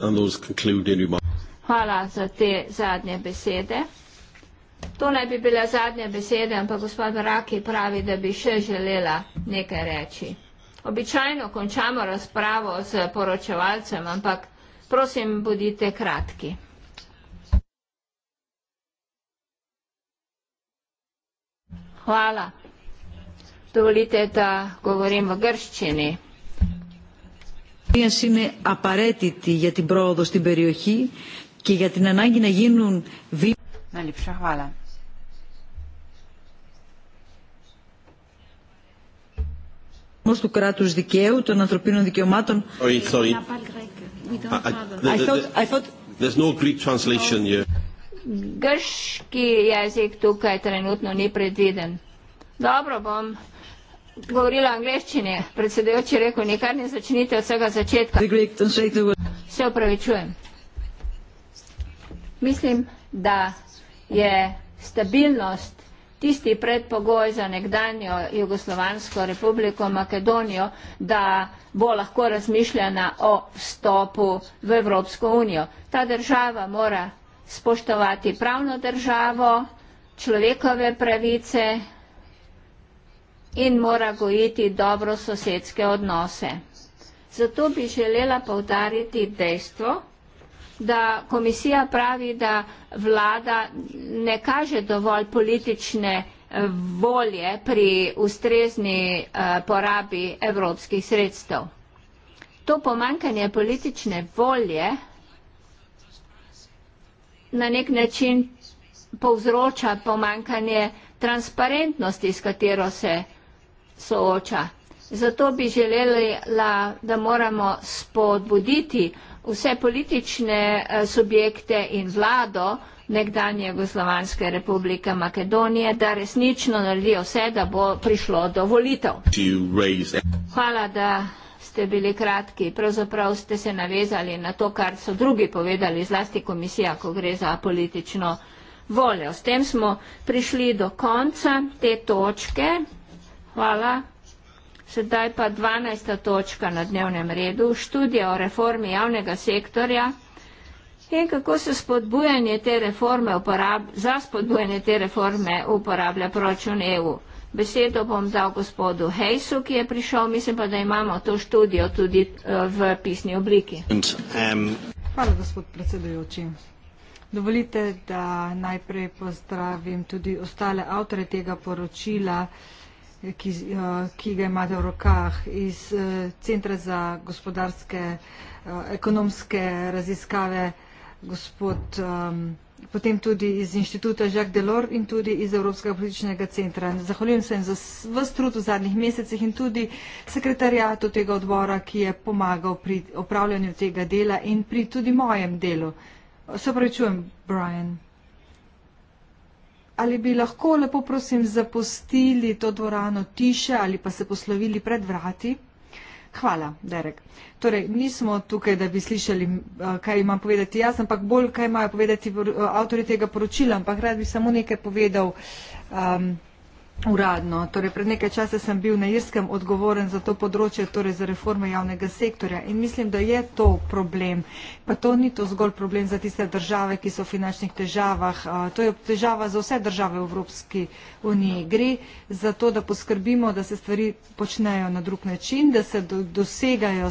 Hvala za te zadnje besede. To naj bi bila zadnja beseda, ampak gospod Raki pravi, da bi še želela nekaj reči. Običajno končamo razpravo z poročevalcem, ampak prosim, bodite kratki. Hvala. Dovolite, da govorim v grščini. Ποιες είναι απαραίτητοι για την πρόοδο στην περιοχή και για την ανάγκη να γίνουν βήματα. Najlepša hvala. Most ukratu z dikeu, to na tropinu dikeumaton. Sorry, sorry. I, I, I thought, I thought... There's no Greek translation here. Grški jezik tukaj trenutno ni predviden. Dobro, bom govorila o angleščini. Predsedujoči rekel, nikar ne začnite od vsega začetka. Se upravičujem. Mislim, da je stabilnost tisti predpogoj za nekdanjo Jugoslovansko republiko Makedonijo, da bo lahko razmišljena o vstopu v Evropsko unijo. Ta država mora spoštovati pravno državo, človekove pravice in mora gojiti dobro sosedske odnose. Zato bi želela povdariti dejstvo, da komisija pravi, da vlada ne kaže dovolj politične eh, volje pri ustrezni eh, porabi evropskih sredstev. To pomankanje politične volje na nek način povzroča pomankanje transparentnosti, s katero se sooča. Zato bi želeli, da moramo spodbuditi vlada, vse politične eh, subjekte in vlado nekdanje Jugoslovanske republike Makedonije, da resnično naredijo vse, da bo prišlo do volitev. Hvala, da ste bili kratki. Pravzaprav ste se navezali na to, kar so drugi povedali, zlasti komisija, ko gre za politično voljo. S tem smo prišli do konca te točke. Hvala. Sedaj pa 12. točka na dnevnem redu, študija o reformi javnega sektorja in kako se spodbujanje te reforme uporab, za spodbujanje te reforme uporablja proračun EU. Besedo bom dal gospodu Hejsu, ki je prišel, mislim pa, da imamo to študijo tudi eh, v pisni obliki. Um, Hvala, gospod predsedujoči. Dovolite, da najprej pozdravim tudi ostale avtore tega poročila ki, eh, ki ga imate v rokah iz eh, Centra za gospodarske, eh, ekonomske raziskave, gospod, ehm, potem tudi iz inštituta Jacques Delors in tudi iz Evropskega političnega centra. Zahvaljujem se jim za vse trud v zadnjih mesecih in tudi sekretarjatu tega odbora, ki je pomagal pri opravljanju tega dela in pri tudi mojem delu. Se pravi, čujem, Brian ali bi lahko lepo prosim zapustili to dvorano tiše ali pa se poslovili pred vrati? Hvala, Derek. Torej, nismo tukaj, da bi slišali, kaj imam povedati jaz, ampak bolj, kaj imajo povedati avtori tega poročila, ampak rad bi samo nekaj povedal. Um, uradno. Torej, pred nekaj časa sem bil na Irskem odgovoren za to področje, torej za reforme javnega sektorja in mislim, da je to problem. Pa to ni to zgolj problem za tiste države, ki so v finančnih težavah. To je težava za vse države v Evropski uniji. Gre za to, da poskrbimo, da se stvari počnejo na drug način, da se do, dosegajo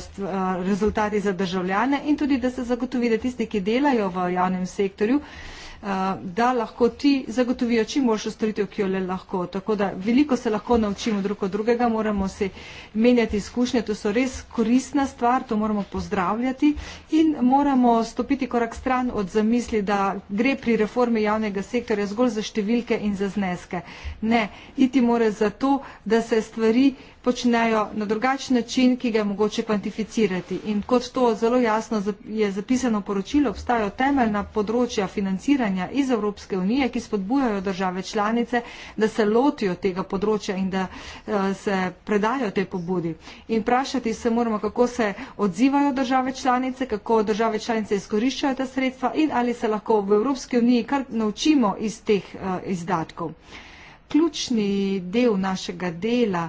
rezultati za državljane in tudi, da se zagotovi, da tisti, ki delajo v javnem sektorju, da lahko ti zagotovijo čim boljšo storitev, ki jo le lahko. Tako da veliko se lahko naučimo drug od drugega, moramo se menjati izkušnje, to so res koristna stvar, to moramo pozdravljati in moramo stopiti korak stran od zamisli, da gre pri reformi javnega sektorja zgolj za številke in za zneske. Ne, iti mora za to, da se stvari počnejo na drugačen način, ki ga je mogoče kvantificirati. In kot to zelo jasno je zapisano poročilo, obstajajo temeljna področja financiranja iz Evropske unije, ki spodbujajo države članice, da se lotijo tega področja in da eh, se predajo te pobudi. In vprašati se moramo, kako se odzivajo države članice, kako države članice izkoriščajo ta sredstva in ali se lahko v Evropski uniji kar naučimo iz teh eh, izdatkov. Ključni del našega dela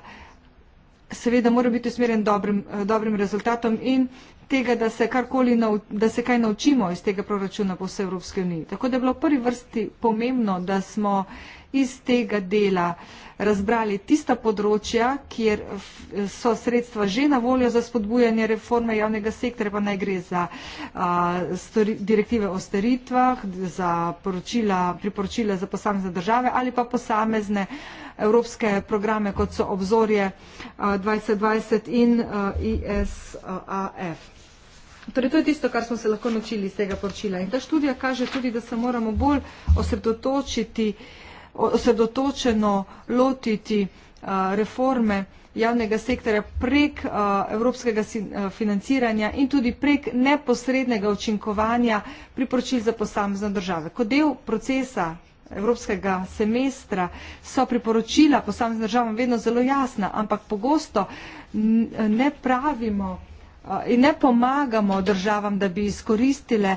seveda mora biti usmerjen dobrim, eh, dobrim rezultatom in tega, da se, karkoli, da se kaj naučimo iz tega proračuna po vsej Evropski uniji. Tako da je bilo v prvi vrsti pomembno, da smo iz tega dela razbrali tista področja, kjer so sredstva že na voljo za spodbujanje reforme javnega sektora, pa naj gre za a, stori, direktive o storitvah, za poročila, priporočila za posamezne države ali pa posamezne evropske programe, kot so obzorje 2020 eh, in eh, ISAF. Torej, to je tisto, kar smo se lahko naučili iz tega poročila. In ta študija kaže tudi, da se moramo bolj osredotočiti, osredotočeno lotiti eh, reforme javnega sektorja prek evropskega financiranja in tudi prek neposrednega učinkovanja priporočil za posamezne države. Kot del procesa evropskega semestra so priporočila posameznim državam vedno zelo jasna, ampak pogosto ne pravimo in ne pomagamo državam, da bi izkoristile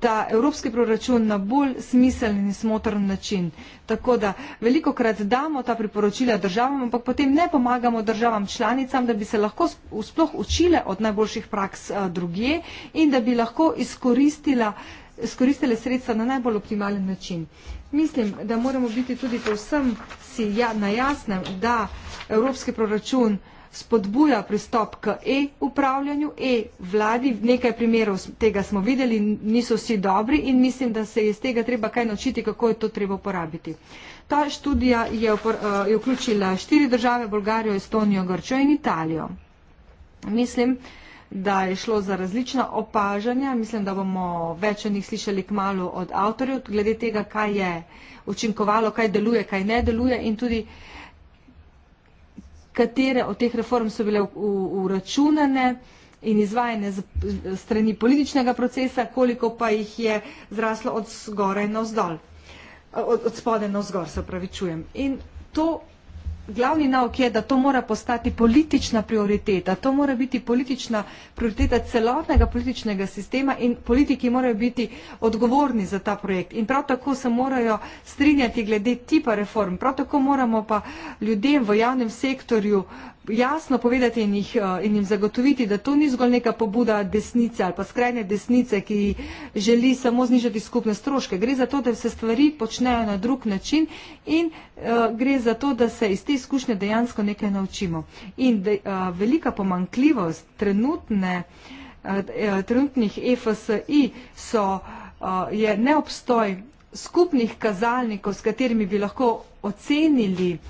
ta evropski proračun na bolj smiselni in smotrn način. Tako da veliko krat damo ta priporočila državam, ampak potem ne pomagamo državam članicam, da bi se lahko sploh učile od najboljših praks druge in da bi lahko izkoristile sredstva na najbolj optimalen način. Mislim, da moramo biti tudi povsem si ja, na jasnem, da evropski proračun spodbuja pristop k e-upravljanju, e-vladi. Nekaj primerov tega smo videli, niso vsi dobri in mislim, da se je iz tega treba kaj naučiti, kako je to treba uporabiti. Ta študija je, opor, eh, je vključila štiri države, Bolgarijo, Estonijo, Grčijo in Italijo. Mislim, da je šlo za različna opažanja. Mislim, da bomo več o njih slišali k malu od avtorjev, glede tega, kaj je učinkovalo, kaj deluje, kaj ne deluje in tudi katere od teh reform so bile uračunane in izvajene strani političnega procesa, koliko pa jih je zraslo od zgoraj na vzdolj. Od spode na vzgor, se pravi čujem. In to glavni navk je, da to mora postati politična prioriteta, to mora biti politična prioriteta celotnega političnega sistema in politiki morajo biti odgovorni za ta projekt. In prav tako se morajo strinjati glede tipa reform, prav tako moramo pa ljudem v javnem sektorju uh, jasno povedati in, jih, eh, in jim zagotoviti, da to ni zgolj neka pobuda desnice ali pa skrajne desnice, ki želi samo znižati skupne stroške. Gre za to, da se stvari počnejo na drug način in uh, gre za to, da se iz te izkušnje dejansko nekaj naučimo. In de, uh, velika pomankljivost trenutne, uh, trenutnih FSI so, uh, je neobstoj skupnih kazalnikov, s katerimi bi lahko ocenili uh,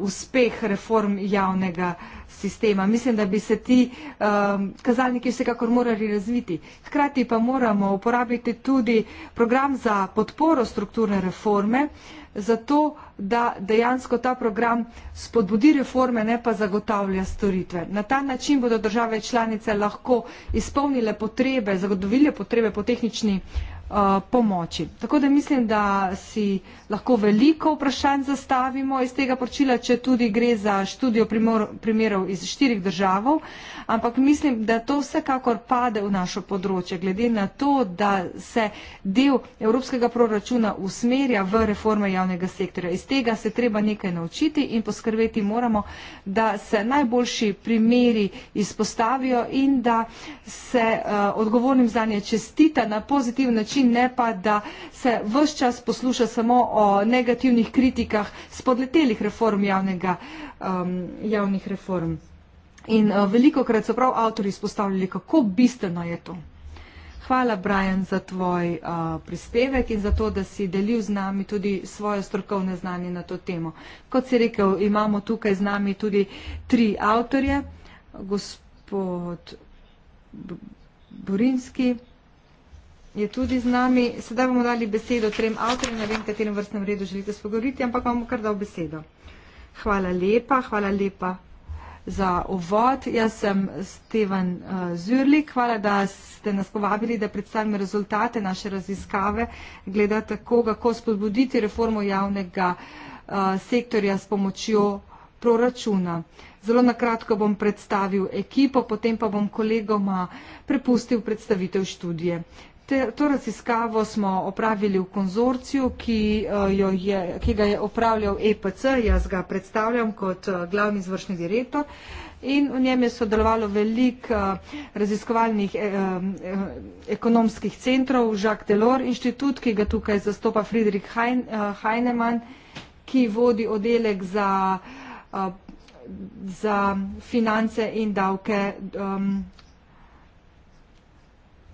uspeh reform javnega sistema. Mislim, da bi se ti um, kazalniki vsekakor morali razviti. Hkrati pa moramo uporabiti tudi program za podporo strukturne reforme, zato da dejansko ta program spodbudi reforme, ne pa zagotavlja storitve. Na ta način bodo države članice lahko izpolnile potrebe, zagotovile potrebe po tehnični uh, uh, pomoči. Tako da mislim, da si lahko veliko vprašanj zastavimo iz tega poročila, če tudi gre za študijo primor, primerov iz štirih držav, ampak mislim, da to vsekakor pade v našo področje, glede na to, da se del evropskega proračuna usmerja v reforme javnega sektorja. Iz tega se treba nekaj naučiti in poskrbeti moramo, da se najboljši primeri izpostavijo in da se uh, odgovornim za nje čestita na pozitiv način, način, ne pa, da se vse čas posluša samo o negativnih kritikah spodletelih reform javnega, um, javnih reform. In uh, veliko krat so prav avtori izpostavljali, kako bistveno je to. Hvala, Brian, za tvoj uh, prispevek in za to, da si delil z nami tudi svoje strokovne znanje na to temo. Kot si rekel, imamo tukaj z nami tudi tri avtorje. Gospod B Burinski, je tudi z nami. Sedaj bomo dali besedo trem avtorjem, ne vem, katerem vrstnem redu želite spogovoriti, ampak vam bom kar dal besedo. Hvala lepa, hvala lepa za uvod. Jaz sem Stevan eh, Zürlik, hvala, da ste nas povabili, da predstavimo rezultate naše raziskave, glede tako, kako spodbuditi reformo javnega eh, sektorja s pomočjo proračuna. Zelo nakratko bom predstavil ekipo, potem pa bom kolegoma prepustil predstavitev študije. Te, to raziskavo smo opravili v konzorciju, ki, eh, jo je, ki ga je opravljal EPC, jaz ga predstavljam kot eh, glavni izvršni direktor. In v njem je sodelovalo velik uh, eh, raziskovalnih uh, ekonomskih centrov, Jacques Delors inštitut, ki ga tukaj zastopa Friedrich hein, uh, Heinemann, ki vodi oddelek za, uh, za finance in davke um,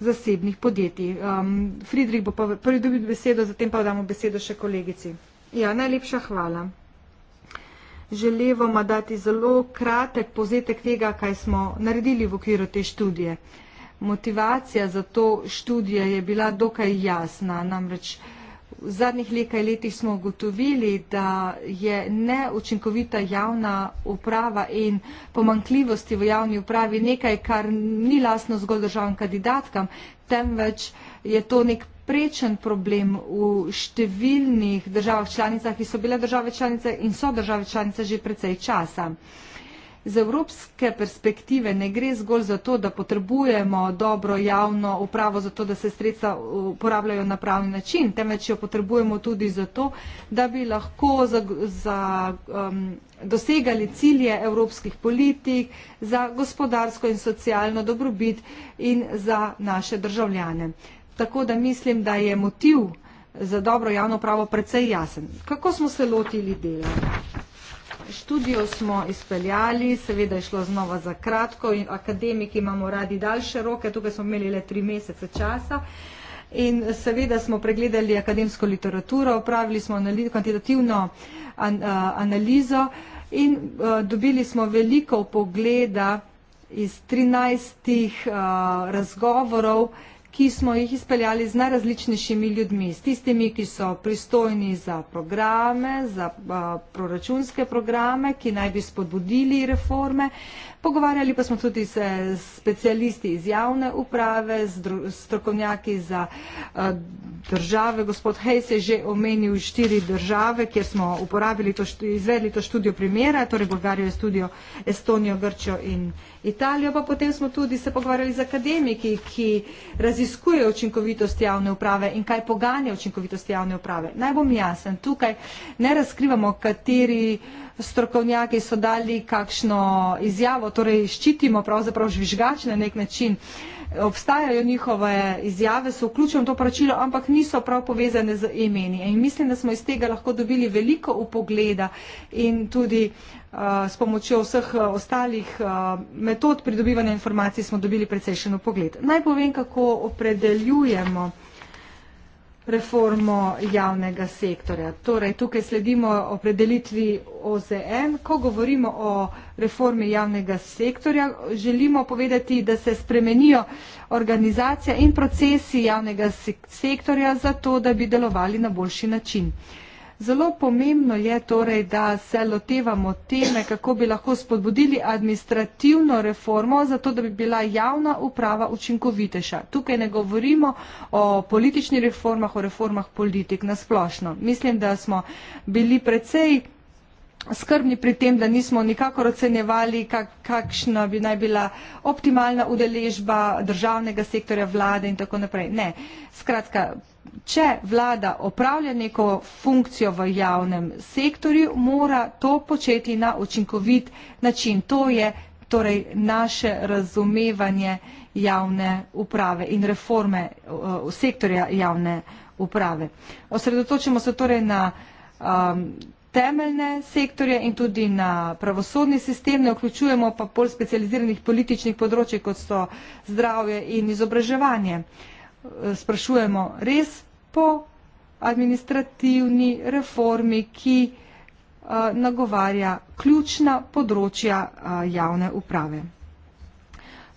zasebnih podjetij. Um, Friedrich bo prvi dobil besedo, zatem pa damo besedo še kolegici. Ja, najlepša hvala. Želevoma dati zelo kratek povzetek tega, kaj smo naredili v okviru te študije. Motivacija za to študijo je bila dokaj jasna, namreč uh, V zadnjih nekaj letih smo ugotovili, da je neučinkovita javna uprava in pomankljivosti v javni upravi nekaj, kar ni lasno zgolj državnim kandidatkam, temveč je to nek prečen problem v številnih državah članicah, ki so bile države članice in so države članice že precej časa z evropske perspektive ne gre zgolj za to, da potrebujemo dobro javno upravo za to, da se sredstva uporabljajo na pravni način, temveč jo potrebujemo tudi za to, da bi lahko za, za, um, dosegali cilje evropskih politik za gospodarsko in socialno dobrobit in za naše državljane. Tako da mislim, da je motiv za dobro javno pravo precej jasen. Kako smo se lotili dela? študijo smo izpeljali, seveda je šlo znova za kratko, akademiki imamo radi daljše roke, tukaj smo imeli le tri mesece časa. In seveda smo pregledali akademsko literaturo, opravili smo kvantitativno an, analizo in uh, dobili smo veliko pogleda iz 13 uh, razgovorov, uh, ki smo jih izpeljali z najrazličnejšimi ljudmi, s tistimi, ki so pristojni za programe, za uh, proračunske programe, ki naj bi spodbudili reforme, uh, Pogovarjali pa smo tudi se s specialisti iz javne uprave, s strokovnjaki za eh, države. Gospod Hejs je že omenil štiri države, kjer smo to študijo, izvedli to študijo primera, torej Bolgarijo, studijo Estonijo, Grčjo in Italijo. Pa potem smo tudi se pogovarjali z akademiki, ki raziskujejo učinkovitost javne uprave in kaj poganja učinkovitost javne uprave. Naj bom jasen, tukaj ne razkrivamo, kateri strokovnjaki so dali kakšno izjavo, torej ščitimo pravzaprav žvižgač na nek način. Obstajajo njihove izjave, so vključeno to poročilo, ampak niso prav povezane z imeni. In mislim, da smo iz tega lahko dobili veliko upogleda in tudi uh, s pomočjo vseh uh, ostalih uh, metod pridobivanja informacij smo dobili precejšen upogled. Naj povem, kako opredeljujemo reformo javnega sektorja. Torej, tukaj sledimo opredelitvi OZN. Ko govorimo o reformi javnega sektorja, želimo povedati, da se spremenijo organizacija in procesi javnega sektorja zato, da bi delovali na boljši način. Zelo pomembno je torej, da se lotevamo teme, kako bi lahko spodbudili administrativno reformo, zato da bi bila javna uprava učinkovitejša. Tukaj ne govorimo o političnih reformah, o reformah politik nasplošno. Mislim, da smo bili precej skrbni pri tem, da nismo nikakor ocenjevali, kak, kakšna bi naj bila optimalna udeležba državnega sektorja vlade in tako naprej. Ne. Skratka, če vlada opravlja neko funkcijo v javnem sektorju, mora to početi na učinkovit način. To je torej naše razumevanje javne uprave in reforme uh, sektorja javne uprave. Osredotočimo se torej na um, temeljne sektorje in tudi na pravosodni sistem, ne vključujemo pa pol specializiranih političnih področji, kot so zdravje in izobraževanje. Uh, sprašujemo res po administrativni reformi, ki nagovarja ključna področja javne uprave.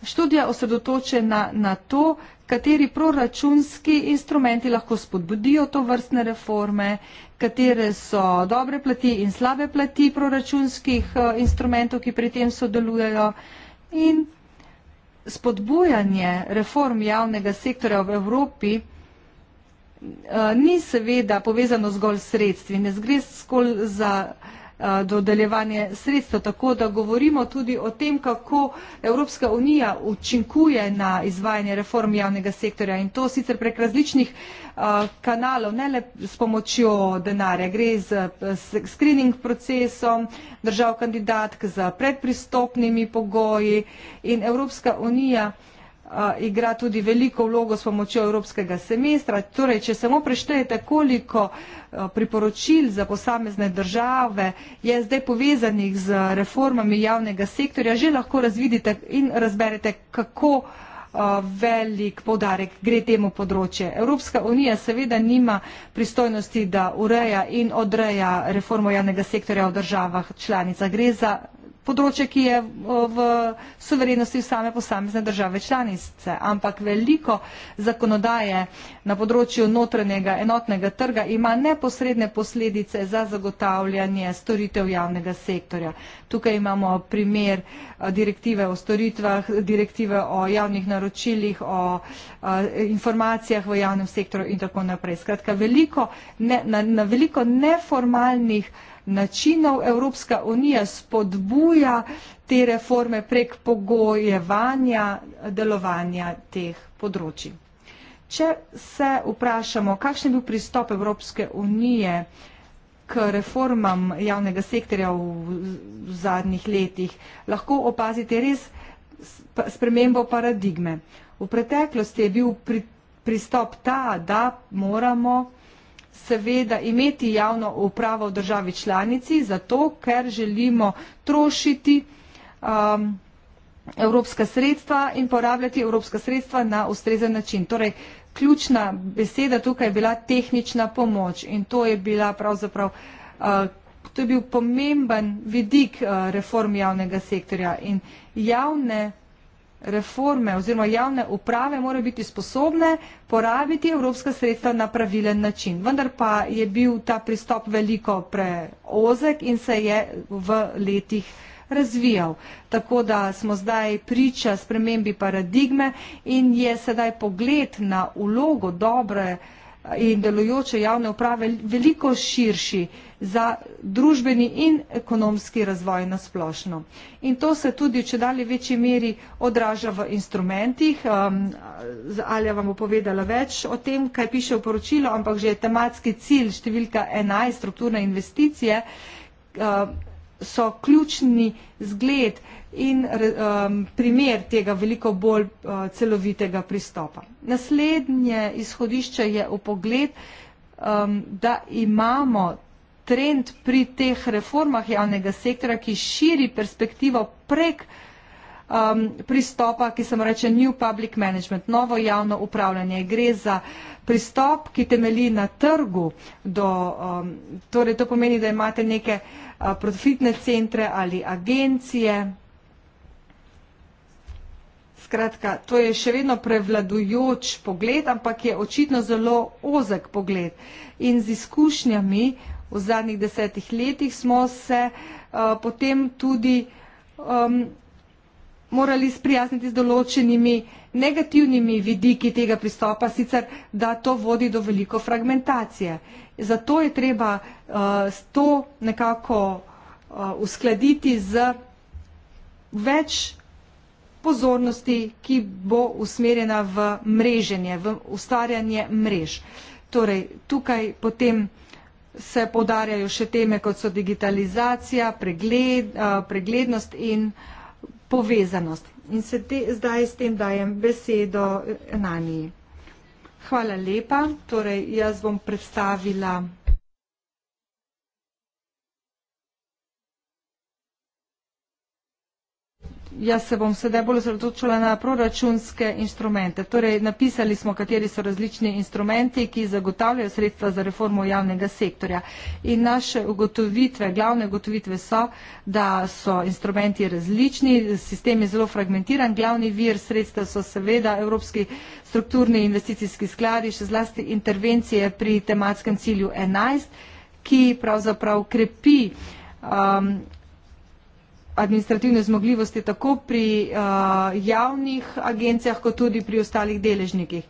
Študija osredotoče na, na to, kateri proračunski instrumenti lahko spodbudijo to vrstne reforme, katere so dobre plati in slabe plati proračunskih instrumentov, ki pri tem sodelujejo in spodbujanje reform javnega sektora v Evropi eh, ni seveda povezano zgolj s sredstvi, ne zgre zgolj za Eh, dodeljevanje sredstev. Tako da govorimo tudi o tem, kako Evropska unija učinkuje na izvajanje reform javnega sektorja in to sicer prek različnih eh, kanalov, ne le s pomočjo denarja. Gre z screening procesom držav kandidatk, z predpristopnimi pogoji in Evropska unija igra tudi veliko vlogo s pomočjo evropskega semestra. Torej, če samo preštejete, koliko priporočil za posamezne države je zdaj povezanih z reformami javnega sektorja, že lahko razvidite in razberete, kako velik podarek gre temu področju. Evropska unija seveda nima pristojnosti, da ureja in odreja reformo javnega sektorja v državah članicah. Gre za področje, ki je eh, v suverenosti same posamezne države članice, ampak veliko zakonodaje na področju notranjega enotnega trga ima neposredne posledice za zagotavljanje storitev javnega sektorja. Tukaj imamo primer eh, direktive o storitvah, direktive o javnih naročilih, o eh, informacijah v javnem sektorju in tako naprej. Skratka, veliko, ne, na, na veliko neformalnih načinov Evropska unija spodbuja te reforme prek pogojevanja delovanja teh področji. Če se vprašamo, kakšen je bil pristop Evropske unije k reformam javnega sektorja v zadnjih letih, lahko opazite res spremembo paradigme. V preteklosti je bil pristop ta, da moramo seveda imeti javno upravo v državi članici, zato ker želimo trošiti um, evropska sredstva in porabljati evropska sredstva na ustrezen način. Torej, ključna beseda tukaj je bila tehnična pomoč in to je bila pravzaprav. Uh, To je bil pomemben vidik uh, reform javnega sektorja in javne reforme oziroma javne uprave morajo biti sposobne porabiti evropska sredstva na pravilen način. Vendar pa je bil ta pristop veliko preozek in se je v letih razvijal. Tako da smo zdaj priča spremembi paradigme in je sedaj pogled na ulogo dobre in delujoče javne uprave veliko širši za družbeni in ekonomski razvoj na splošno. In to se tudi v čedalje večji meri odraža v instrumentih. Um, Alja vam bo povedala več o tem, kaj piše v poročilu, ampak že je tematski cilj številka 11, strukturne investicije, um, so ključni zgled in um, primer tega veliko bolj uh, celovitega pristopa. Naslednje izhodišče je v pogled, um, da imamo trend pri teh reformah javnega sektora, ki širi perspektivo prek um, pristopa, ki se mu reče New Public Management, novo javno upravljanje. Gre za pristop, ki temeli na trgu, do, um, torej to pomeni, da imate neke uh, profitne centre ali agencije. Skratka, to je še vedno prevladujoč pogled, ampak je očitno zelo ozek pogled. In z izkušnjami v zadnjih desetih letih smo se uh, potem tudi um, morali sprijazniti z določenimi negativnimi vidiki tega pristopa, sicer da to vodi do veliko fragmentacije. Zato je treba uh, to nekako uh, uskladiti z več pozornosti, ki bo usmerjena v mreženje, v ustvarjanje mrež. Torej, tukaj potem se podarjajo še teme, kot so digitalizacija, pregled, eh, preglednost in povezanost. In se te, zdaj s tem dajem besedo eh, Naniji. Hvala lepa. Torej, jaz bom predstavila Jaz se bom sedaj bolj osredotočila na proračunske instrumente. Torej, napisali smo, kateri so različni instrumenti, ki zagotavljajo sredstva za reformo javnega sektorja. In naše ugotovitve, glavne ugotovitve so, da so instrumenti različni, sistem je zelo fragmentiran, glavni vir sredstva so seveda evropski strukturni investicijski skladi, še zlasti intervencije pri tematskem cilju 11, ki pravzaprav krepi. Um, administrativne zmogljivosti tako pri uh, javnih agencijah, kot tudi pri ostalih deležnikih.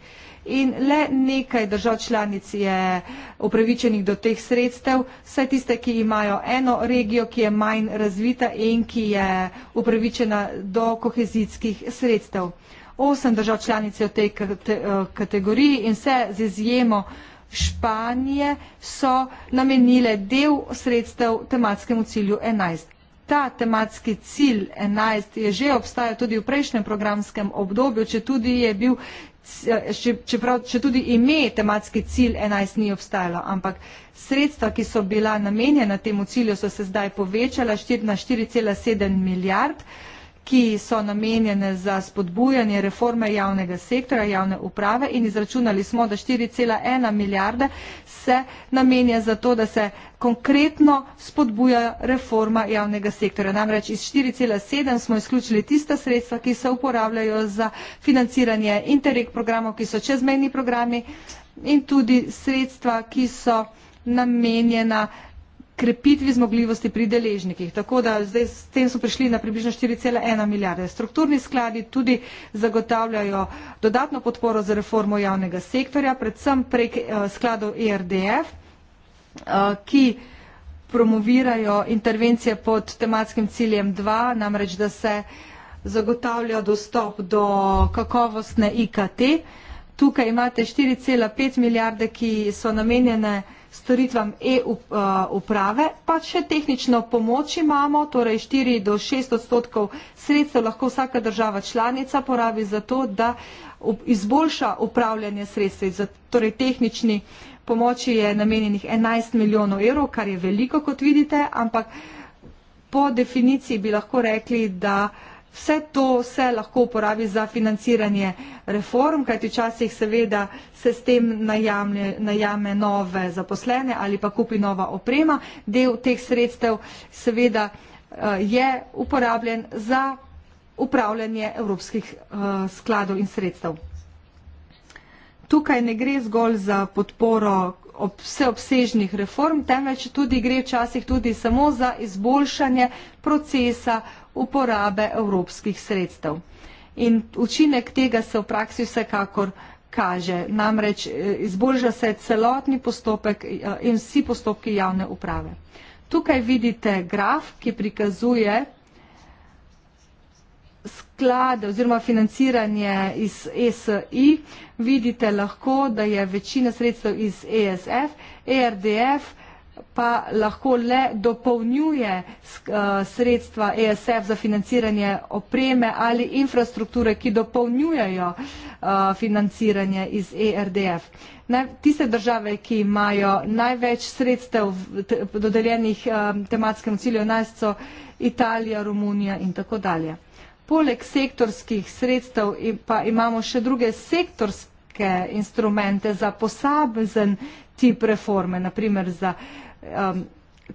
In le nekaj držav članic je upravičenih do teh sredstev, saj tiste, ki imajo eno regijo, ki je manj razvita in ki je upravičena do kohezijskih sredstev. Osem držav članic je v tej eh, kategoriji in vse z izjemo Španije so namenile del sredstev tematskemu cilju 11 ta tematski cilj 11 je že obstajal tudi v prejšnjem programskem obdobju, če tudi je bil, če, čeprav, če tudi ime tematski cilj 11 ni obstajalo, ampak sredstva, ki so bila namenjena temu cilju, so se zdaj povečala na 4,7 milijard. Uh, ki so namenjene za spodbujanje reforme javnega sektora, javne uprave in izračunali smo, da 4,1 milijarde se namenja za to, da se konkretno spodbuja reforma javnega sektora. Namreč iz 4,7 smo izključili tista sredstva, ki se uporabljajo za financiranje interreg programov, ki so čezmejni programi in tudi sredstva, ki so namenjena krepitvi zmogljivosti pri deležnikih. Tako da zdaj s tem so prišli na približno 4,1 milijarde. Strukturni skladi tudi zagotavljajo dodatno podporo za reformo javnega sektorja, predvsem prek eh, skladov ERDF, eh, ki promovirajo intervencije pod tematskim ciljem 2, namreč da se zagotavlja dostop do kakovostne IKT. Tukaj imate 4,5 milijarde, ki so namenjene storitvam e-uprave, eh, pa še tehnično pomoč imamo, torej 4 do 6 odstotkov sredstev lahko vsaka država članica porabi za to, da izboljša upravljanje sredstev, torej tehnični pomoči je namenjenih 11 milijonov evrov, kar je veliko, kot vidite, ampak po definiciji bi lahko rekli, da Vse to se lahko uporabi za financiranje reform, kajti včasih seveda se s tem najame, najame nove zaposlene ali pa kupi nova oprema. Del teh sredstev seveda eh, je uporabljen za upravljanje evropskih eh, skladov in sredstev. Tukaj ne gre zgolj za podporo ob vseobsežnih reform, temveč tudi gre včasih tudi samo za izboljšanje procesa uporabe evropskih sredstev. In učinek tega se v praksi vsekakor kaže, namreč eh, izboljša se celotni postopek eh, in vsi postopki javne uprave. Tukaj vidite graf, ki prikazuje sklade oziroma financiranje iz ESI. Vidite lahko, da je večina sredstev iz ESF, ERDF, ERDF, pa lahko le dopolnjuje eh, sredstva ESF za financiranje opreme ali infrastrukture, ki dopolnjujejo eh, financiranje iz ERDF. Tiste države, ki imajo največ sredstev dodeljenih eh, tematskemu cilju 11, so Italija, Romunija in tako dalje. Poleg sektorskih sredstev pa imamo še druge sektorske instrumente za posamezen tip reforme, naprimer za uh, um,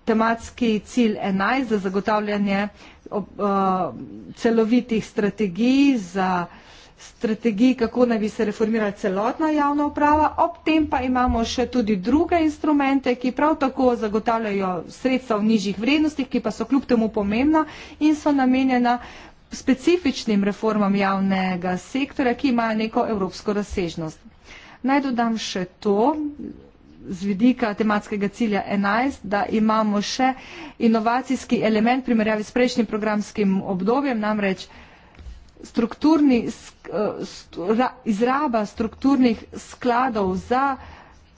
tematski cilj 11 za zagotavljanje ob, uh, celovitih strategij, za strategij, kako naj bi se reformirala celotna javna uprava. Ob tem pa imamo še tudi druge instrumente, ki prav tako zagotavljajo sredstva v nižjih vrednostih, ki pa so kljub temu pomembna in so namenjena specifičnim reformam javnega sektora, ki imajo neko evropsko razsežnost. Naj dodam še to, z vidika tematskega cilja 11, da imamo še inovacijski element primerjavi s prejšnjim programskim obdobjem, namreč strukturni, eh, stra, izraba strukturnih skladov za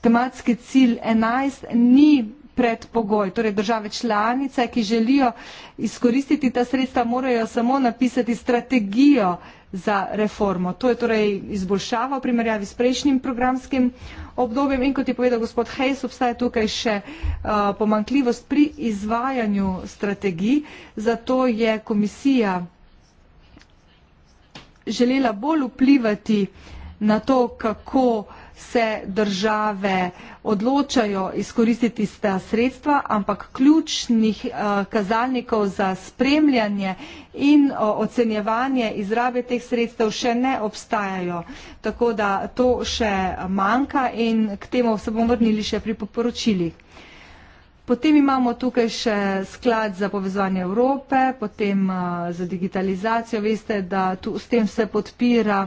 tematski cilj 11 ni predpogoj. Torej države članice, ki želijo izkoristiti ta sredstva, morajo samo napisati strategijo za reformo. To je torej izboljšava v primerjavi s prejšnjim programskim obdobjem in kot je povedal gospod Hayes, obstaja tukaj še uh, pomankljivost pri izvajanju strategij, zato je komisija želela bolj vplivati na to, kako uh, se države odločajo izkoristiti ta sredstva, ampak ključnih eh, kazalnikov za spremljanje in ocenjevanje izrabe teh sredstev še ne obstajajo. Tako da to še manjka in k temu se bomo vrnili še pri poporočilih. Potem imamo tukaj še sklad za povezovanje Evrope, potem eh, za digitalizacijo. Veste, da tu, s tem se podpira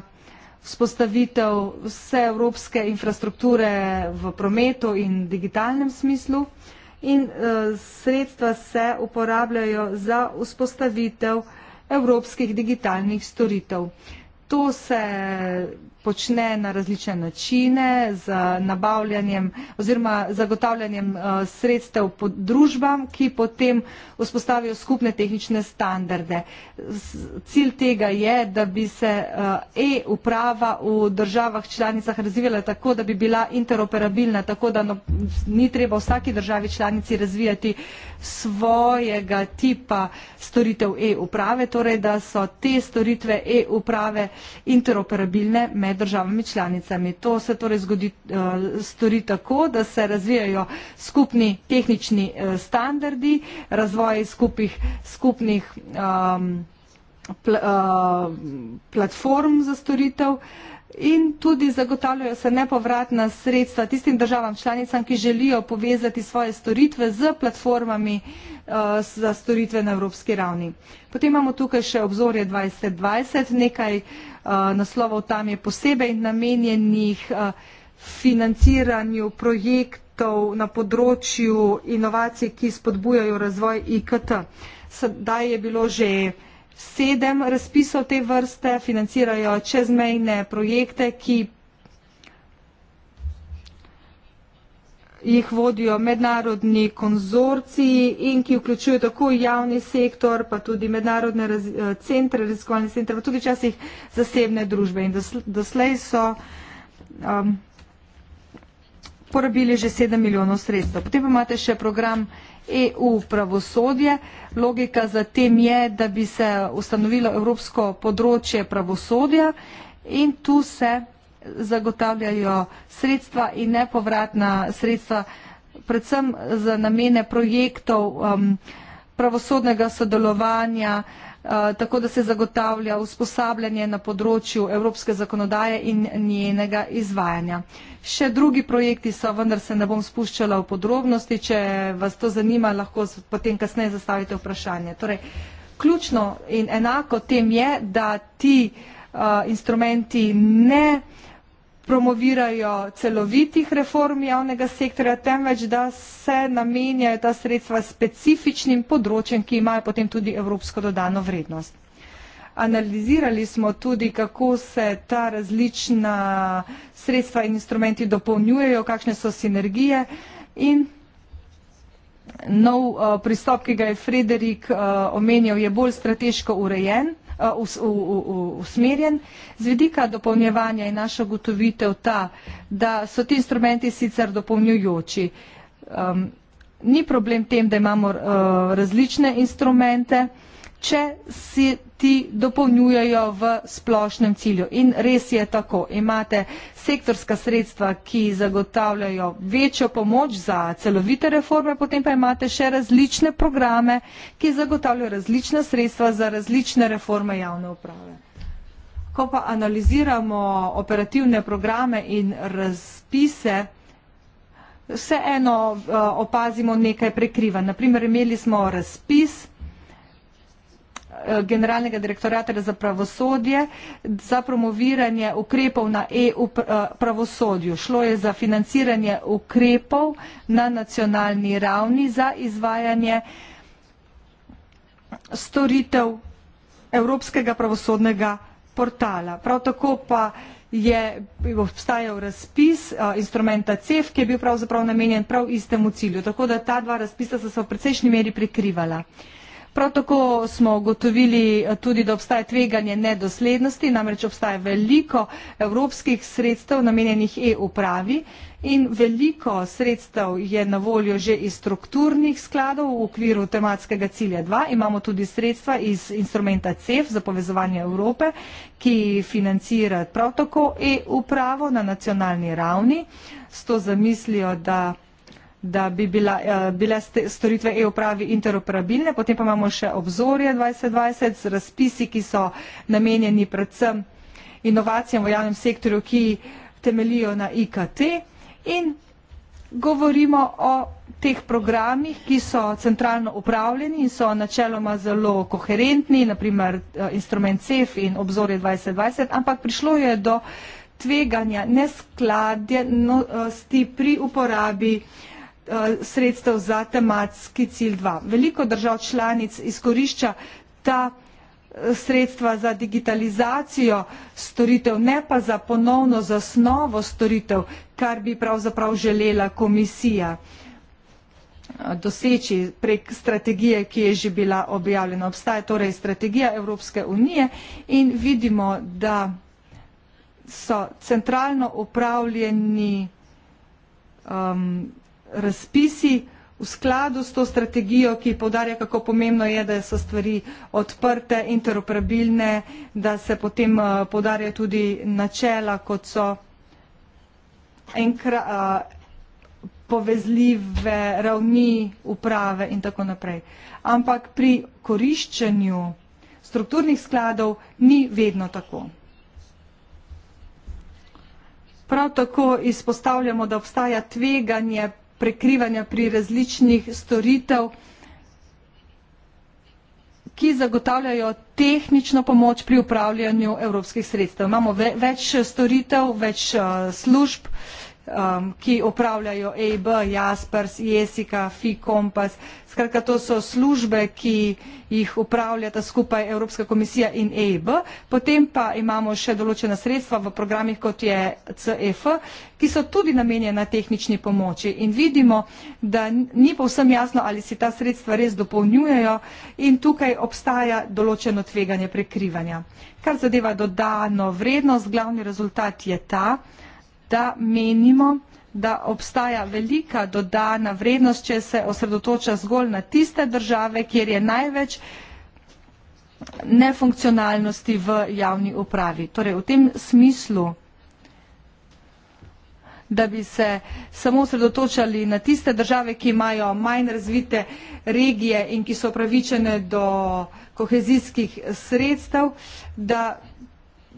vzpostavitev vse evropske infrastrukture v prometu in digitalnem smislu in e, sredstva se uporabljajo za vzpostavitev evropskih digitalnih storitev. To se počne na različne načine z nabavljanjem oziroma zagotavljanjem eh, sredstev pod družbam, ki potem vzpostavijo skupne tehnične standarde. Cilj tega je, da bi se eh, e-uprava v državah članicah razvijala tako, da bi bila interoperabilna, tako da no, ni treba vsaki državi članici razvijati svojega tipa storitev e-uprave, torej da so te storitve e-uprave interoperabilne med med državami članicami. To se torej zgodi, eh, stori tako, da se razvijajo skupni tehnični eh, standardi, razvoj skupih, skupnih um, pl, uh, platform za storitev. Uh, in tudi zagotavljajo se nepovratna sredstva tistim državam članicam, ki želijo povezati svoje storitve z platformami eh, za storitve na evropski ravni. Potem imamo tukaj še obzorje 2020, nekaj eh, naslovov tam je posebej namenjenih eh, financiranju projektov na področju inovacij, ki spodbujajo razvoj IKT. Sedaj je bilo že sedem razpisov te vrste, financirajo čezmejne projekte, ki jih vodijo mednarodni konzorciji in ki vključujejo tako javni sektor, pa tudi mednarodne raz, eh, centre, raziskovalne centre, pa tudi včasih zasebne družbe. In doslej so um, porabili že 7 milijonov sredstev. Potem pa imate še program EU pravosodje. Logika za tem je, da bi se ustanovilo evropsko področje pravosodja in tu se zagotavljajo sredstva in nepovratna sredstva, predvsem za namene projektov um, pravosodnega sodelovanja, uh, Eh, tako da se zagotavlja usposabljanje na področju evropske zakonodaje in njenega izvajanja. Še drugi projekti so, vendar se ne bom spuščala v podrobnosti, če vas to zanima, lahko potem kasneje zastavite vprašanje. Torej, ključno in enako tem je, da ti uh, instrumenti ne uh, promovirajo celovitih reform javnega sektorja, temveč da se namenjajo ta sredstva specifičnim področjem, ki imajo potem tudi evropsko dodano vrednost. Analizirali smo tudi, kako se ta različna sredstva in instrumenti dopolnjujejo, kakšne so sinergije in nov uh, pristop, ki ga je Frederik uh, omenjal, je bolj strateško urejen. Eh, usmerjen. Z vidika dopolnjevanja je naša ugotovitev ta, da so ti instrumenti sicer dopolnjujoči. Um, ni problem tem, da imamo uh, različne instrumente, uh, če se ti dopolnjujejo v splošnem cilju. In res je tako. Imate sektorska sredstva, ki zagotavljajo večjo pomoč za celovite reforme, potem pa imate še različne programe, ki zagotavljajo različna sredstva za različne reforme javne uprave. Ko pa analiziramo operativne programe in razpise, vseeno eh, opazimo nekaj prekriva. Naprimer, imeli smo razpis, Eh, generalnega direktorata za pravosodje za promoviranje ukrepov na EU eh, pravosodju. Šlo je za financiranje ukrepov na nacionalni ravni za izvajanje storitev Evropskega pravosodnega portala. Prav tako pa je obstajal razpis eh, instrumenta CEF, ki je bil pravzaprav namenjen prav istemu cilju. Tako da ta dva razpisa so se v precejšnji meri prikrivala. Prav tako smo ugotovili tudi, da obstaja tveganje nedoslednosti, namreč obstaja veliko evropskih sredstev namenjenih e-upravi in veliko sredstev je na voljo že iz strukturnih skladov v okviru tematskega cilja 2. Imamo tudi sredstva iz instrumenta CEF za povezovanje Evrope, ki financira prav tako e-upravo na nacionalni ravni s to zamislijo, da da bi bila, eh, bile storitve e-upravi interoperabilne. Potem pa imamo še obzorje 2020 z razpisi, ki so namenjeni predvsem inovacijam v javnem sektorju, ki temelijo na IKT. In govorimo o teh programih, ki so centralno upravljeni in so načeloma zelo koherentni, naprimer eh, instrument CEF in obzorje 2020, ampak prišlo je do tveganja neskladjenosti pri uporabi uh, Eh, sredstev za tematski cilj 2. Veliko držav članic izkorišča ta eh, sredstva za digitalizacijo storitev, ne pa za ponovno zasnovo storitev, kar bi pravzaprav želela komisija eh, doseči prek strategije, ki je že bila objavljena. Obstaja torej strategija Evropske unije in vidimo, da so centralno upravljeni um, razpisi v skladu s to strategijo, ki podarja, kako pomembno je, da so stvari odprte, interoperabilne, da se potem eh, podarja tudi načela, kot so enkra, eh, povezljive ravni uprave in tako naprej. Ampak pri koriščenju strukturnih skladov ni vedno tako. Prav tako izpostavljamo, da obstaja tveganje prekrivanja pri različnih storitev, ki zagotavljajo tehnično pomoč pri upravljanju evropskih sredstev. Imamo več storitev, več eh, služb um, ki upravljajo AB, Jaspers, Jesika, Fi Kompas. Skratka, to so službe, ki jih upravljata skupaj Evropska komisija in AB. Potem pa imamo še določena sredstva v programih, kot je CF, e ki so tudi namenjena tehnični pomoči. In vidimo, da ni povsem jasno, ali si ta sredstva res dopolnjujejo in tukaj obstaja določeno tveganje prekrivanja. Kar zadeva dodano vrednost, glavni rezultat je ta, da menimo, da obstaja velika dodana vrednost, če se osredotoča zgolj na tiste države, kjer je največ nefunkcionalnosti v javni upravi. Torej, v tem smislu, da bi se samo osredotočali na tiste države, ki imajo manj razvite regije in ki so upravičene do kohezijskih sredstev, da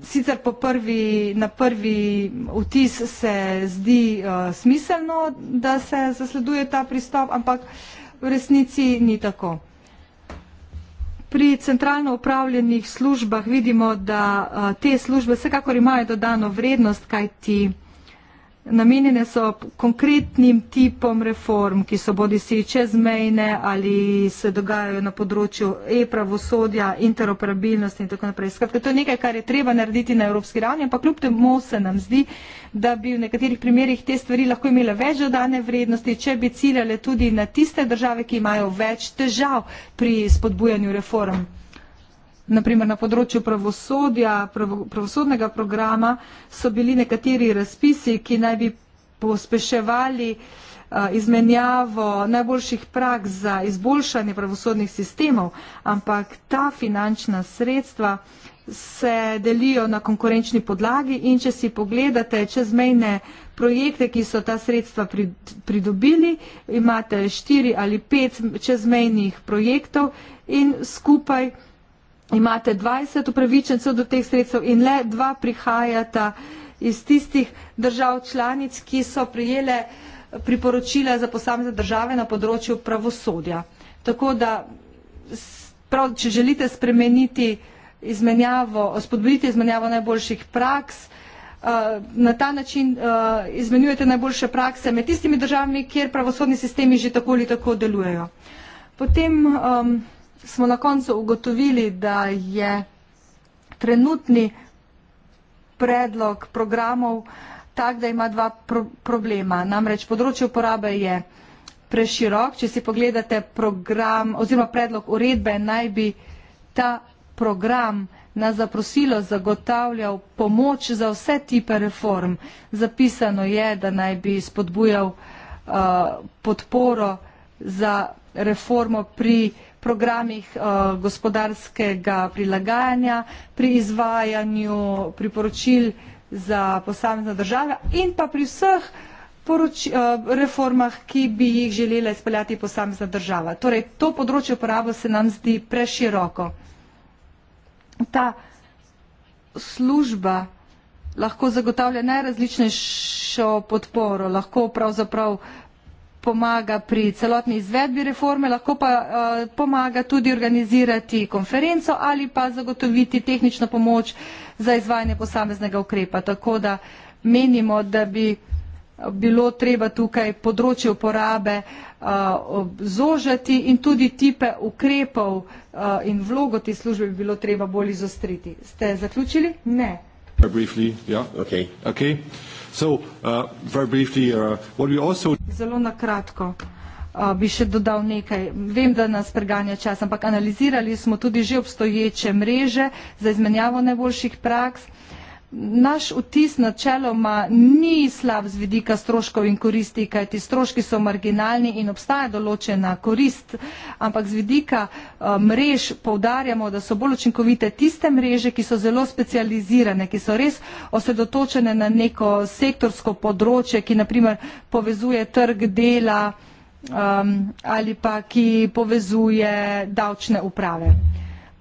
Sicer prvi, na prvi vtis se zdi uh, smiselno, da se zasleduje ta pristop, ampak v resnici ni tako. Pri centralno upravljenih službah vidimo, da uh, te službe vsekakor imajo dodano vrednost, kajti uh, Namenjene so konkretnim tipom reform, ki so bodi si čezmejne ali se dogajajo na področju e-pravosodja, interoperabilnosti in tako naprej. Skratka, to je nekaj, kar je treba narediti na evropski ravni, ampak kljub temu se nam zdi, da bi v nekaterih primerjih te stvari lahko imele več dodane vrednosti, če bi ciljale tudi na tiste države, ki imajo več težav pri spodbujanju reform naprimer na področju pravosodja, prav, pravosodnega programa, so bili nekateri razpisi, ki naj bi pospeševali izmenjavo najboljših prak za izboljšanje pravosodnih sistemov, ampak ta finančna sredstva se delijo na konkurenčni podlagi in če si pogledate čezmejne projekte, ki so ta sredstva pridobili, imate štiri ali pet čezmejnih projektov in skupaj imate 20 upravičencev do teh sredstev in le dva prihajata iz tistih držav članic, ki so prijele priporočila za posamezne države na področju pravosodja. Tako da, prav, če želite spremeniti izmenjavo, spodbuditi izmenjavo najboljših praks, eh, na ta način eh, izmenjujete najboljše prakse med tistimi državami, kjer pravosodni sistemi že tako ali tako delujejo. Potem um, smo na koncu ugotovili, da je trenutni predlog programov tak, da ima dva pro problema. Namreč področje uporabe je preširok. Če si pogledate program oziroma predlog uredbe, naj bi ta program na zaprosilo zagotavljal pomoč za vse tipe reform. Zapisano je, da naj bi spodbujal uh, podporo za reformo pri uh, programih uh, gospodarskega prilagajanja, pri izvajanju priporočil za posamezne države in pa pri vseh poroč, uh, reformah, ki bi jih želela izpeljati posamezna država. Torej, to področje uporabo se nam zdi preširoko. Ta služba lahko zagotavlja najrazličnejšo podporo, lahko pravzaprav uh, pomaga pri celotni izvedbi reforme, lahko pa uh, pomaga tudi organizirati konferenco ali pa zagotoviti tehnično pomoč za izvajanje posameznega ukrepa. Tako da menimo, da bi eh, bilo treba tukaj področje uporabe uh, zožati in tudi tipe ukrepov uh, in vlogo te službe bi bilo treba bolj izostriti. Ste zaključili? Ne. Briefly, yeah. okay. Okay. Uh, uh, Zelo nakratko uh, bi še dodal nekaj. Vem, da nas preganja čas, ampak analizirali smo tudi že obstoječe mreže za izmenjavo najboljših praks. Naš vtis načeloma ni slab z vidika stroškov in koristi, kaj ti stroški so marginalni in obstaja določena korist, ampak z vidika eh, mrež povdarjamo, da so bolj učinkovite tiste mreže, ki so zelo specializirane, ki so res osredotočene na neko sektorsko področje, ki naprimer povezuje trg dela um, ali pa ki povezuje davčne uprave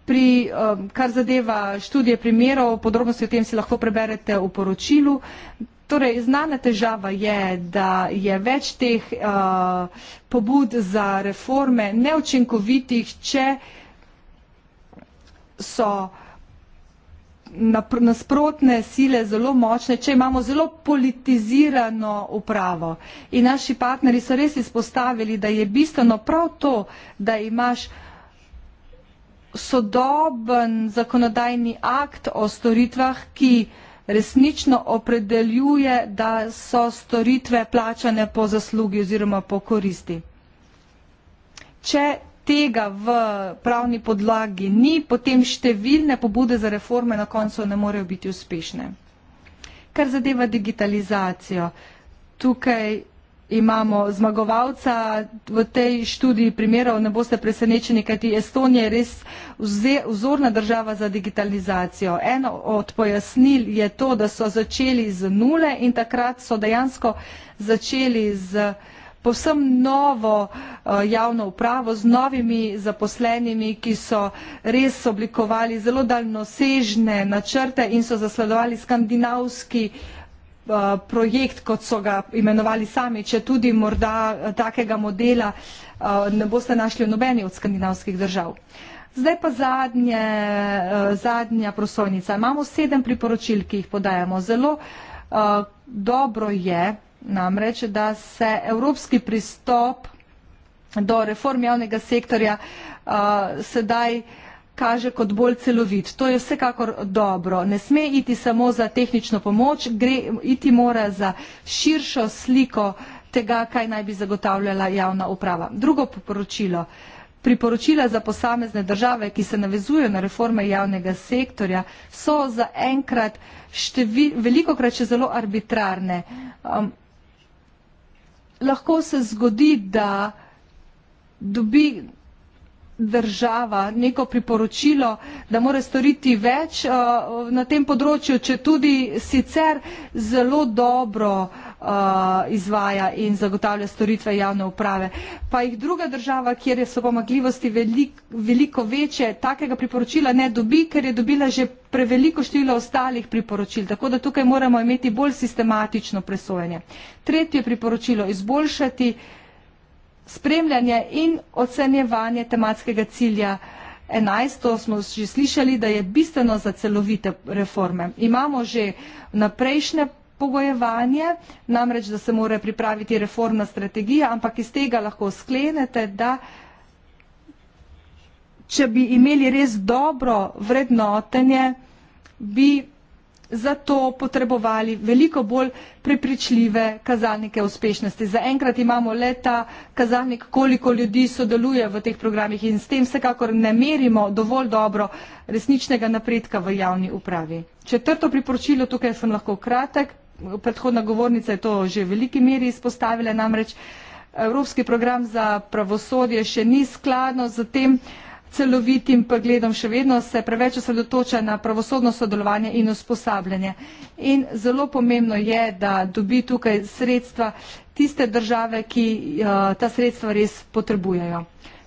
pri, um, kar zadeva študije primerov, podrobnosti o tem si lahko preberete v poročilu. Torej, znana težava je, da je več teh uh, pobud za reforme neučinkovitih, če so nasprotne sile zelo močne, če imamo zelo politizirano upravo. In naši partneri so res izpostavili, da je bistveno prav to, da imaš uh, sodoben zakonodajni akt o storitvah, ki resnično opredeljuje, da so storitve plačane po zaslugi oziroma po koristi. Če tega v pravni podlagi ni, potem številne pobude za reforme na koncu ne morejo biti uspešne. Kar zadeva digitalizacijo, tukaj imamo zmagovalca v tej študiji primerov, ne boste presenečeni, kajti Estonija je res vzorna država za digitalizacijo. Eno od pojasnil je to, da so začeli z nule in takrat so dejansko začeli z povsem novo eh, javno upravo z novimi zaposlenimi, ki so res oblikovali zelo daljnosežne načrte in so zasledovali skandinavski način Eh, projekt, kot so ga imenovali sami, če tudi morda eh, takega modela eh, ne boste našli v nobeni od skandinavskih držav. Zdaj pa zadnje, zadnja prosojnica. Imamo sedem priporočil, ki jih podajamo. Zelo dobro je namreč, da se evropski pristop do reform javnega sektorja sedaj kaže kot bolj celovit. To je vsekakor dobro. Ne sme iti samo za tehnično pomoč, gre, iti mora za širšo sliko tega, kaj naj bi zagotavljala javna uprava. Drugo poročilo. Priporočila za posamezne države, ki se navezujejo na reforme javnega sektorja, so zaenkrat veliko krat še zelo arbitrarne. Um, lahko se zgodi, da dobi država neko priporočilo, da mora storiti več uh, na tem področju, če tudi sicer zelo dobro uh, izvaja in zagotavlja storitve javne uprave. Pa jih druga država, kjer so pomagljivosti velik, veliko večje, takega priporočila ne dobi, ker je dobila že preveliko število ostalih priporočil. Tako da tukaj moramo imeti bolj sistematično presojanje. Tretje priporočilo, izboljšati spremljanje in ocenjevanje tematskega cilja 11, to smo že slišali, da je bistveno za celovite reforme. Imamo že naprejšnje pogojevanje, namreč, da se mora pripraviti reformna strategija, ampak iz tega lahko sklenete, da če bi imeli res dobro vrednotenje, bi zato potrebovali veliko bolj prepričljive kazalnike uspešnosti. Zaenkrat imamo le ta kazalnik, koliko ljudi sodeluje v teh programih in s tem vsekakor ne merimo dovolj dobro resničnega napredka v javni upravi. Četrto priporočilo, tukaj sem lahko kratek, predhodna govornica je to že v veliki meri izpostavila, namreč Evropski program za pravosodje še ni skladno z tem, uh, celovitim pregledom še vedno, se preveč osredotoča na pravosodno sodelovanje in usposabljanje. In zelo pomembno je, da dobi tukaj sredstva tiste države, ki uh, ta sredstva res potrebujejo.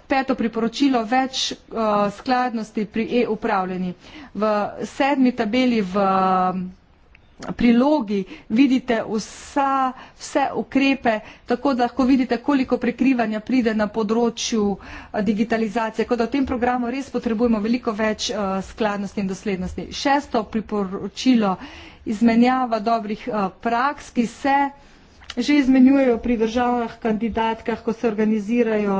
Peto priporočilo, več uh, skladnosti pri e-upravljanju. V sedmi tabeli v uh, prilogi vidite vsa, vse ukrepe, tako da lahko vidite, koliko prekrivanja pride na področju eh, digitalizacije. Tako da v tem programu res potrebujemo veliko več eh, skladnosti in doslednosti. Šesto priporočilo izmenjava dobrih eh, praks, ki se že izmenjujejo pri državah kandidatkah, ko se organizirajo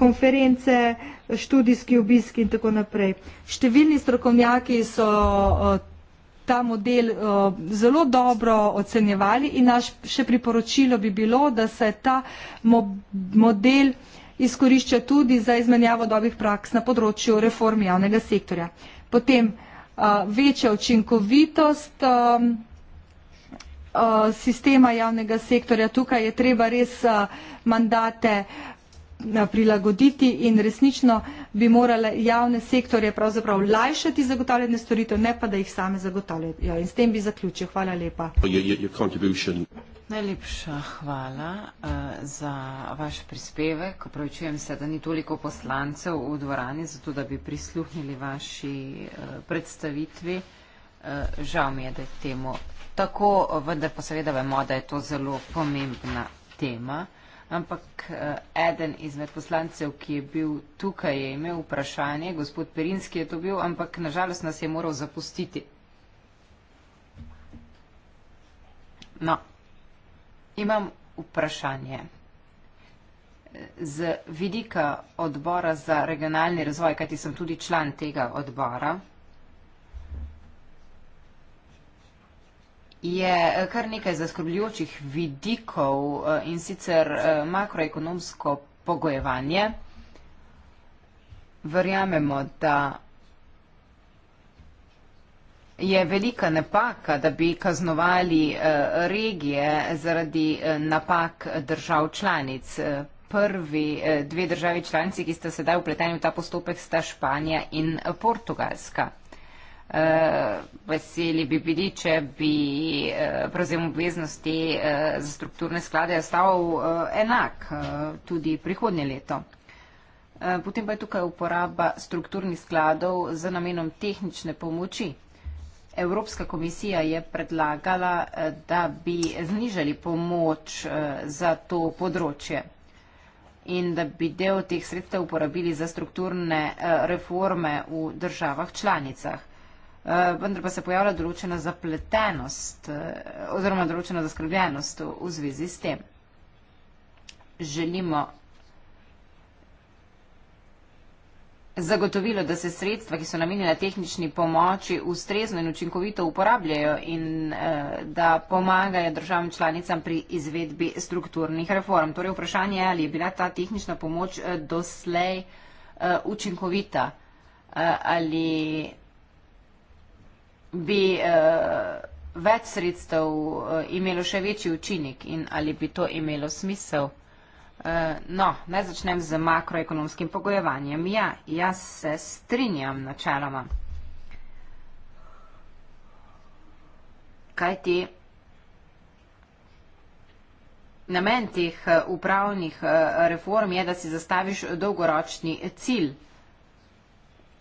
konference, študijski obiski in tako naprej. Številni strokovnjaki so ta model eh, zelo dobro ocenjevali in naš še priporočilo bi bilo, da se ta model izkorišča tudi za izmenjavo dobih praks na področju reform javnega sektorja. Potem eh, večja učinkovitost eh, sistema javnega sektorja. Tukaj je treba res mandate izkoristiti prilagoditi in resnično bi morale javne sektorje pravzaprav lajšati zagotavljanje storitev, ne pa da jih same zagotavljajo. In s tem bi zaključil. Hvala lepa. Najlepša hvala uh, za vaš prispevek. Opravičujem se, da ni toliko poslancev v dvorani, zato da bi prisluhnili vaši uh, predstavitvi. Uh, žal mi je, da je temu tako, vendar pa seveda vemo, da je to zelo pomembna tema ampak eh, eden izmed poslancev, ki je bil tukaj, je imel vprašanje, gospod Perinski je to bil, ampak nažalost nas je moral zapustiti. No, imam vprašanje. Z vidika odbora za regionalni razvoj, kajti sem tudi član tega odbora, je eh, kar nekaj zaskrbljujočih vidikov eh, in sicer eh, makroekonomsko pogojevanje. Verjamemo, da je velika napaka, da bi kaznovali regije zaradi napak držav članic. Prvi dve državi članici, ki sta sedaj upleteni v ta postopek, sta Španija in Portugalska. Eh, veseli bi bili, če bi eh, prevzem obveznosti eh, za strukturne sklade ostal enak tudi prihodnje leto. Potem pa je tukaj uporaba strukturnih skladov za namenom tehnične pomoči. Evropska komisija je predlagala, da bi znižali pomoč za to področje in da bi del teh sredstev uporabili za strukturne reforme v državah članicah. Eh, vendar pa se pojavlja določena zapletenost eh, oziroma določena zaskrbljenost v zvezi s tem. Želimo zagotovilo, da se sredstva, ki so namenjena tehnični pomoči, ustrezno in učinkovito uporabljajo in eh, da pomagajo državam članicam pri izvedbi strukturnih reform. Torej vprašanje je, ali je bila ta tehnična pomoč doslej učinkovita ali bi uh, več sredstev uh, imelo še večji učinek in ali bi to imelo smisel. Uh, no, naj začnem z makroekonomskim pogojevanjem. Ja, jaz se strinjam načeloma. Kaj ti? Namen teh upravnih reform je, da si zastaviš dolgoročni cilj.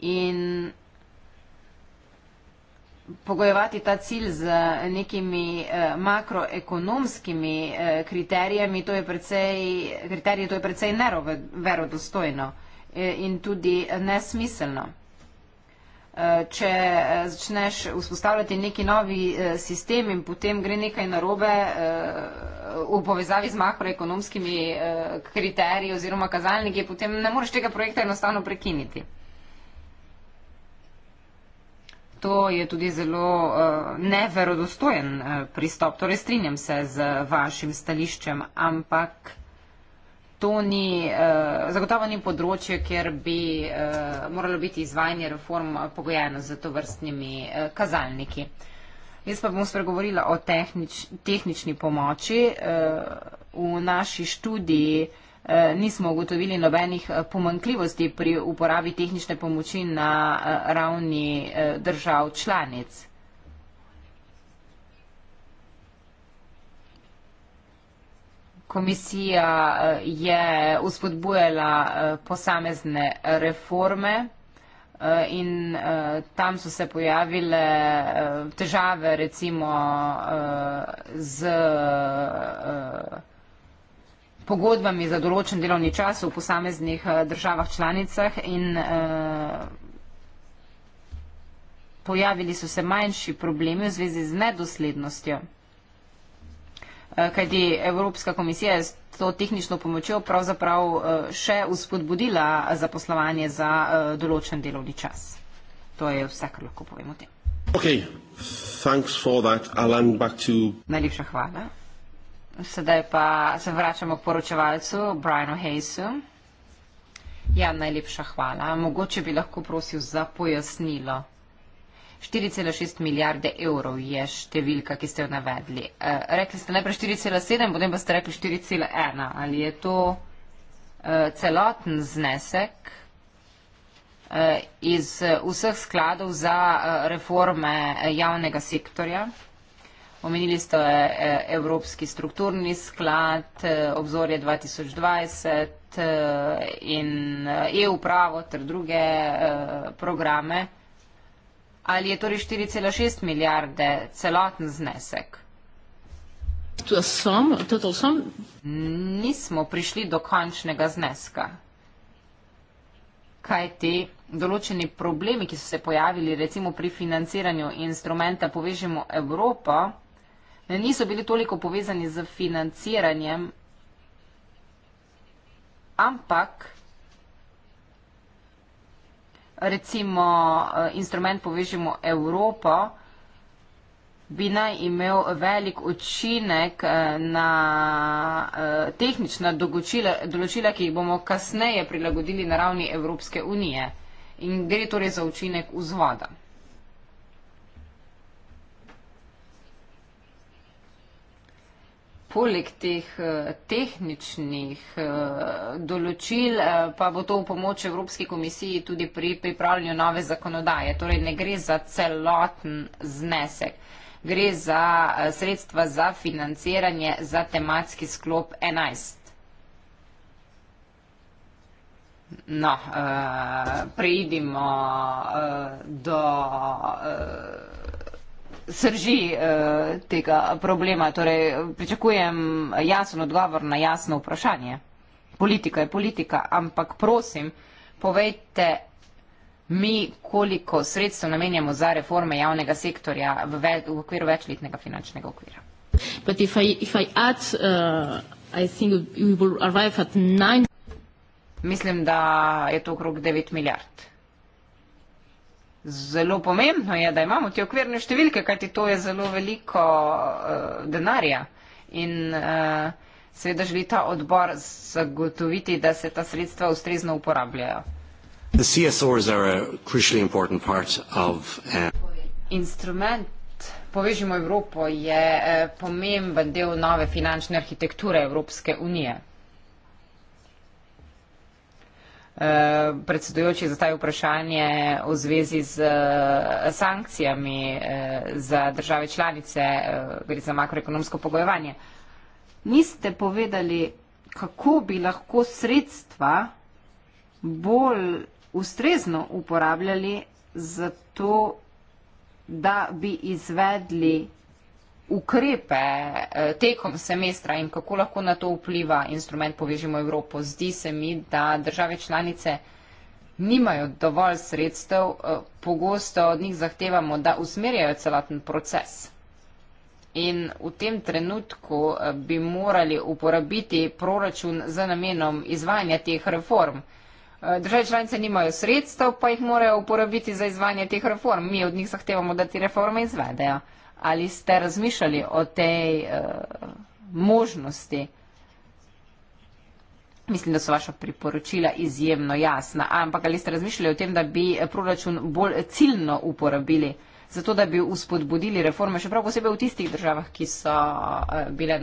In pogojevati ta cilj z nekimi eh, makroekonomskimi eh, kriterijami, to je precej, kriteriji, to je precej nerodostojno eh, in tudi nesmiselno. Če začneš vzpostavljati neki novi sistem in potem gre nekaj narobe v povezavi z makroekonomskimi kriteriji oziroma kazalniki, potem ne moreš tega projekta enostavno prekiniti to je tudi zelo uh, neverodostojen uh, pristop. Torej, strinjam se z vašim stališčem, ampak to ni, uh, zagotovo ni področje, kjer bi uh, moralo biti izvajanje reform pogojeno z to vrstnimi uh, kazalniki. Jaz pa bom spregovorila o tehnič, tehnični pomoči. Uh, v naši študiji uh, Eh, nismo ugotovili nobenih eh, pomankljivosti pri uporabi tehnične pomoči na eh, ravni držav članic. Komisija je uspodbujala posamezne reforme in tam so se pojavile težave recimo z pogodbami za določen delovni čas v posameznih eh, državah članicah in eh, pojavili so se manjši problemi v zvezi z nedoslednostjo. Eh, kajti Evropska komisija je s to tehnično pomočjo pravzaprav še uspodbudila zaposlovanje za določen delovni čas. To je vse, kar lahko povemo o tem. Okay. Thanks for that. Alan, back to... Najlepša hvala. Sedaj pa se vračamo k poročevalcu Brianu Haysu. Ja, najlepša hvala. Mogoče bi lahko prosil za pojasnilo. 4,6 milijarde evrov je številka, ki ste jo navedli. E, rekli ste najprej 4,7, potem pa ste rekli 4,1. Ali je to e, celoten znesek e, iz vseh skladov za e, reforme javnega sektorja? Omenili ste e, e, Evropski strukturni sklad, e, obzorje 2020 in EU-pravo ter druge programe. Ali je torej 4,6 milijarde celoten znesek? Sum, total sum? Nismo prišli do končnega zneska. Kaj ti določeni problemi, ki so se pojavili recimo pri financiranju instrumenta Povežemo Evropo, ne, niso bili toliko povezani z financiranjem, ampak recimo eh, instrument povežimo Evropo, bi naj imel velik učinek eh, na eh, tehnična določila, ki jih bomo kasneje prilagodili na ravni Evropske unije. In gre torej za učinek vzvoda. poleg teh eh, tehničnih eh, določil, eh, pa bo to v pomoč Evropski komisiji tudi pri pripravljanju nove zakonodaje. Torej ne gre za celoten znesek, gre za sredstva za financiranje za tematski sklop 11. No, uh, preidimo uh, do uh, srži eh, tega problema. Torej, pričakujem jasen odgovor na jasno vprašanje. Politika je politika, ampak prosim, povejte mi, koliko sredstev namenjamo za reforme javnega sektorja v, ve, v okviru večletnega finančnega okvira. Uh, Mislim, da je to okrog 9 milijard. Zelo pomembno je, da imamo te okvirne številke, kajti to je zelo veliko uh, denarja. In uh, seveda želi ta odbor zagotoviti, da se ta sredstva ustrezno uporabljajo. Eh, Instrument Povežimo Evropo je pomemben del nove finančne arhitekture Evropske unije. Eh, predsedujoči zastavil vprašanje v zvezi z eh, sankcijami eh, za države članice, gre za makroekonomsko pogojevanje. Niste povedali, kako bi lahko sredstva bolj ustrezno uporabljali za to, da bi izvedli ukrepe eh, tekom semestra in kako lahko na to vpliva instrument Povežimo Evropo. Zdi se mi, da države članice nimajo dovolj sredstev, eh, pogosto od njih zahtevamo, da usmerjajo celoten proces. In v tem trenutku eh, bi morali uporabiti proračun za namenom izvajanja teh reform. Države članice nimajo sredstev, pa jih morajo uporabiti za izvajanje teh reform. Mi od njih zahtevamo, da ti reforme izvedejo. Ali ste razmišljali o tej uh, možnosti? Mislim, da so vaša priporočila izjemno jasna. Ampak ali ste razmišljali o tem, da bi proračun bolj ciljno uporabili, zato da bi uspodbudili reforme, še prav posebej v tistih državah, ki so eh, bile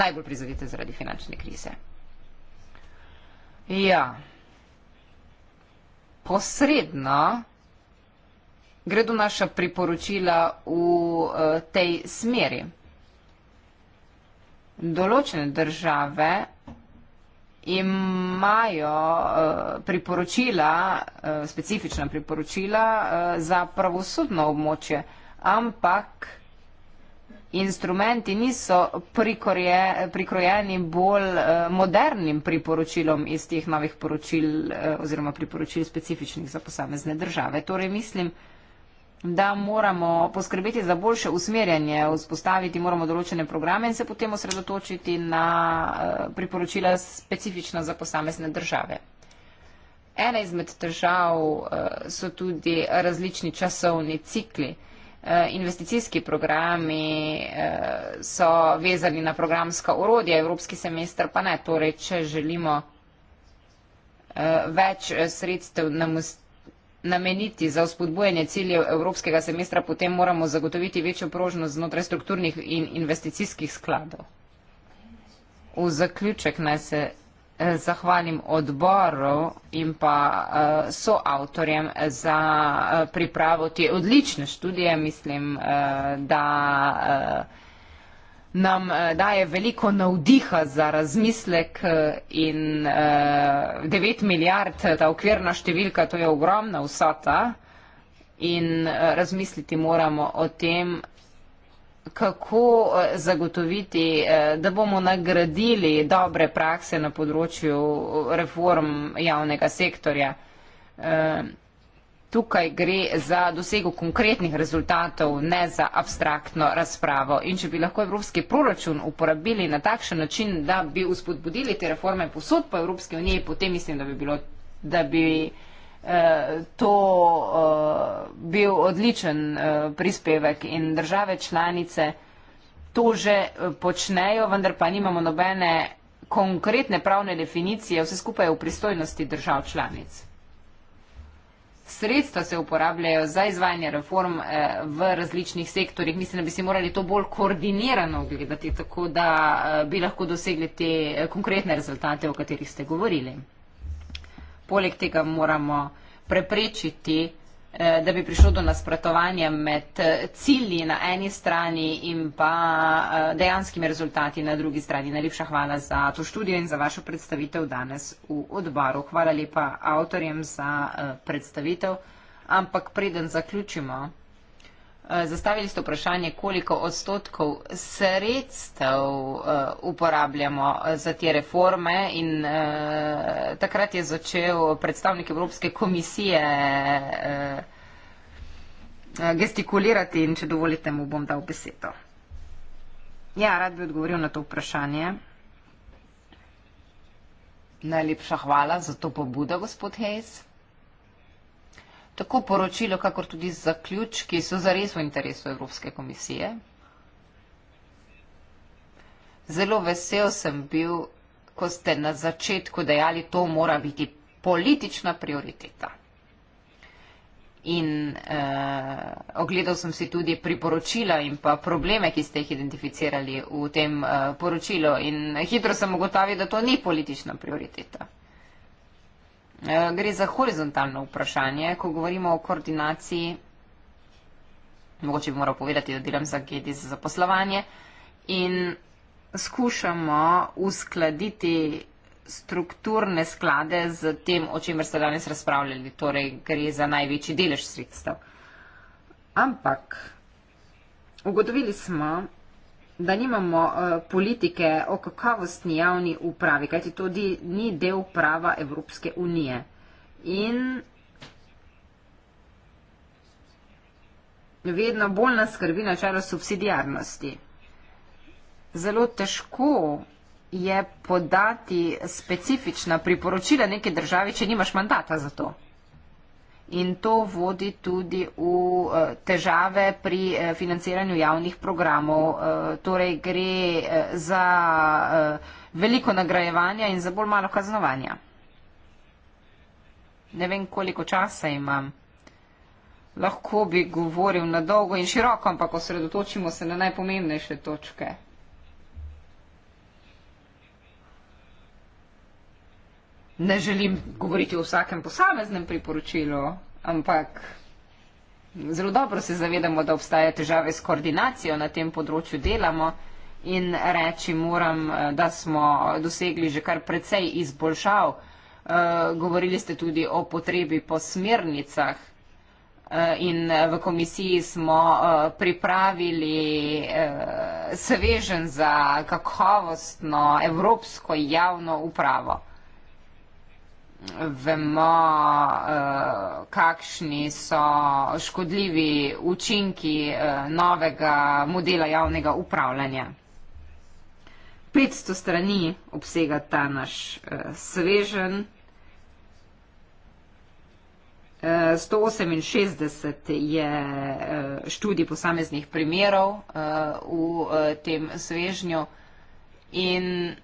najbolj prizadete zaradi finančne krize? Ja. Posredno gredo naša priporočila v eh, tej smeri. Določene države imajo eh, priporočila, eh, specifična priporočila za pravosodno območje, ampak instrumenti niso prikrojeni bolj modernim priporočilom iz teh novih poročil oziroma priporočil specifičnih za posamezne države. Torej mislim, da da moramo poskrbeti za boljše usmerjanje, vzpostaviti moramo določene programe in se potem osredotočiti na eh, priporočila specifično za posamezne države. Ena izmed držav eh, so tudi različni časovni cikli. Eh, investicijski programi so vezani na programska urodja, evropski semester pa ne. Torej, če želimo več sredstev namestiti, nameniti za vzpodbujanje ciljev evropskega semestra, potem moramo zagotoviti večjo prožnost znotraj strukturnih in investicijskih skladov. V zaključek naj se eh, zahvalim odboru in pa eh, soavtorjem za eh, pripravo te odlične študije. Mislim, da nam eh, daje veliko navdiha za razmislek eh, in eh, 9 milijard, eh, ta okvirna številka, to je ogromna vsota in eh, razmisliti moramo o tem, kako zagotoviti, eh, da bomo nagradili dobre prakse na področju reform javnega sektorja. Eh, tukaj gre za dosego konkretnih rezultatov, ne za abstraktno razpravo. In če bi lahko evropski proračun uporabili na takšen način, da bi uspodbudili te reforme posod po Evropski uniji, potem mislim, da bi bilo, da bi eh, to uh, bil odličen uh, prispevek in države članice to že počnejo, vendar pa nimamo nobene konkretne pravne definicije, vse skupaj je v pristojnosti držav članic sredstva se uporabljajo za izvajanje reform eh, v različnih sektorjih. Mislim, da bi si morali to bolj koordinirano gledati, tako da eh, bi lahko dosegli te eh, konkretne rezultate, o katerih ste govorili. Poleg tega moramo preprečiti, Eh, da bi prišlo do nasprotovanja med eh, cilji na eni strani in pa eh, dejanskimi rezultati na drugi strani. Najlepša hvala za to študijo in za vašo predstavitev danes v odboru. Hvala lepa avtorjem za predstavitev. Ampak preden zaključimo, zastavili ste vprašanje, koliko odstotkov sredstev eh, uporabljamo eh, za te reforme in eh, takrat je začel predstavnik Evropske komisije gestikulirati in če dovolite mu bom dal besedo. Ja, rad bi odgovoril na to vprašanje. Najlepša hvala za to pobudo, gospod Hayes tako poročilo, kakor tudi zaključki so zares v interesu Evropske komisije. Zelo vesel sem bil, ko ste na začetku dejali, to mora biti politična prioriteta. In eh, ogledal sem si tudi priporočila in pa probleme, ki ste jih identificirali v tem eh, poročilu. In hitro sem ugotavil, da to ni politična prioriteta. Eh, gre za horizontalno vprašanje, ko govorimo o koordinaciji. Mogoče bi moral povedati, da delam za GEDI za zaposlovanje in skušamo uskladiti strukturne sklade z tem, o čemer ste danes razpravljali, torej gre za največji delež sredstev. Ampak ugotovili smo, da nimamo eh, politike o kakavostni javni upravi, kajti to ni del prava Evropske unije. In vedno bolj nas skrbi načelo subsidijarnosti. Zelo težko je podati specifična priporočila neke države, če nimaš mandata za to in to vodi tudi v eh, težave pri eh, financiranju javnih programov. Eh, torej gre za veliko nagrajevanja in za bolj malo kaznovanja. Ne vem, koliko časa imam. Lahko bi govoril na dolgo in široko, ampak osredotočimo se na najpomembnejše točke. ne želim govoriti o vsakem posameznem priporočilu, ampak zelo dobro se zavedamo, da obstaja težave s koordinacijo na tem področju delamo in reči moram, eh, da smo dosegli že kar precej izboljšav. Eh, govorili ste tudi o potrebi po smernicah eh, in v komisiji smo pripravili svežen za kakovostno evropsko javno upravo vemo, eh, kakšni so škodljivi učinki eh, novega modela javnega upravljanja. 500 strani obsega ta naš eh, svežen. 168 je študij posameznih primerov v tem svežnju in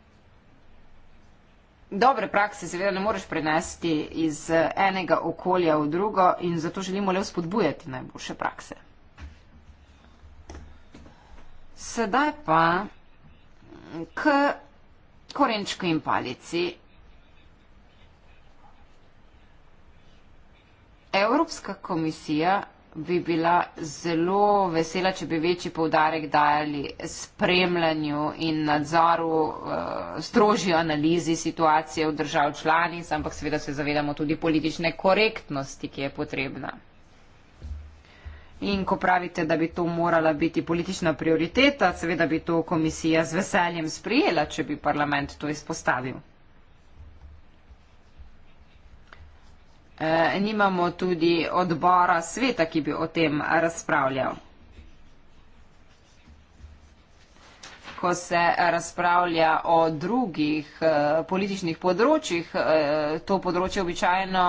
dobre prakse seveda ne moreš prenesti iz eh, enega okolja v drugo in zato želimo le vzpodbujati najboljše prakse. Sedaj pa k korenčku in palici. Evropska komisija bi bila zelo vesela, če bi večji povdarek dajali spremljanju in nadzoru, eh, strožji analizi situacije v držav članic, ampak seveda se zavedamo tudi politične korektnosti, ki je potrebna. In ko pravite, da bi to morala biti politična prioriteta, seveda bi to komisija z veseljem sprijela, če bi parlament to izpostavil. Eh, nimamo tudi odbora sveta, ki bi o tem razpravljal. Ko se razpravlja o drugih e, političnih področjih, e, to področje običajno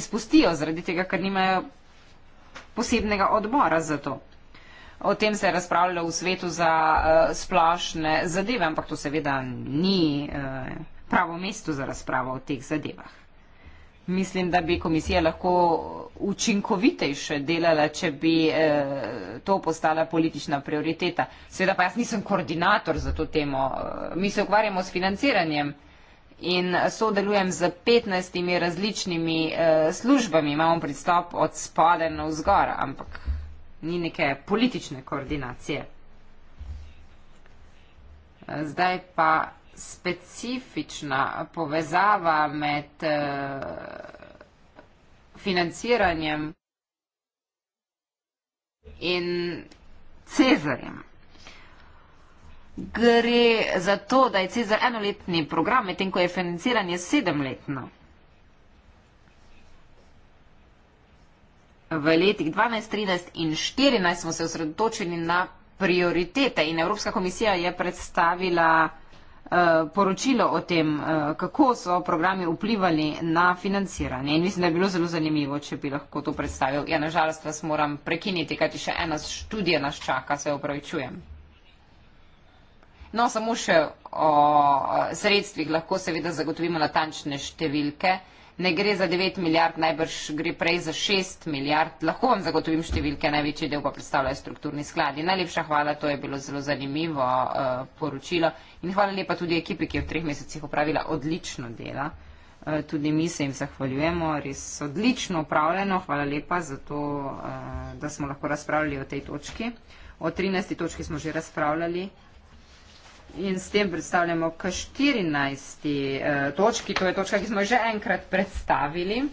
izpustijo, zaradi tega, ker nimajo posebnega odbora za to. O tem se je razpravljalo v svetu za e, splošne zadeve, ampak to seveda ni e, pravo mesto za razpravo o teh zadevah mislim, da bi komisija lahko učinkovitejše delala, če bi eh, to postala politična prioriteta. Seveda pa jaz nisem koordinator za to temo. Eh, mi se ukvarjamo s financiranjem in sodelujem z 15 različnimi eh, službami. Imamo pristop od spodaj na vzgor, ampak ni neke politične koordinacije. Eh, zdaj pa specifična povezava med eh, financiranjem in Cezarjem. Gre za to, da je Cezar enoletni program, medtem ko je financiranje sedemletno. V letih 12, 13 in 14 smo se osredotočili na prioritete in Evropska komisija je predstavila Eh, poročilo o tem, eh, kako so programi vplivali na financiranje. In mislim, da je bilo zelo zanimivo, če bi lahko to predstavil. Ja, nažalost vas moram prekiniti, kajti še ena študija nas čaka, se upravičujem. No, samo še o eh, sredstvih lahko seveda zagotovimo natančne številke ne gre za 9 milijard, najbrž gre prej za 6 milijard. Lahko vam zagotovim številke, največji del pa predstavljajo strukturni skladi. Najlepša hvala, to je bilo zelo zanimivo uh, poročilo in hvala lepa tudi ekipi, ki je v treh mesecih upravila odlično dela. Eh, tudi mi se jim zahvaljujemo, res odlično upravljeno. Hvala lepa za to, eh, da smo lahko razpravljali o tej točki. O 13. točki smo že razpravljali. In s tem predstavljamo k 14. Eh, točki, to je točka, ki smo jo že enkrat predstavili.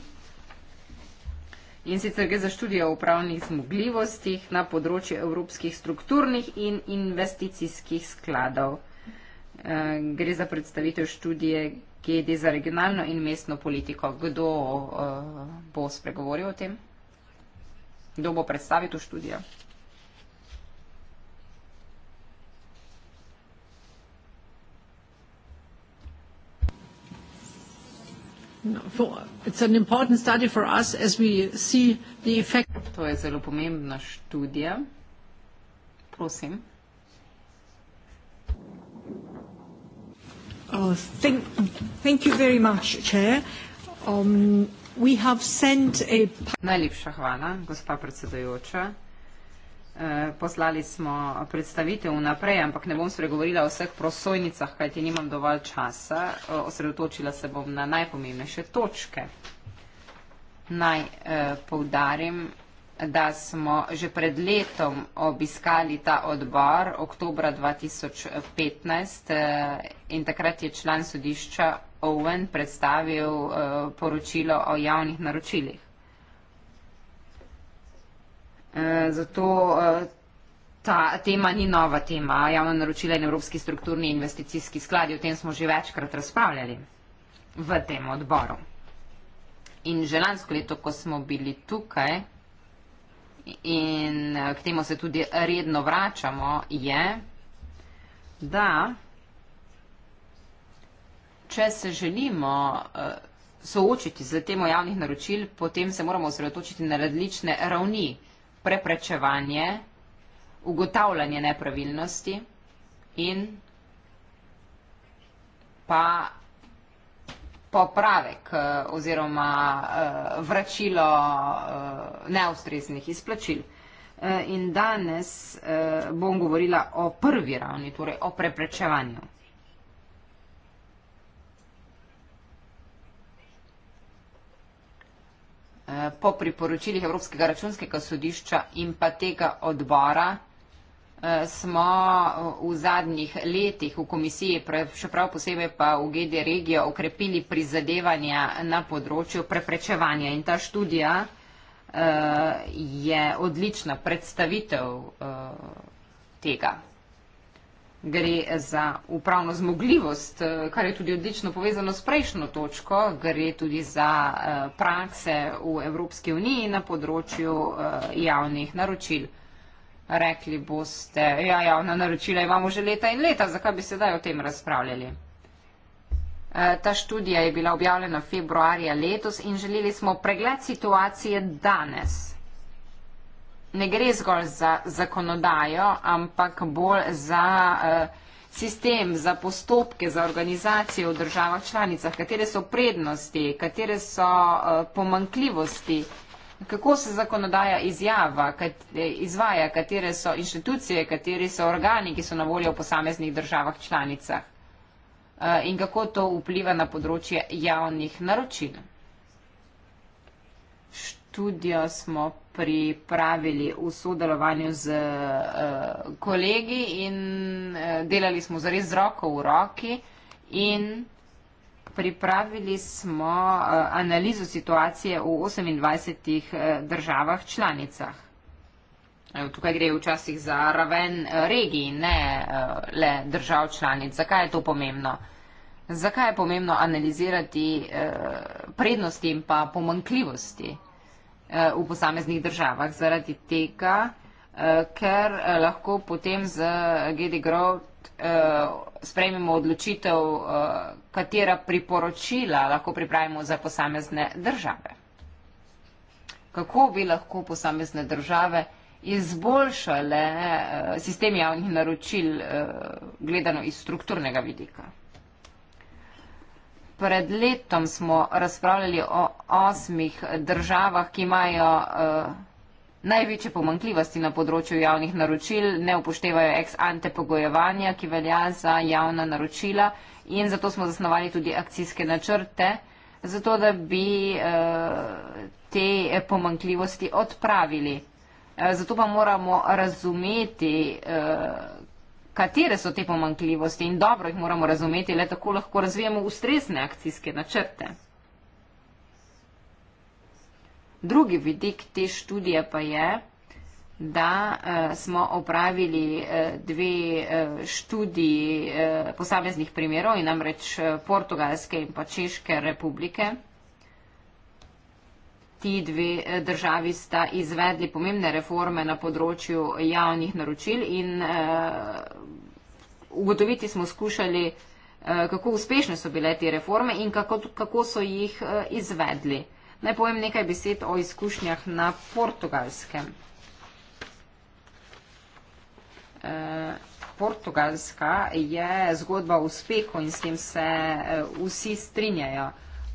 In sicer gre za študijo o pravnih zmogljivostih na področju evropskih strukturnih in investicijskih skladov. Eh, gre za predstavitev študije GD za regionalno in mestno politiko. Kdo eh, bo spregovoril o tem? Kdo bo predstavil to študijo? To je zelo pomembna študija. Prosim. Uh, um, Najlepša hvala, gospa predsedujoča. Eh, poslali smo predstavitev naprej, ampak ne bom spregovorila o vseh prosojnicah, kajti nimam dovolj časa. Eh, osredotočila se bom na najpomembnejše točke. Naj eh, poudarim, da smo že pred letom obiskali ta odbor, oktober 2015, in takrat je član sodišča Owen predstavil poročilo o javnih naročilih. Eh, zato eh, ta tema ni nova tema. Javno naročila in Evropski strukturni investicijski skladi, o tem smo že večkrat razpravljali v tem odboru. In že lansko leto, ko smo bili tukaj in eh, k temu se tudi redno vračamo, je, da če se želimo soočiti z temo javnih naročil, potem se moramo osredotočiti na različne ravni preprečevanje, ugotavljanje nepravilnosti in pa popravek eh, oziroma eh, vračilo eh, neustreznih izplačil. In danes bom govorila o prvi ravni, torej o preprečevanju. Eh, po priporočilih Evropskega računskega sodišča in pa tega odbora eh, smo eh, v zadnjih letih v komisiji, še prav posebej pa v GD regijo, okrepili prizadevanja na področju preprečevanja. In ta študija je odlična predstavitev tega gre za upravno zmogljivost, eh, kar je tudi odlično povezano s prejšnjo točko, gre tudi za eh, prakse v Evropski uniji na področju eh, javnih naročil. Rekli boste, ja, javna naročila imamo že leta in leta, zakaj bi sedaj o tem razpravljali? Ta študija je bila objavljena februarja letos in želeli smo pregled situacije danes ne gre zgolj za zakonodajo, ampak bolj za eh, sistem, za postopke, za organizacijo v državah članicah, katere so prednosti, katere so eh, pomankljivosti, kako se zakonodaja izjava, kat, izvaja, katere so inštitucije, kateri so organi, ki so na voljo v posameznih državah članicah eh, in kako to vpliva na področje javnih naročil študijo smo pripravili v sodelovanju z uh, kolegi in uh, delali smo zares z roko v roki in pripravili smo uh, analizo situacije v 28 uh, državah članicah. Uh, tukaj gre včasih za raven uh, regij, ne uh, le držav članic. Zakaj je to pomembno? Zakaj je pomembno analizirati uh, prednosti in pa pomankljivosti? Eh, v posameznih državah. Zaradi tega, eh, ker eh, lahko potem z GD Growth sprejmemo odločitev, katera priporočila lahko pripravimo za posamezne države. Kako bi lahko posamezne države izboljšale sistem javnih naročil, gledano iz strukturnega vidika? pred letom smo razpravljali o osmih državah, ki imajo uh, največje pomankljivosti na področju javnih naročil, ne upoštevajo ex ante pogojevanja, ki velja za javna naročila in zato smo zasnovali tudi akcijske načrte, zato da bi uh, te pomankljivosti odpravili. Eh, zato pa moramo razumeti, uh, katere so te pomankljivosti in dobro jih moramo razumeti, le tako lahko razvijemo ustrezne akcijske načrte. Drugi vidik te študije pa je, da eh, smo opravili eh, dve eh, študiji eh, posameznih primerov in namreč eh, Portugalske in pa Češke republike ti dve eh, državi sta izvedli pomembne reforme na področju javnih naročil in uh, ugotoviti smo skušali, uh, kako uspešne so bile te reforme in kako, kako so jih uh, izvedli. Naj povem nekaj besed o izkušnjah na portugalskem. Uh, Portugalska je zgodba uspehu in s tem se uh, vsi strinjajo.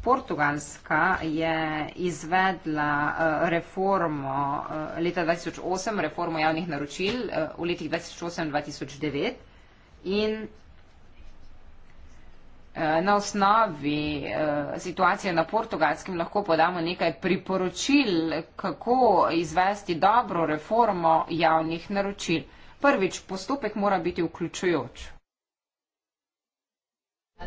Portugalska je izvedla eh, reformo eh, leta 2008, reformo javnih naročil eh, v letih 2008-2009 in na osnovi situacije na Portugalskem lahko podamo nekaj priporočil, kako izvesti dobro reformo javnih naročil. Prvič, postopek mora biti vključujoč.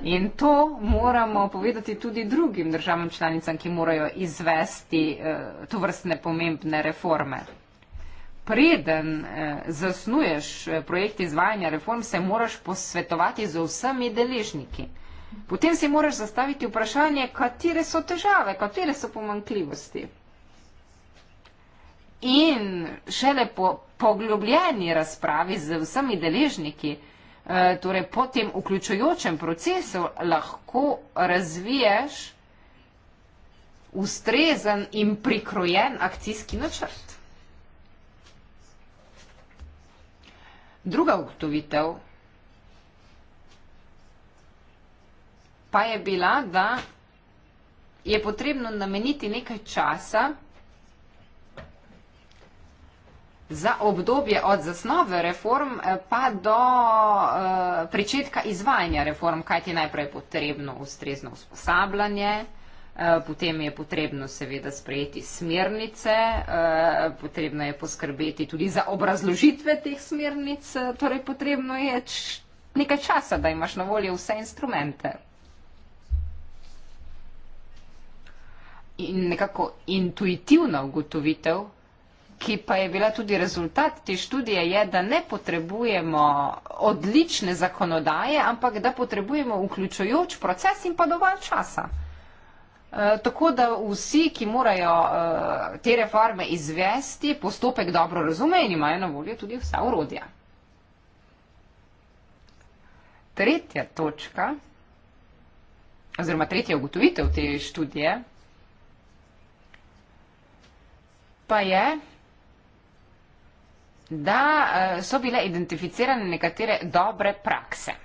In to moramo povedati tudi drugim državam članicam, ki morajo izvesti eh, to vrstne pomembne reforme. Preden eh, zasnuješ eh, projekt izvajanja reform, se moraš posvetovati z vsemi deležniki. Potem si moraš zastaviti vprašanje, katere so težave, katere so pomankljivosti. In šele po poglobljeni razpravi z vsemi deležniki, eh, Eh, torej po tem vključujočem procesu lahko razviješ ustrezen in prikrojen akcijski načrt. Druga ugotovitev pa je bila, da je potrebno nameniti nekaj časa, za obdobje od zasnove reform eh, pa do uh, pričetka izvajanja reform, kaj ti najprej je potrebno ustrezno usposabljanje, uh, potem je potrebno seveda sprejeti smernice, uh, potrebno je poskrbeti tudi za obrazložitve teh smernic, torej potrebno je nekaj časa, da imaš na voljo vse instrumente. In nekako intuitivna ugotovitev, ki pa je bila tudi rezultat te študije, je, da ne potrebujemo odlične zakonodaje, ampak da potrebujemo vključujoč proces in pa dovolj časa. E, tako da vsi, ki morajo e, te reforme izvesti, postopek dobro razumejo in imajo na voljo tudi vsa urodja. Tretja točka, oziroma tretja ugotovitev te študije, pa je, da eh, so bile identificirane nekatere dobre prakse.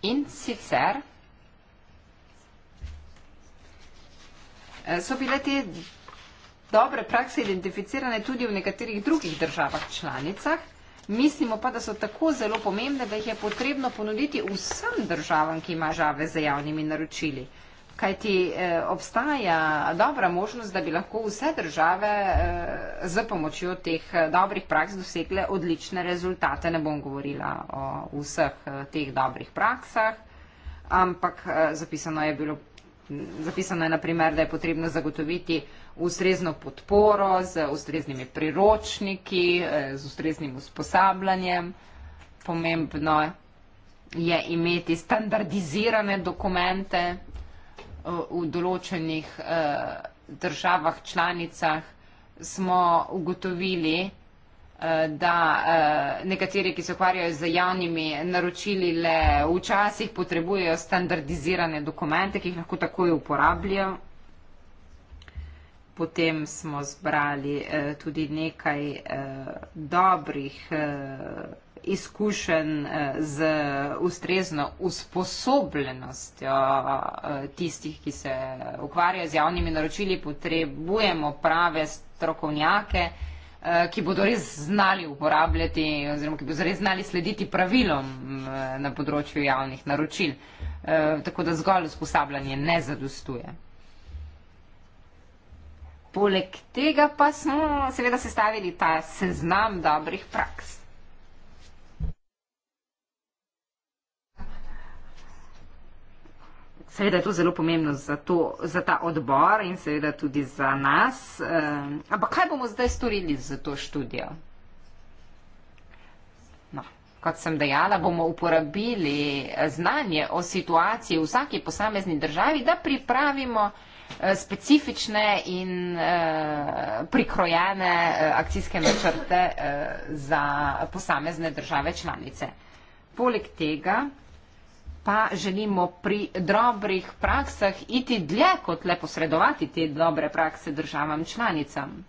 In sicer eh, so bile te dobre prakse identificirane tudi v nekaterih drugih državah članicah. Mislimo pa, da so tako zelo pomembne, da jih je potrebno ponuditi vsem državam, ki ima žave z javnimi naročili kajti eh, obstaja dobra možnost, da bi lahko vse države eh, z pomočjo teh eh, dobrih praks dosegle odlične rezultate. Ne bom govorila o vseh teh dobrih praksah, ampak zapisano je bilo. Zapisano je naprimer, da je potrebno zagotoviti ustrezno podporo z ustreznimi priročniki, z ustreznim usposabljanjem. Pomembno je imeti standardizirane dokumente, Eh, v določenih eh, državah, članicah, smo ugotovili, eh, da nekateri, ki se ukvarjajo z javnimi naročili, le včasih potrebujejo standardizirane dokumente, ki jih lahko takoj uporabljajo. Potem smo zbrali tudi nekaj dobrih izkušen eh, z ustrezno usposobljenostjo eh, tistih, ki se ukvarjajo z javnimi naročili, potrebujemo prave strokovnjake, eh, ki bodo res znali uporabljati oziroma ki bodo res znali slediti pravilom na področju javnih naročil. Tako da zgolj usposabljanje ne zadostuje. Poleg tega pa smo seveda sestavili ta seznam dobrih praks. Seveda je to zelo pomembno za, to, za ta odbor in seveda tudi za nas. Um, ampak kaj bomo zdaj storili z to študijo? No, kot sem dejala, bomo uporabili znanje o situaciji v vsaki posamezni državi, da pripravimo eh, specifične in uh, prikrojene uh, akcijske načrte uh, za posamezne države članice. Poleg tega pa želimo pri dobrih praksah iti dlje kot le posredovati te dobre prakse državam članicam.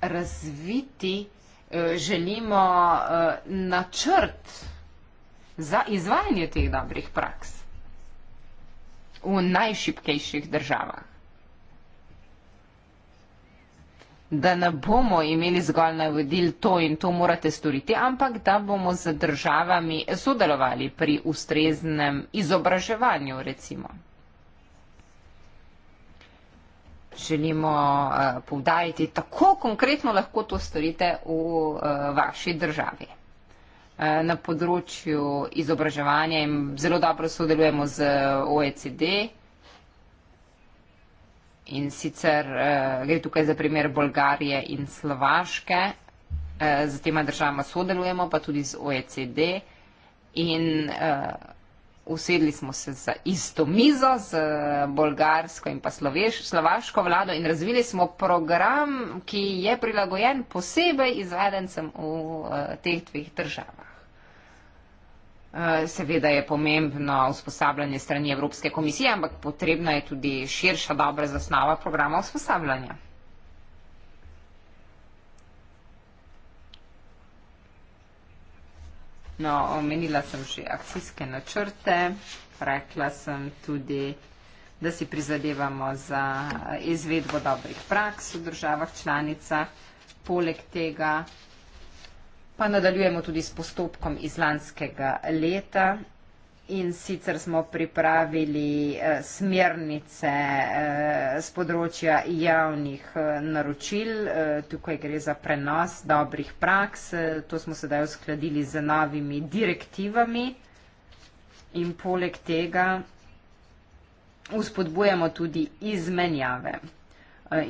Razviti eh, želimo eh, načrt za izvajanje teh dobrih praks v najšipkejših državah. da ne bomo imeli zgolj navedil to in to morate storiti, ampak da bomo z državami sodelovali pri ustreznem izobraževanju, recimo. Želimo uh, eh, povdajati, tako konkretno lahko to storite v uh, vaši državi. Eh, na področju izobraževanja in zelo dobro sodelujemo z OECD. In sicer eh, gre tukaj za primer Bolgarije in Slovaške, eh, z tema državama sodelujemo, pa tudi z OECD. In eh, usedli smo se za isto mizo z bolgarsko in pa sloveš, slovaško vlado in razvili smo program, ki je prilagojen posebej izvedencem v teh dveh državah. Eh, seveda je pomembno usposabljanje strani Evropske komisije, ampak potrebna je tudi širša dobra zasnova programa usposabljanja. No, omenila sem že akcijske načrte, rekla sem tudi, da si prizadevamo za izvedbo dobrih praks v državah članicah. Poleg tega Pa nadaljujemo tudi s postopkom iz lanskega leta in sicer smo pripravili eh, smernice z eh, področja javnih eh, naročil. Tukaj gre za prenos dobrih praks. To smo sedaj uskladili z novimi direktivami in poleg tega uspodbujamo tudi izmenjave.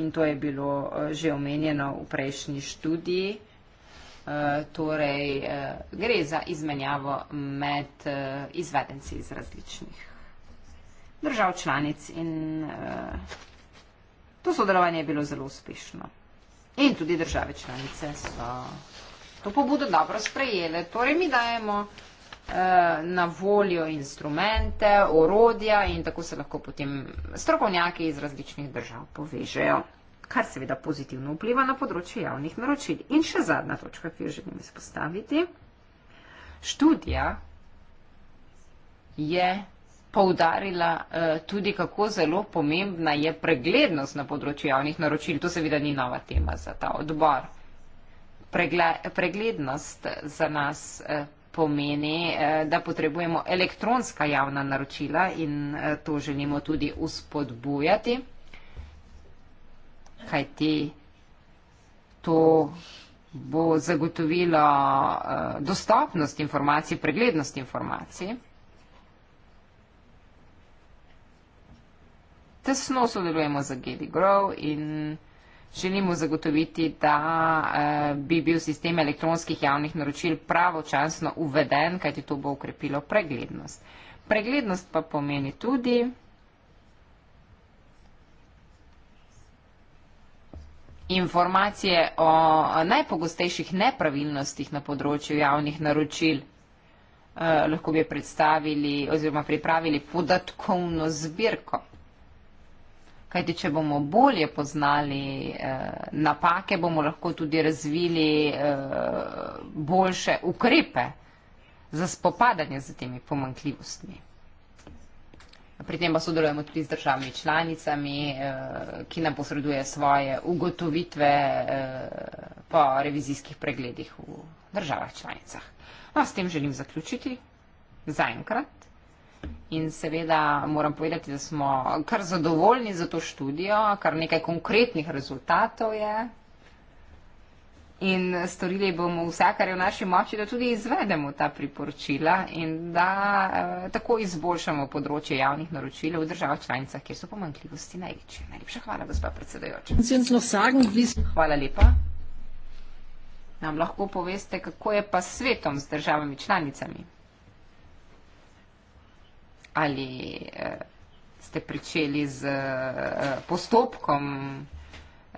In to je bilo že omenjeno v prejšnji študiji. Eh, torej eh, gre za izmenjavo med eh, izvedenci iz različnih držav članic in to sodelovanje je bilo zelo uspešno. In tudi države članice so to pobudo dobro sprejele. Torej mi dajemo na voljo instrumente, orodja in tako se lahko potem strokovnjaki iz različnih držav povežejo kar seveda pozitivno vpliva na področje javnih naročil. In še zadnja točka, ki jo želim izpostaviti. Študija je poudarila eh, tudi, kako zelo pomembna je preglednost na področju javnih naročil. To seveda ni nova tema za ta odbor. Pregle, preglednost za nas eh, pomeni, eh, da potrebujemo elektronska javna naročila in to želimo tudi uspodbujati kajti to bo zagotovilo eh, dostopnost informacij, preglednost informacij. Tesno sodelujemo za Gedi Grow in želimo zagotoviti, da eh, bi bil sistem elektronskih javnih naročil pravočasno uveden, kajti to bo ukrepilo preglednost. Preglednost pa pomeni tudi, informacije o najpogostejših nepravilnostih na področju javnih naročil. Eh, lahko bi predstavili oziroma pripravili podatkovno zbirko. Kajti, če bomo bolje poznali eh, napake, bomo lahko tudi razvili eh, boljše ukrepe za spopadanje z temi pomankljivostmi. Pri tem pa sodelujemo tudi z državami članicami, eh, ki nam posreduje svoje ugotovitve eh, po revizijskih pregledih v državah članicah. No, s tem želim zaključiti zaenkrat in seveda moram povedati, da smo kar zadovoljni za to študijo, kar nekaj konkretnih rezultatov je in storili bomo vse, kar je v naši moči, da tudi izvedemo ta priporočila in da eh, tako izboljšamo področje javnih naročil v državah članicah, kjer so pomankljivosti največje. Najlepša hvala, gospa predsedajoča. Hvala lepa. Nam lahko poveste, kako je pa s svetom, s državami članicami? Ali eh, ste pričeli z eh, postopkom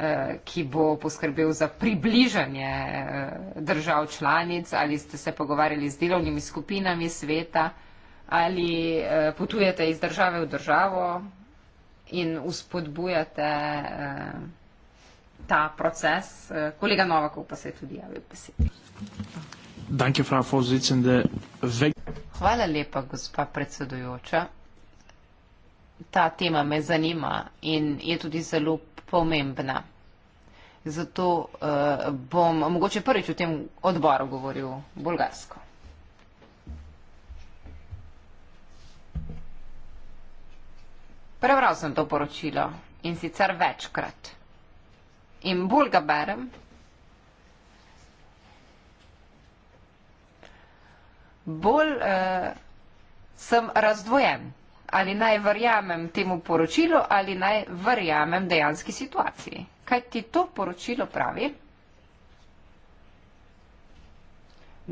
Eh, ki bo poskrbel za približanje eh, držav članic, ali ste se pogovarjali z delovnimi skupinami sveta, ali eh, potujete iz države v državo in uspodbujate ta proces. Kolega Novakov pa se je tudi javil besedi. Hvala lepa, gospa predsedujoča. Ta tema me zanima in je tudi zelo pomembna zato uh, bom mogoče prvič v tem odboru govoril bolgarsko. Prebral sem to poročilo in sicer večkrat. In bolj ga berem, bolj uh, sem razdvojen, ali naj verjamem temu poročilu, ali naj verjamem dejanski situaciji kaj ti to poročilo pravi,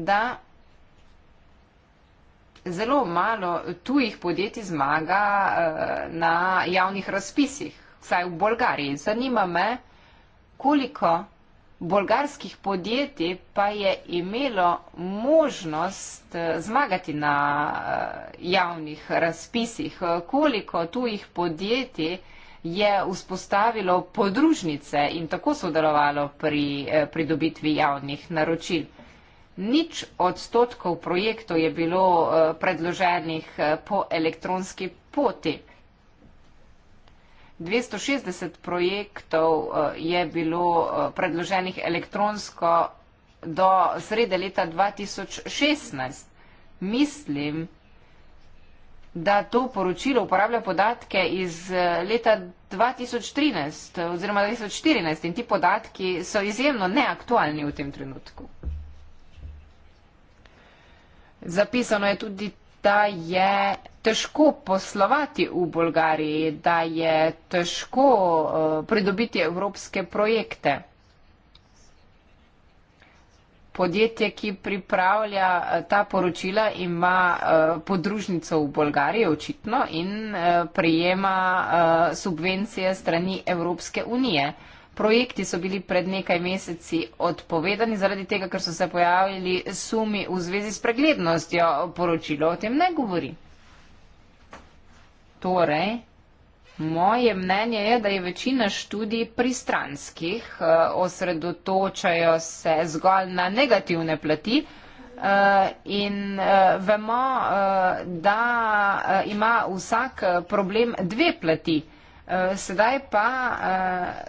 da zelo malo tujih podjetij zmaga eh, na javnih razpisih, vsaj v Bolgariji. Zanima me, koliko bolgarskih podjetij pa je imelo možnost eh, zmagati na eh, javnih razpisih, koliko tujih podjetij je vzpostavilo podružnice in tako sodelovalo pri eh, pridobitvi javnih naročil. Nič odstotkov projektov je bilo eh, predloženih eh, po elektronski poti. 260 projektov je bilo predloženih elektronsko do srede leta 2016. Mislim, da to poročilo uporablja podatke iz eh, leta 2013 oziroma 2014 in ti podatki so izjemno neaktualni v tem trenutku. Zapisano je tudi, da je težko poslovati v Bolgariji, da je težko uh, pridobiti evropske projekte podjetje, ki pripravlja eh, ta poročila, ima eh, podružnico v Bolgariji, očitno, in eh, prejema subvencije strani Evropske unije. Projekti so bili pred nekaj meseci odpovedani zaradi tega, ker so se pojavili sumi v zvezi s preglednostjo poročila. O tem ne govori. Torej. Moje mnenje je, da je večina študij pristranskih, eh, osredotočajo se zgolj na negativne plati eh, in eh, vemo, da ima vsak problem dve plati. Sedaj pa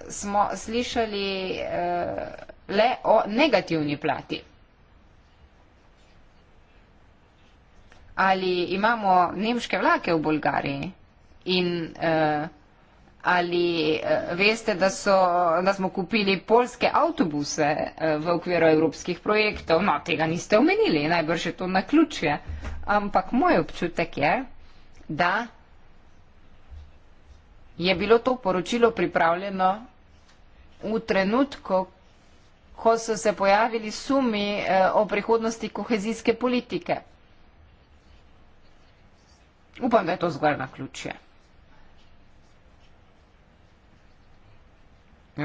smo slišali le o negativni plati. Ali imamo nemške vlake v Bolgariji? in uh, ali uh, veste, da, so, da smo kupili polske avtobuse uh, v okviru evropskih projektov? No, tega niste omenili, najbrž je to na ključje. Ampak moj občutek je, da je bilo to poročilo pripravljeno v trenutku, ko so se pojavili sumi eh, o prihodnosti kohezijske politike. Upam, da je to zgolj na ključje.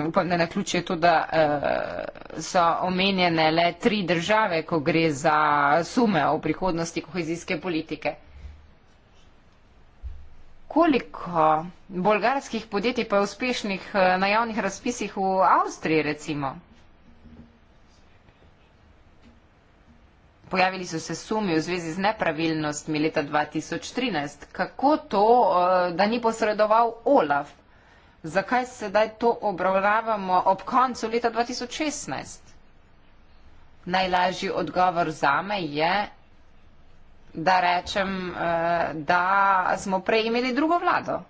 upam, da na ključ je to, da uh, so omenjene le tri države, ko gre za sume o prihodnosti kohezijske politike. Koliko bolgarskih podjetij pa je uspešnih eh, na javnih razpisih v Avstriji, recimo? Pojavili so se sumi v zvezi z nepravilnostmi leta 2013. Kako to, eh, da ni posredoval Olaf? zakaj sedaj to obravnavamo ob koncu leta 2016? Najlažji odgovor zame je, da rečem, eh, da smo prej imeli drugo vlado.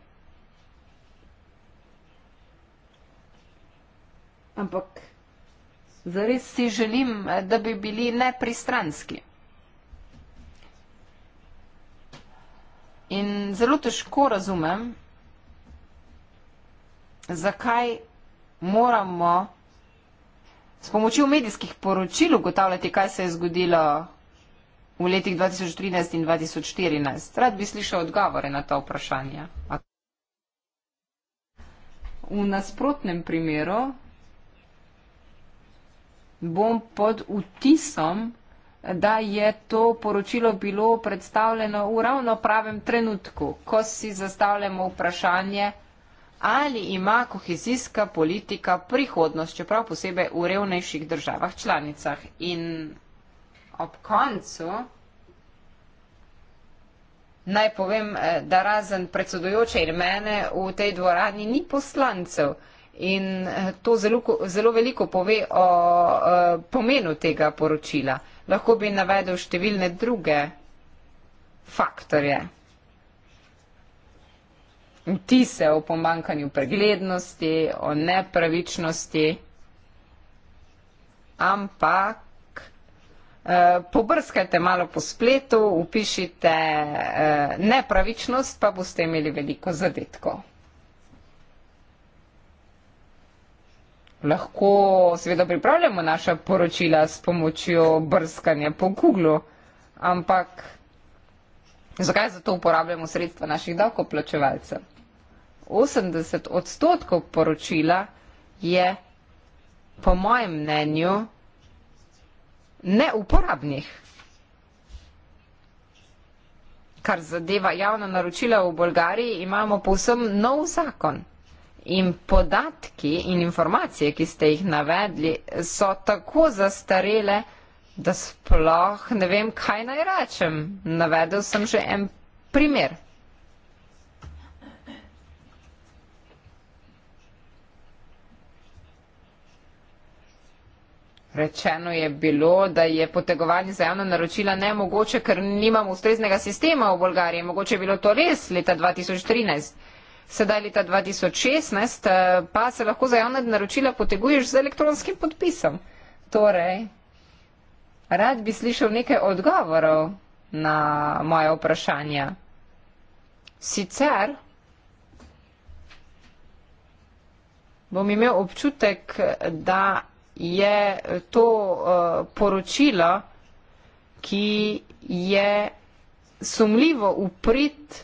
Ampak zares si želim, eh, da bi bili nepristranski. In zelo težko razumem, zakaj moramo s pomočjo medijskih poročil ugotavljati, kaj se je zgodilo v letih 2013 in 2014. Rad bi slišal odgovore na ta vprašanja. V nasprotnem primeru bom pod vtisom, da je to poročilo bilo predstavljeno v ravno pravem trenutku, ko si zastavljamo vprašanje, ali ima kohezijska politika prihodnost, čeprav posebej v revnejših državah članicah. In ob koncu naj povem, eh, da razen predsedujoče in mene v tej dvorani ni poslancev. In eh, to zelo, zelo veliko pove o uh, pomenu tega poročila. Lahko bi navedel številne druge faktorje vtise o pomankanju preglednosti, o nepravičnosti, ampak. Eh, pobrskajte malo po spletu, upišite eh, nepravičnost, pa boste imeli veliko zadetkov. Lahko seveda pripravljamo naša poročila s pomočjo brskanja po Google, ampak zakaj zato uporabljamo sredstva naših davkoplačevalcev? 80 odstotkov poročila je po mojem mnenju neuporabnih. Kar zadeva javna naročila v Bolgariji, imamo povsem nov zakon. In podatki in informacije, ki ste jih navedli, so tako zastarele, da sploh ne vem, kaj naj rečem. Navedel sem že en primer. Rečeno je bilo, da je potegovanje za javna naročila nemogoče, ker nimamo ustreznega sistema v Bolgariji. Mogoče je bilo to res leta 2013. Sedaj leta 2016 eh, pa se lahko za javna naročila poteguješ z elektronskim podpisom. Torej, rad bi slišal nekaj odgovorov na moje vprašanja. Sicer bom imel občutek, da je to uh, poročilo, ki je sumljivo uprit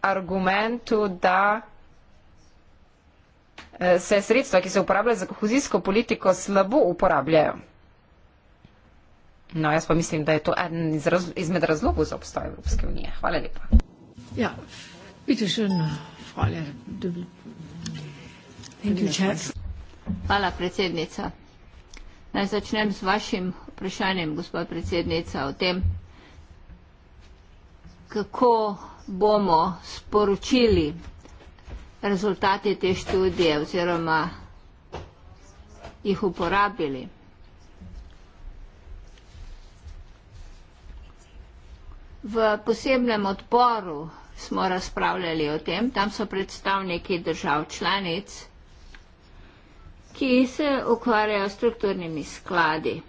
argumentu, da eh, se sredstva, ki se uporabljajo za kohezijsko politiko, slabo uporabljajo. No, jaz pa mislim, da je to eden iz raz, izmed razlogov za obstoj Evropske unije. Hvala lepa. Ja, vidite še eno. Hvala. Hvala, predsednica. Naj začnem z vašim vprašanjem, gospa predsednica, o tem, kako bomo sporočili rezultate te študije oziroma jih uporabili. V posebnem odboru smo razpravljali o tem, tam so predstavniki držav članic, ki se ukvarjajo s strukturnimi skladi.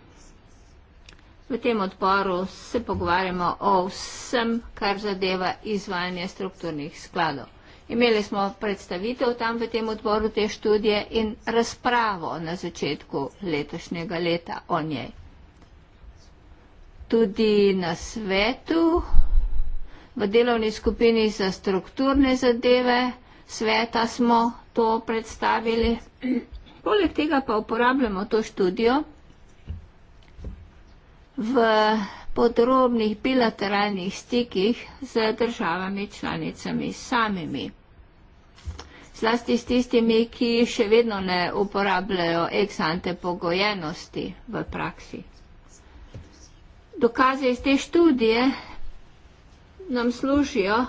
V tem odporu se pogovarjamo o vsem, kar zadeva izvajanje strukturnih skladov. Imeli smo predstavitev tam v tem odboru te študije in razpravo na začetku letošnjega leta o njej. Tudi na svetu, v delovni skupini za strukturne zadeve sveta smo to predstavili. Poleg tega pa uporabljamo to študijo v podrobnih bilateralnih stikih z državami članicami samimi. Zlasti s tistimi, ki še vedno ne uporabljajo eksante pogojenosti v praksi. Dokaze iz te študije nam služijo,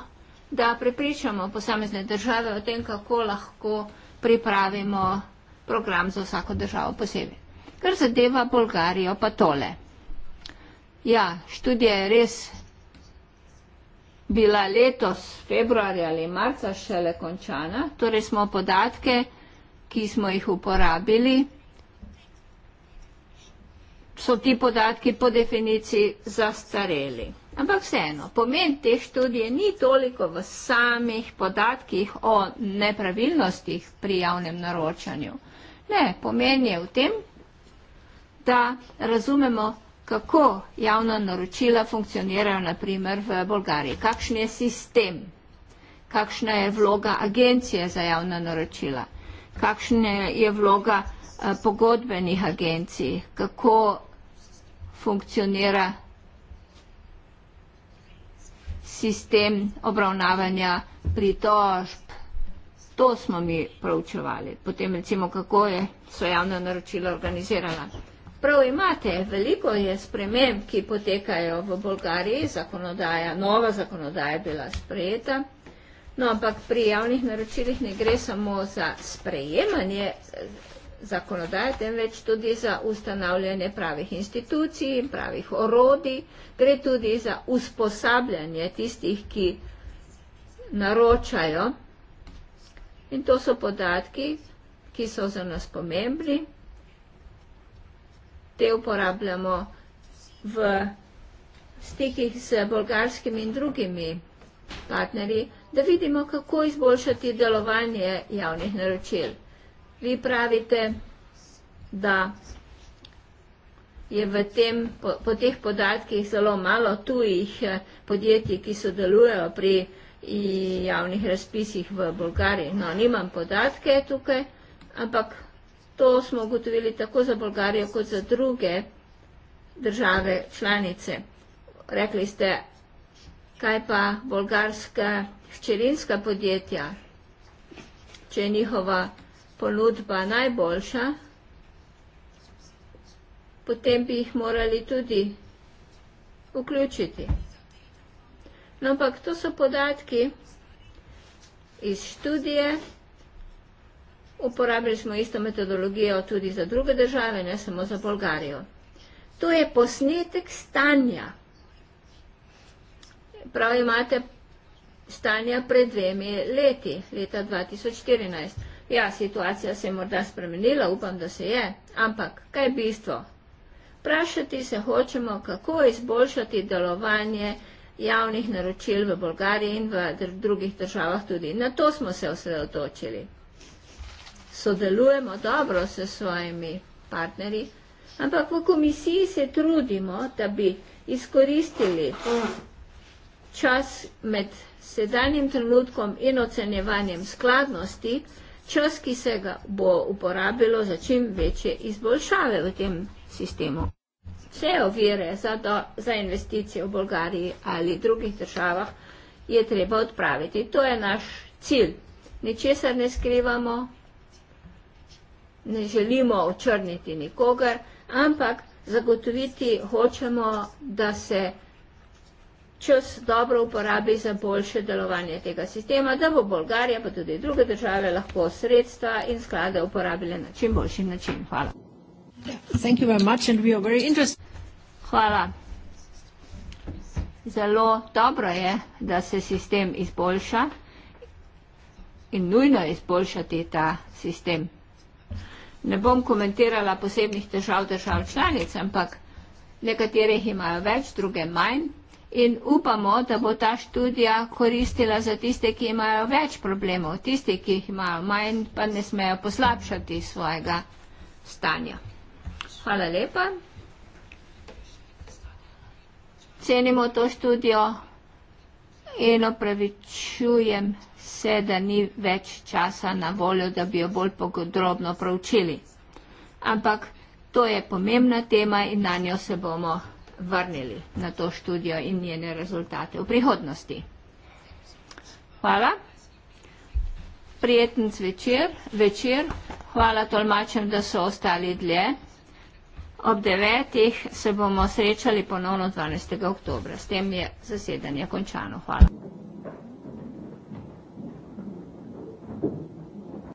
da prepričamo posamezne države o tem, kako lahko pripravimo program za vsako državo posebej. Kar zadeva Bolgarijo, pa tole. Ja, študija je res bila letos, februarja ali marca, šele končana. Torej smo podatke, ki smo jih uporabili, so ti podatki po definiciji zastareli. Ampak vseeno, pomen te študije ni toliko v samih podatkih o nepravilnostih pri javnem naročanju. Ne, pomen je v tem, da razumemo, kako javna naročila funkcionirajo naprimer v Bolgariji. Kakšen je sistem, kakšna je vloga agencije za javna naročila, kakšna je vloga eh, pogodbenih agencij, kako funkcionira sistem obravnavanja pritožb, To smo mi proučevali. Potem recimo, kako je so javno naročilo organizirala. Prav imate, veliko je sprememb, ki potekajo v Bolgariji, zakonodaja, nova zakonodaja je bila sprejeta, no ampak pri javnih naročilih ne gre samo za sprejemanje eh, zakonodaje, temveč tudi za ustanavljanje pravih institucij in pravih orodij, gre tudi za usposabljanje tistih, ki naročajo In to so podatki, ki so za nas pomembni. Te uporabljamo v stikih z bolgarskimi in drugimi partnerji, da vidimo, kako izboljšati delovanje javnih naročil. Vi pravite, da je v tem, po, po teh podatkih zelo malo tujih eh, podjetij, ki sodelujejo pri javnih razpisih v Bolgariji. No, nimam podatke tukaj, ampak to smo ugotovili tako za Bolgarijo kot za druge države članice. Rekli ste, kaj pa bolgarska hčerinska podjetja, če je njihova ponudba najboljša, potem bi jih morali tudi vključiti. No, ampak to so podatki iz študije. Uporabljali smo isto metodologijo tudi za druge države, ne samo za Bolgarijo. To je posnetek stanja. Prav imate stanja pred dvemi leti, leta 2014. Ja, situacija se je morda spremenila, upam, da se je, ampak kaj je bistvo? Prašati se hočemo, kako izboljšati delovanje javnih naročil v Bolgariji in v drugih državah tudi. Na to smo se osredotočili. Sodelujemo dobro s svojimi partnerji, ampak v komisiji se trudimo, da bi izkoristili čas med sedanjim trenutkom in ocenjevanjem skladnosti, čas, ki se ga bo uporabilo za čim večje izboljšave v tem sistemu vse ovire za, do, za investicije v Bolgariji ali drugih državah je treba odpraviti. To je naš cilj. Ničesar ne skrivamo, ne želimo očrniti nikogar, ampak zagotoviti hočemo, da se čas dobro uporabi za boljše delovanje tega sistema, da bo Bolgarija pa tudi druge države lahko sredstva in sklade uporabile na čim boljši način. Hvala. Thank you very much and we are very interested. Hvala. Zelo dobro je, da se sistem izboljša in nujno je izboljšati ta sistem. Ne bom komentirala posebnih težav držav članic, ampak nekatere jih imajo več, druge manj in upamo, da bo ta študija koristila za tiste, ki imajo več problemov, tisti, ki jih imajo manj, pa ne smejo poslabšati svojega stanja. Hvala lepa. Cenimo to študijo in opravičujem se, da ni več časa na voljo, da bi jo bolj pogodrobno pravčili. Ampak to je pomembna tema in na njo se bomo vrnili na to študijo in njene rezultate v prihodnosti. Hvala. Prijeten večer. Hvala tolmačem, da so ostali dlje. Ob devetih se bomo srečali ponovno 12. oktobra. S tem je zasedanje končano. Hvala.